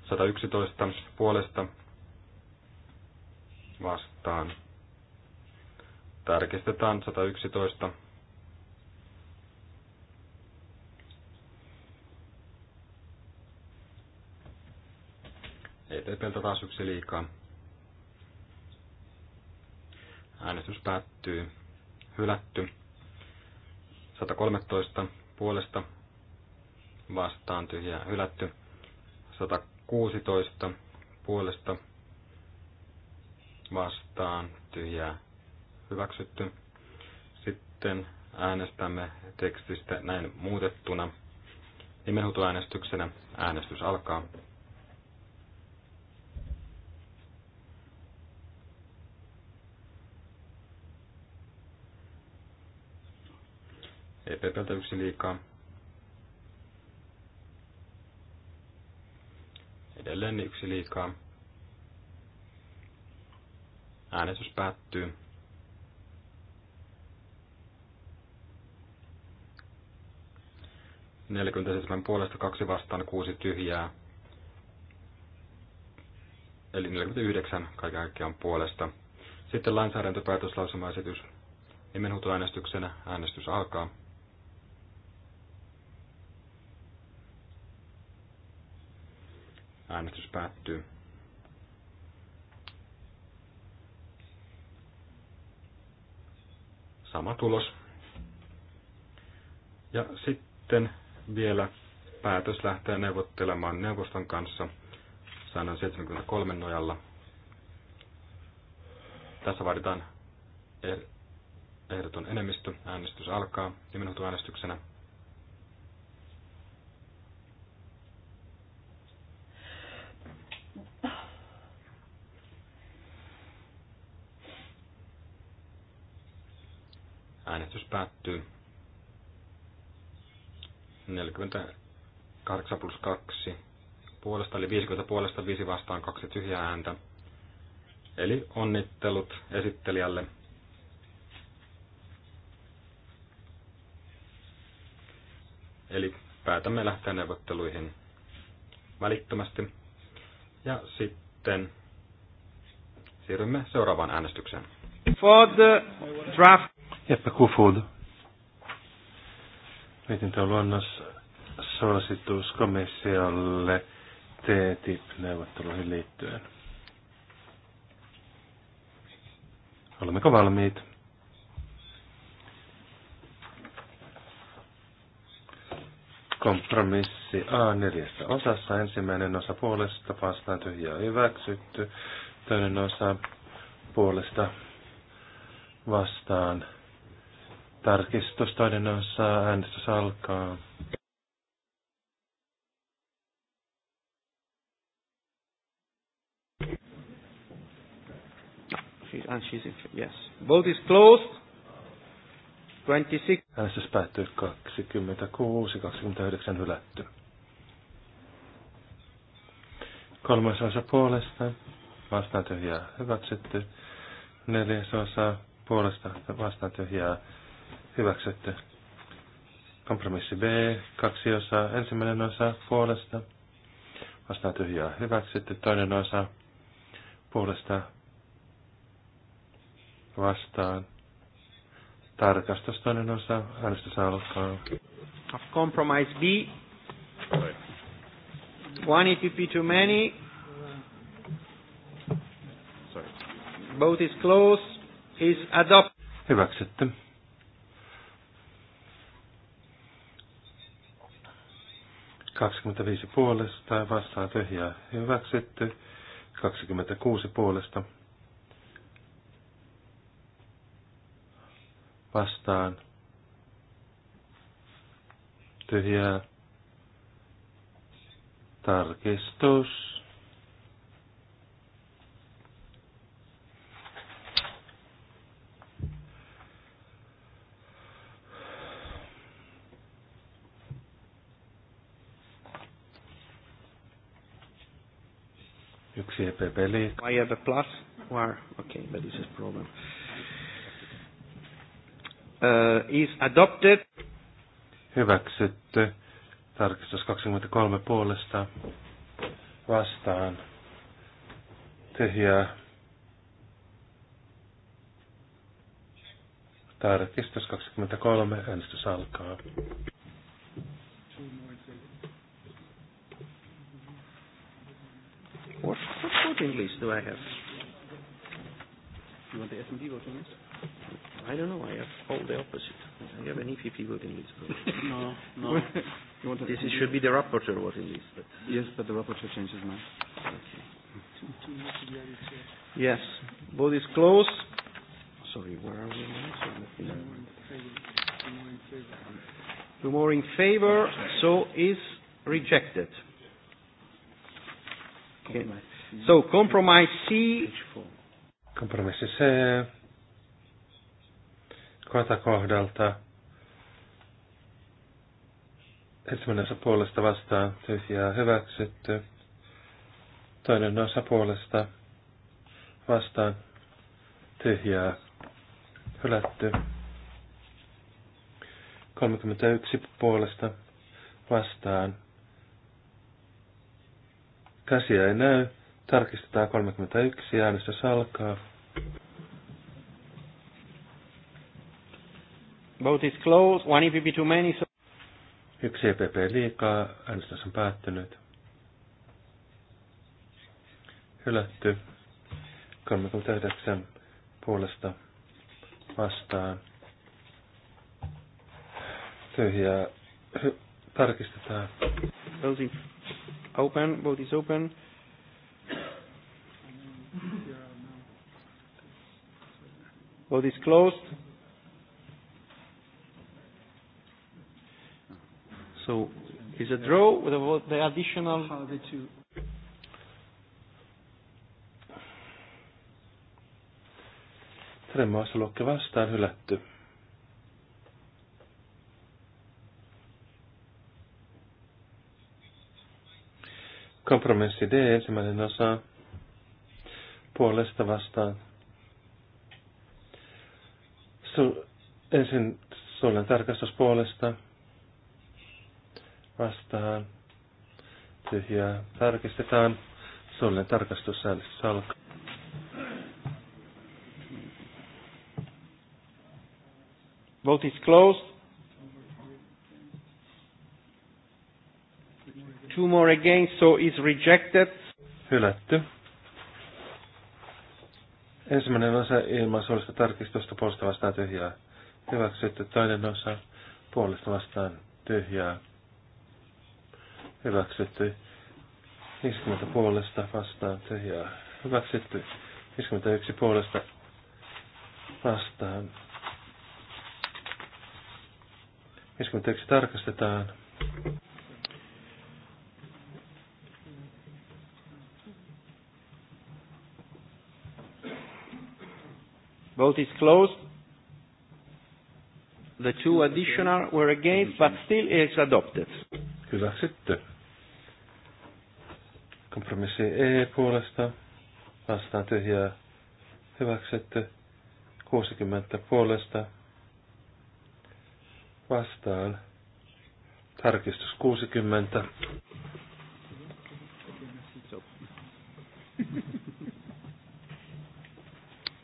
111 puolesta vastaan. Tarkistetaan 111 EPPltä taas yksi liikaa. Äänestys päättyy. Hylätty. 113 puolesta vastaan tyhjää hylätty. 116 puolesta vastaan tyhjää hyväksytty. Sitten äänestämme tekstistä näin muutettuna. Nimenhuutoäänestyksenä äänestys alkaa. EPPltä yksi liikaa. Edelleen yksi liikaa. Äänestys päättyy. Neljäkymmentäseitsemän puolesta kaksi vastaan kuusi tyhjää. Eli 49 kaiken kaikkiaan puolesta. Sitten lainsäädäntöpäätöslausumaesitys. Nimenhuutoäänestyksenä äänestys alkaa. Äänestys päättyy. Sama tulos. Ja sitten vielä päätös lähteä neuvottelemaan neuvoston kanssa säännön 73 nojalla. Tässä vaaditaan er- ehdoton enemmistö. Äänestys alkaa nimenhuutoäänestyksenä. äänestyksenä. 48 plus 2 puolesta, eli 50 puolesta, 5 vastaan, 2 tyhjää ääntä. Eli onnittelut esittelijälle. Eli päätämme lähteä neuvotteluihin välittömästi. Ja sitten siirrymme seuraavaan äänestykseen. For the draft. Jeppe Kofod Mietintö on luonnos suositus TTIP-neuvotteluihin liittyen. Olemmeko valmiit? Kompromissi A neljässä osassa. Ensimmäinen osa puolesta vastaan tyhjää hyväksytty. Toinen osa puolesta vastaan Tarkistus toinen osa. Äänestys alkaa. yes. Vote is closed. 26. Äänestys päättyy 26, 29 hylätty. Kolmasosa puolesta, vastaan tyhjää hyväksytty. Neljäsosa puolesta, vastaan tyhjää Hyväksytty. Kompromissi B, kaksi osaa. Ensimmäinen osa puolesta. Vastaan tyhjää. Hyväksytty. Toinen osa puolesta vastaan. Tarkastus toinen osa. Äänestys alkaa. compromise B. One EPP too many. Sorry. Both is close. Is adopted. Hyväksytty. 25 puolesta vastaa tyhjää hyväksytty. 26 puolesta vastaan tyhjää tarkistus. Yksi EPP peli I have a plus? Where? Okay, but this is problem. Uh, is adopted. Hyväksytty. Tarkistus 23 puolesta vastaan. Tyhjää. Tarkistus 23. Äänestys alkaa. English? do I have? You want the S&P voting list? I don't know. I have all the opposite. I have an EPP voting list. no, no. you want this should be the rapporteur voting list. But. Yes, but the rapporteur changes his mind. Okay. Yes. Vote is closed. Sorry, where are we now? Two more in favor, so is rejected. Okay. So compromise C. Kompromissi C. Kota kohdalta. Ensimmäisessä puolesta vastaan tyhjää hyväksytty. Toinen osa puolesta vastaan tyhjää hylätty. 31 puolesta vastaan. Käsiä ei näy. Tarkistetaan 31, äänestä salkaa. Vote is closed, one EPP too many. So... Yksi EPP liikaa, äänestys on päättynyt. Hylätty. 39 puolesta vastaan. Tyhjää. tarkistetaan. Voting open, vote is open. Vote is closed. So is a draw with the additional. How the two. Tremmaasluokka vastaan hylätty. Kompromissi D ensimmäinen osa puolesta vastaan Su, ensin suullinen tarkastus puolesta vastaan. Tyhjää. Tarkistetaan. Suullinen tarkastus äänestys alkaa. Vote is closed. Two more against, so is rejected. Hylätty. Ensimmäinen osa ilman suollista tarkistusta puolesta vastaan tyhjää. Hyväksytty. Toinen osa puolesta vastaan tyhjää. Hyväksytty. 50 puolesta vastaan tyhjää. Hyväksytty. 51 puolesta vastaan. 51 tarkastetaan. Vote is closed. The two additional were against, but still is adopted. Hyvä sitten. Kompromissi E puolesta vastaan tyhjää. Hyväksytty. 60 puolesta vastaan. Tarkistus 60.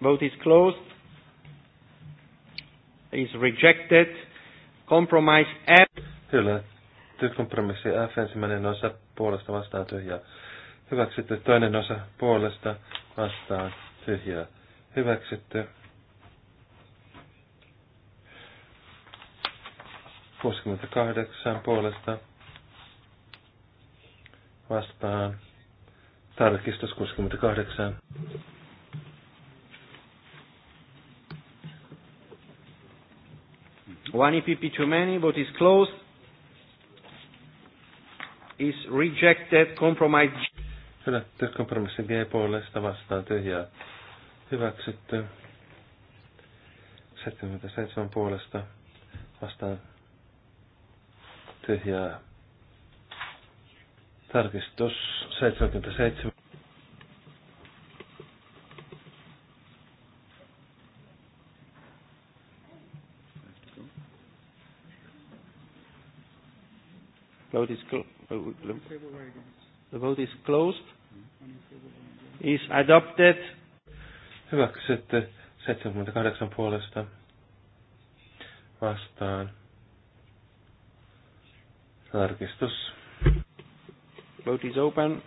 Vote is closed. Is rejected. Compromise F. Kyllä. Tyt kompromissi F ensimmäinen osa puolesta vastaan tyhjää. Hyväksytty toinen osa puolesta vastaan tyhjää. Hyväksytty. 68 puolesta vastaan. Tarkistus 68. One EPP too many. but is closed. Is rejected. compromised. Hylätty. Kompromissi G puolesta vastaan tyhjää. Hyväksytty. 77 puolesta vastaan tyhjää. Tarkistus 77. Vote is The vote is closed. Is adopted. Hyväksytty 78 puolesta vastaan. Tarkistus. Vote is open.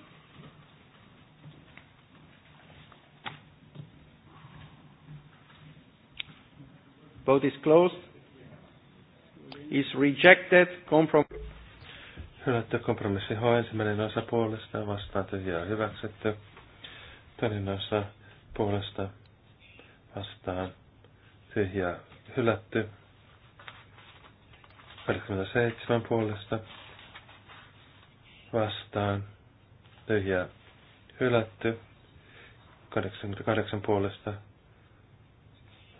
Vote is closed. Is rejected. Compromise. Hylätty kompromissi H ensimmäinen osa puolesta vastaan tyhjää hyväksytty. Toinen osa puolesta vastaan tyhjää hylätty. 47 puolesta vastaan tyhjää hylätty. 88 puolesta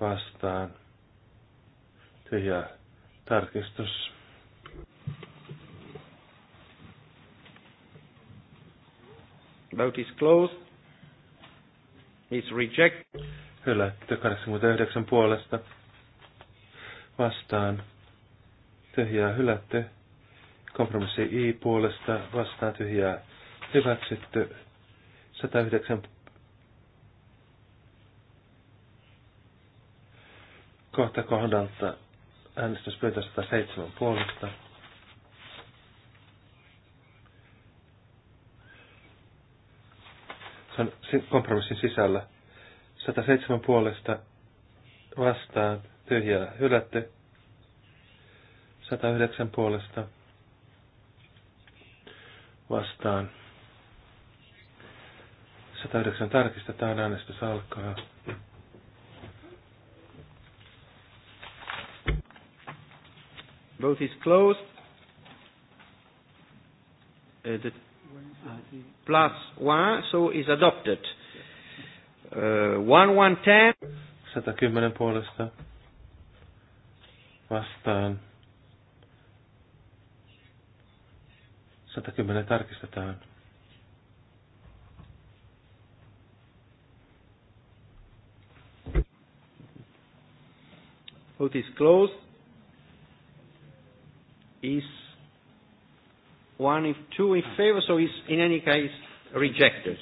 vastaan tyhjää tarkistus Vote is closed. Is rejected. Hylätty 89 puolesta. Vastaan. Tyhjää hylätty. Kompromissi I puolesta. Vastaan tyhjää hyväksytty. 109 kohta kohdalta äänestyspyyntö 107 puolesta Se on kompromissin sisällä. 107 puolesta vastaan tyhjää hylätty. 109 puolesta vastaan. 109 tarkistetaan, äänestys alkaa. Vote is closed. Uh, the plus 1, so is adopted. Uh, 1110. 110 puolesta vastaan. 110 tarkistetaan. Vote is closed. Is one if two in favor, so is in any case rejected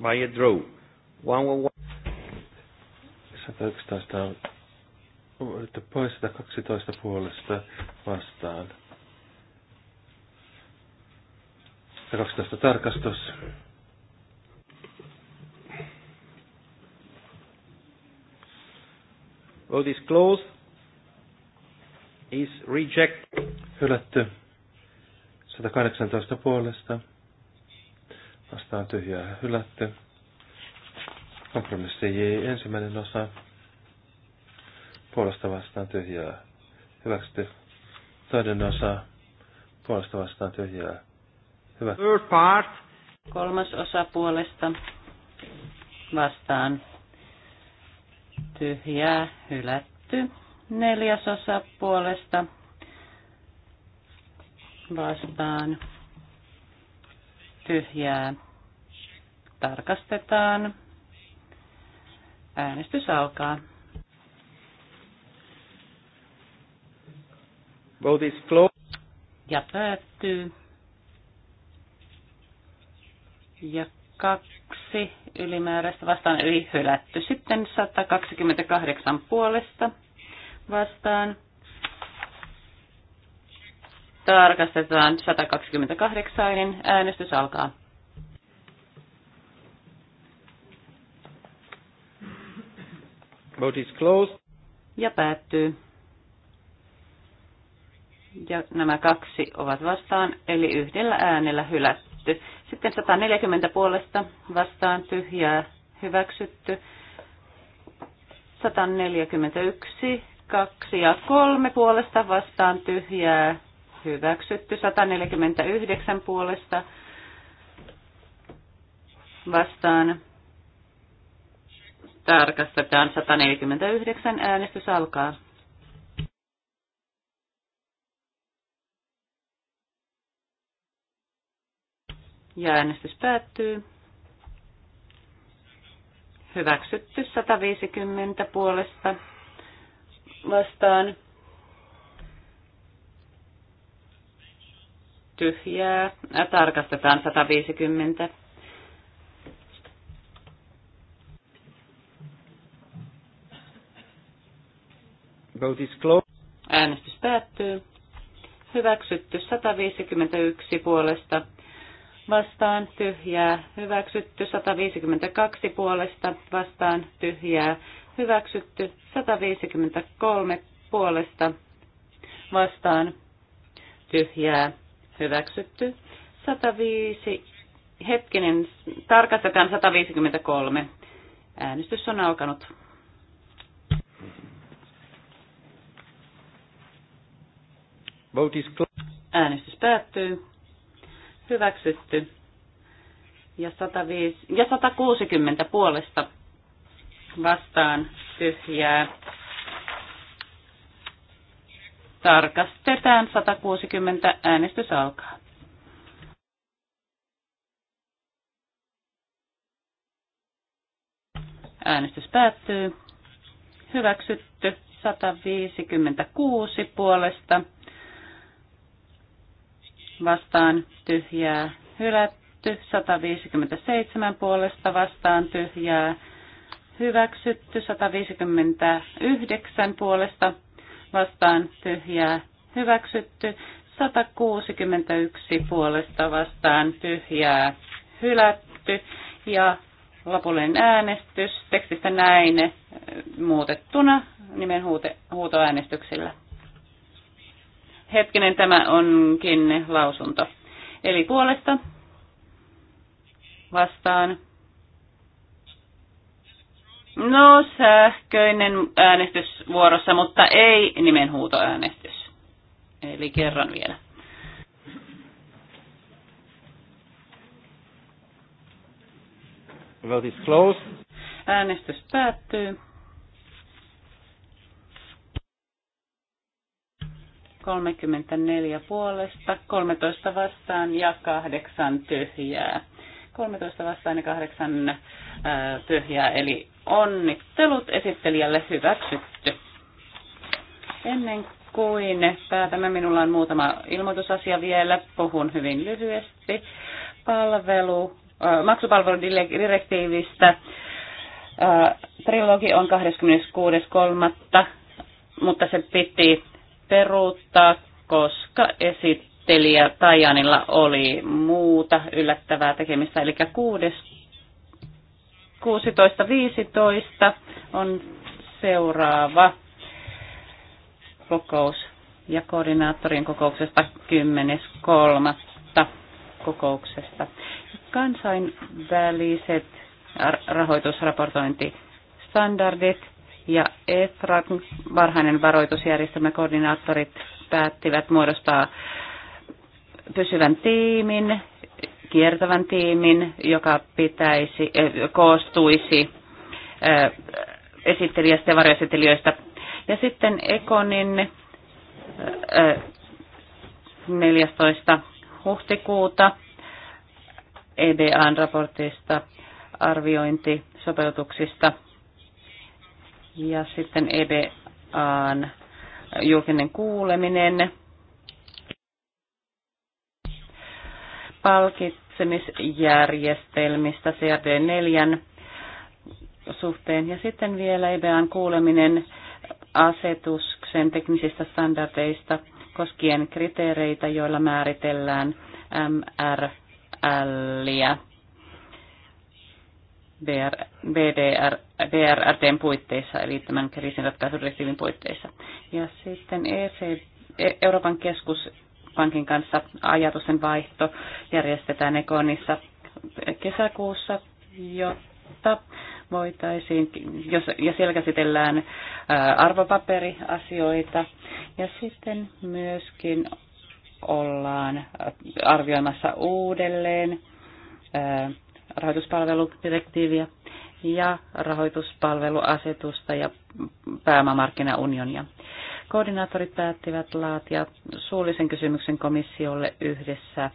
by a draw. One, one, one. 111 että pois 112 puolesta vastaan. 112 tarkastus. Vote is closed. Is rejected. Hylätty. 118 puolesta vastaan tyhjää hylätty. Kompromissi J ensimmäinen osa puolesta vastaan tyhjää hyväksytty. Toinen osa puolesta vastaan tyhjää hyvä. Third part. Kolmas osa puolesta vastaan tyhjää hylätty. Neljäs osa puolesta vastaan tyhjää tarkastetaan. Äänestys alkaa. Vote is closed. Ja päättyy. Ja kaksi ylimääräistä vastaan eli hylätty. Sitten 128 puolesta vastaan Tarkastetaan 128. Äänestys alkaa. Vote is closed. Ja päättyy. Ja nämä kaksi ovat vastaan, eli yhdellä äänellä hylätty. Sitten 140 puolesta vastaan tyhjää hyväksytty. 141, 2 ja 3 puolesta vastaan tyhjää hyväksytty. 149 puolesta vastaan tarkastetaan 149. Äänestys alkaa. Ja äänestys päättyy. Hyväksytty 150 puolesta vastaan tyhjää. Tarkastetaan 150. Vote is closed. Äänestys päättyy. Hyväksytty 151 puolesta. Vastaan tyhjää. Hyväksytty 152 puolesta. Vastaan tyhjää. Hyväksytty 153 puolesta. Vastaan tyhjää hyväksytty. 105, hetkinen, tarkastetaan 153. Äänestys on alkanut. Vote is Äänestys päättyy. Hyväksytty. Ja, 105, ja 160 puolesta vastaan tyhjää Tarkastetaan 160. Äänestys alkaa. Äänestys päättyy. Hyväksytty 156 puolesta. Vastaan tyhjää hylätty. 157 puolesta vastaan tyhjää hyväksytty. 159 puolesta vastaan tyhjää hyväksytty. 161 puolesta vastaan tyhjää hylätty. Ja lopullinen äänestys tekstistä näin äh, muutettuna nimen huutoäänestyksillä. Hetkinen, tämä onkin lausunto. Eli puolesta vastaan No sähköinen äänestys vuorossa, mutta ei nimenhuutoäänestys. Eli kerran vielä. Vote is closed. Äänestys päättyy. 34 puolesta, 13 vastaan ja 8 tyhjää. 13 vastaan ja 8 tyhjää, eli onnittelut esittelijälle hyväksytty. Ennen kuin päätämme, minulla on muutama ilmoitusasia vielä, puhun hyvin lyhyesti. Palvelu, ää, maksupalveludirektiivistä Ää, trilogi on 26.3., mutta se piti peruuttaa, koska esittelijä Tajanilla oli muuta yllättävää tekemistä, eli 6 16.15 on seuraava kokous ja koordinaattorin kokouksesta 10.3. kokouksesta. Kansainväliset rahoitusraportointistandardit ja etra varhainen varoitusjärjestelmä, koordinaattorit päättivät muodostaa pysyvän tiimin, kiertävän tiimin, joka pitäisi, eh, koostuisi eh, esittelijästä ja varjoesittelijöistä. Ja sitten Ekonin 14. Eh, huhtikuuta EBAn raportista arviointi sopeutuksista ja sitten EBAn julkinen kuuleminen palkitsemisjärjestelmistä CRD4 suhteen. Ja sitten vielä EBAn kuuleminen asetuksen teknisistä standardeista koskien kriteereitä, joilla määritellään mrl ja BDR, BRRTn puitteissa, eli tämän kriisinratkaisudirektiivin puitteissa. Ja sitten EC, e, Euroopan keskus pankin kanssa ajatusten vaihto järjestetään Ekonissa kesäkuussa, jotta voitaisiin, jos, ja siellä käsitellään arvopaperiasioita ja sitten myöskin ollaan arvioimassa uudelleen rahoituspalveludirektiiviä ja rahoituspalveluasetusta ja pääomamarkkinaunionia. Koordinaattorit päättivät laatia suullisen kysymyksen komissiolle yhdessä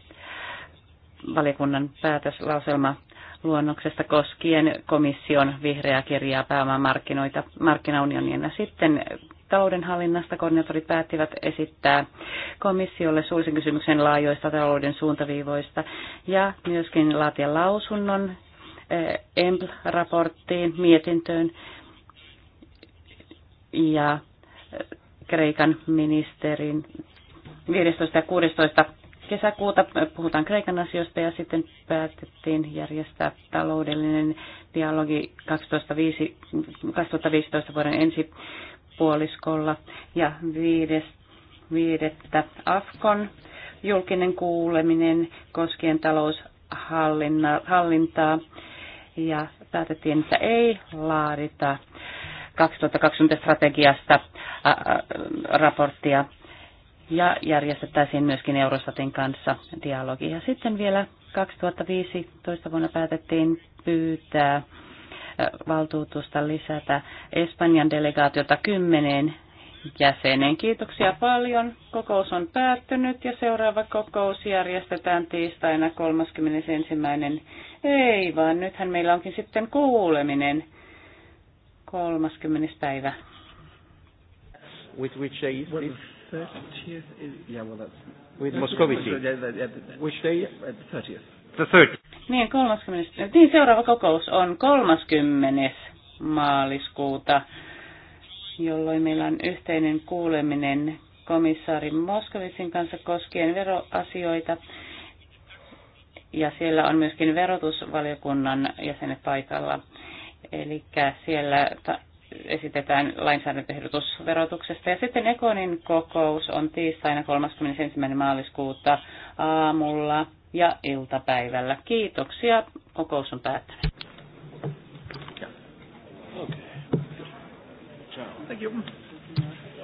valiokunnan päätöslauselma luonnoksesta koskien komission vihreää kirjaa pääomamarkkinoita markkinaunionien. ja sitten taloudenhallinnasta koordinaattorit päättivät esittää komissiolle suullisen kysymyksen laajoista talouden suuntaviivoista ja myöskin laatia lausunnon eh, EMPL-raporttiin, mietintöön ja Kreikan ministerin 15. ja 16. kesäkuuta. Puhutaan Kreikan asioista ja sitten päätettiin järjestää taloudellinen dialogi 2015 vuoden ensi puoliskolla ja 5. viidettä AFKON julkinen kuuleminen koskien taloushallintaa ja päätettiin, että ei laadita 2020 strategiasta raporttia ja järjestettäisiin myöskin Eurostatin kanssa dialogi. Ja sitten vielä 2015 vuonna päätettiin pyytää valtuutusta lisätä Espanjan delegaatiota kymmeneen jäsenen. Kiitoksia paljon. Kokous on päättynyt ja seuraava kokous järjestetään tiistaina 31. Ei vaan nythän meillä onkin sitten kuuleminen 30. päivä. With which day is this? 30th is, yeah, well that's... With no, Moscovici. Which day? Uh, the 30th. The 30th. Niin, 30. Niin, seuraava kokous on 30. maaliskuuta, jolloin meillä on yhteinen kuuleminen komissaari Moskovitsin kanssa koskien veroasioita. Ja siellä on myöskin verotusvaliokunnan jäsenet paikalla. Eli siellä esitetään lainsäädäntöehdotus verotuksesta. Ja sitten Ekonin kokous on tiistaina 31. maaliskuuta aamulla ja iltapäivällä. Kiitoksia. Kokous on päättänyt. Okay. Thank you.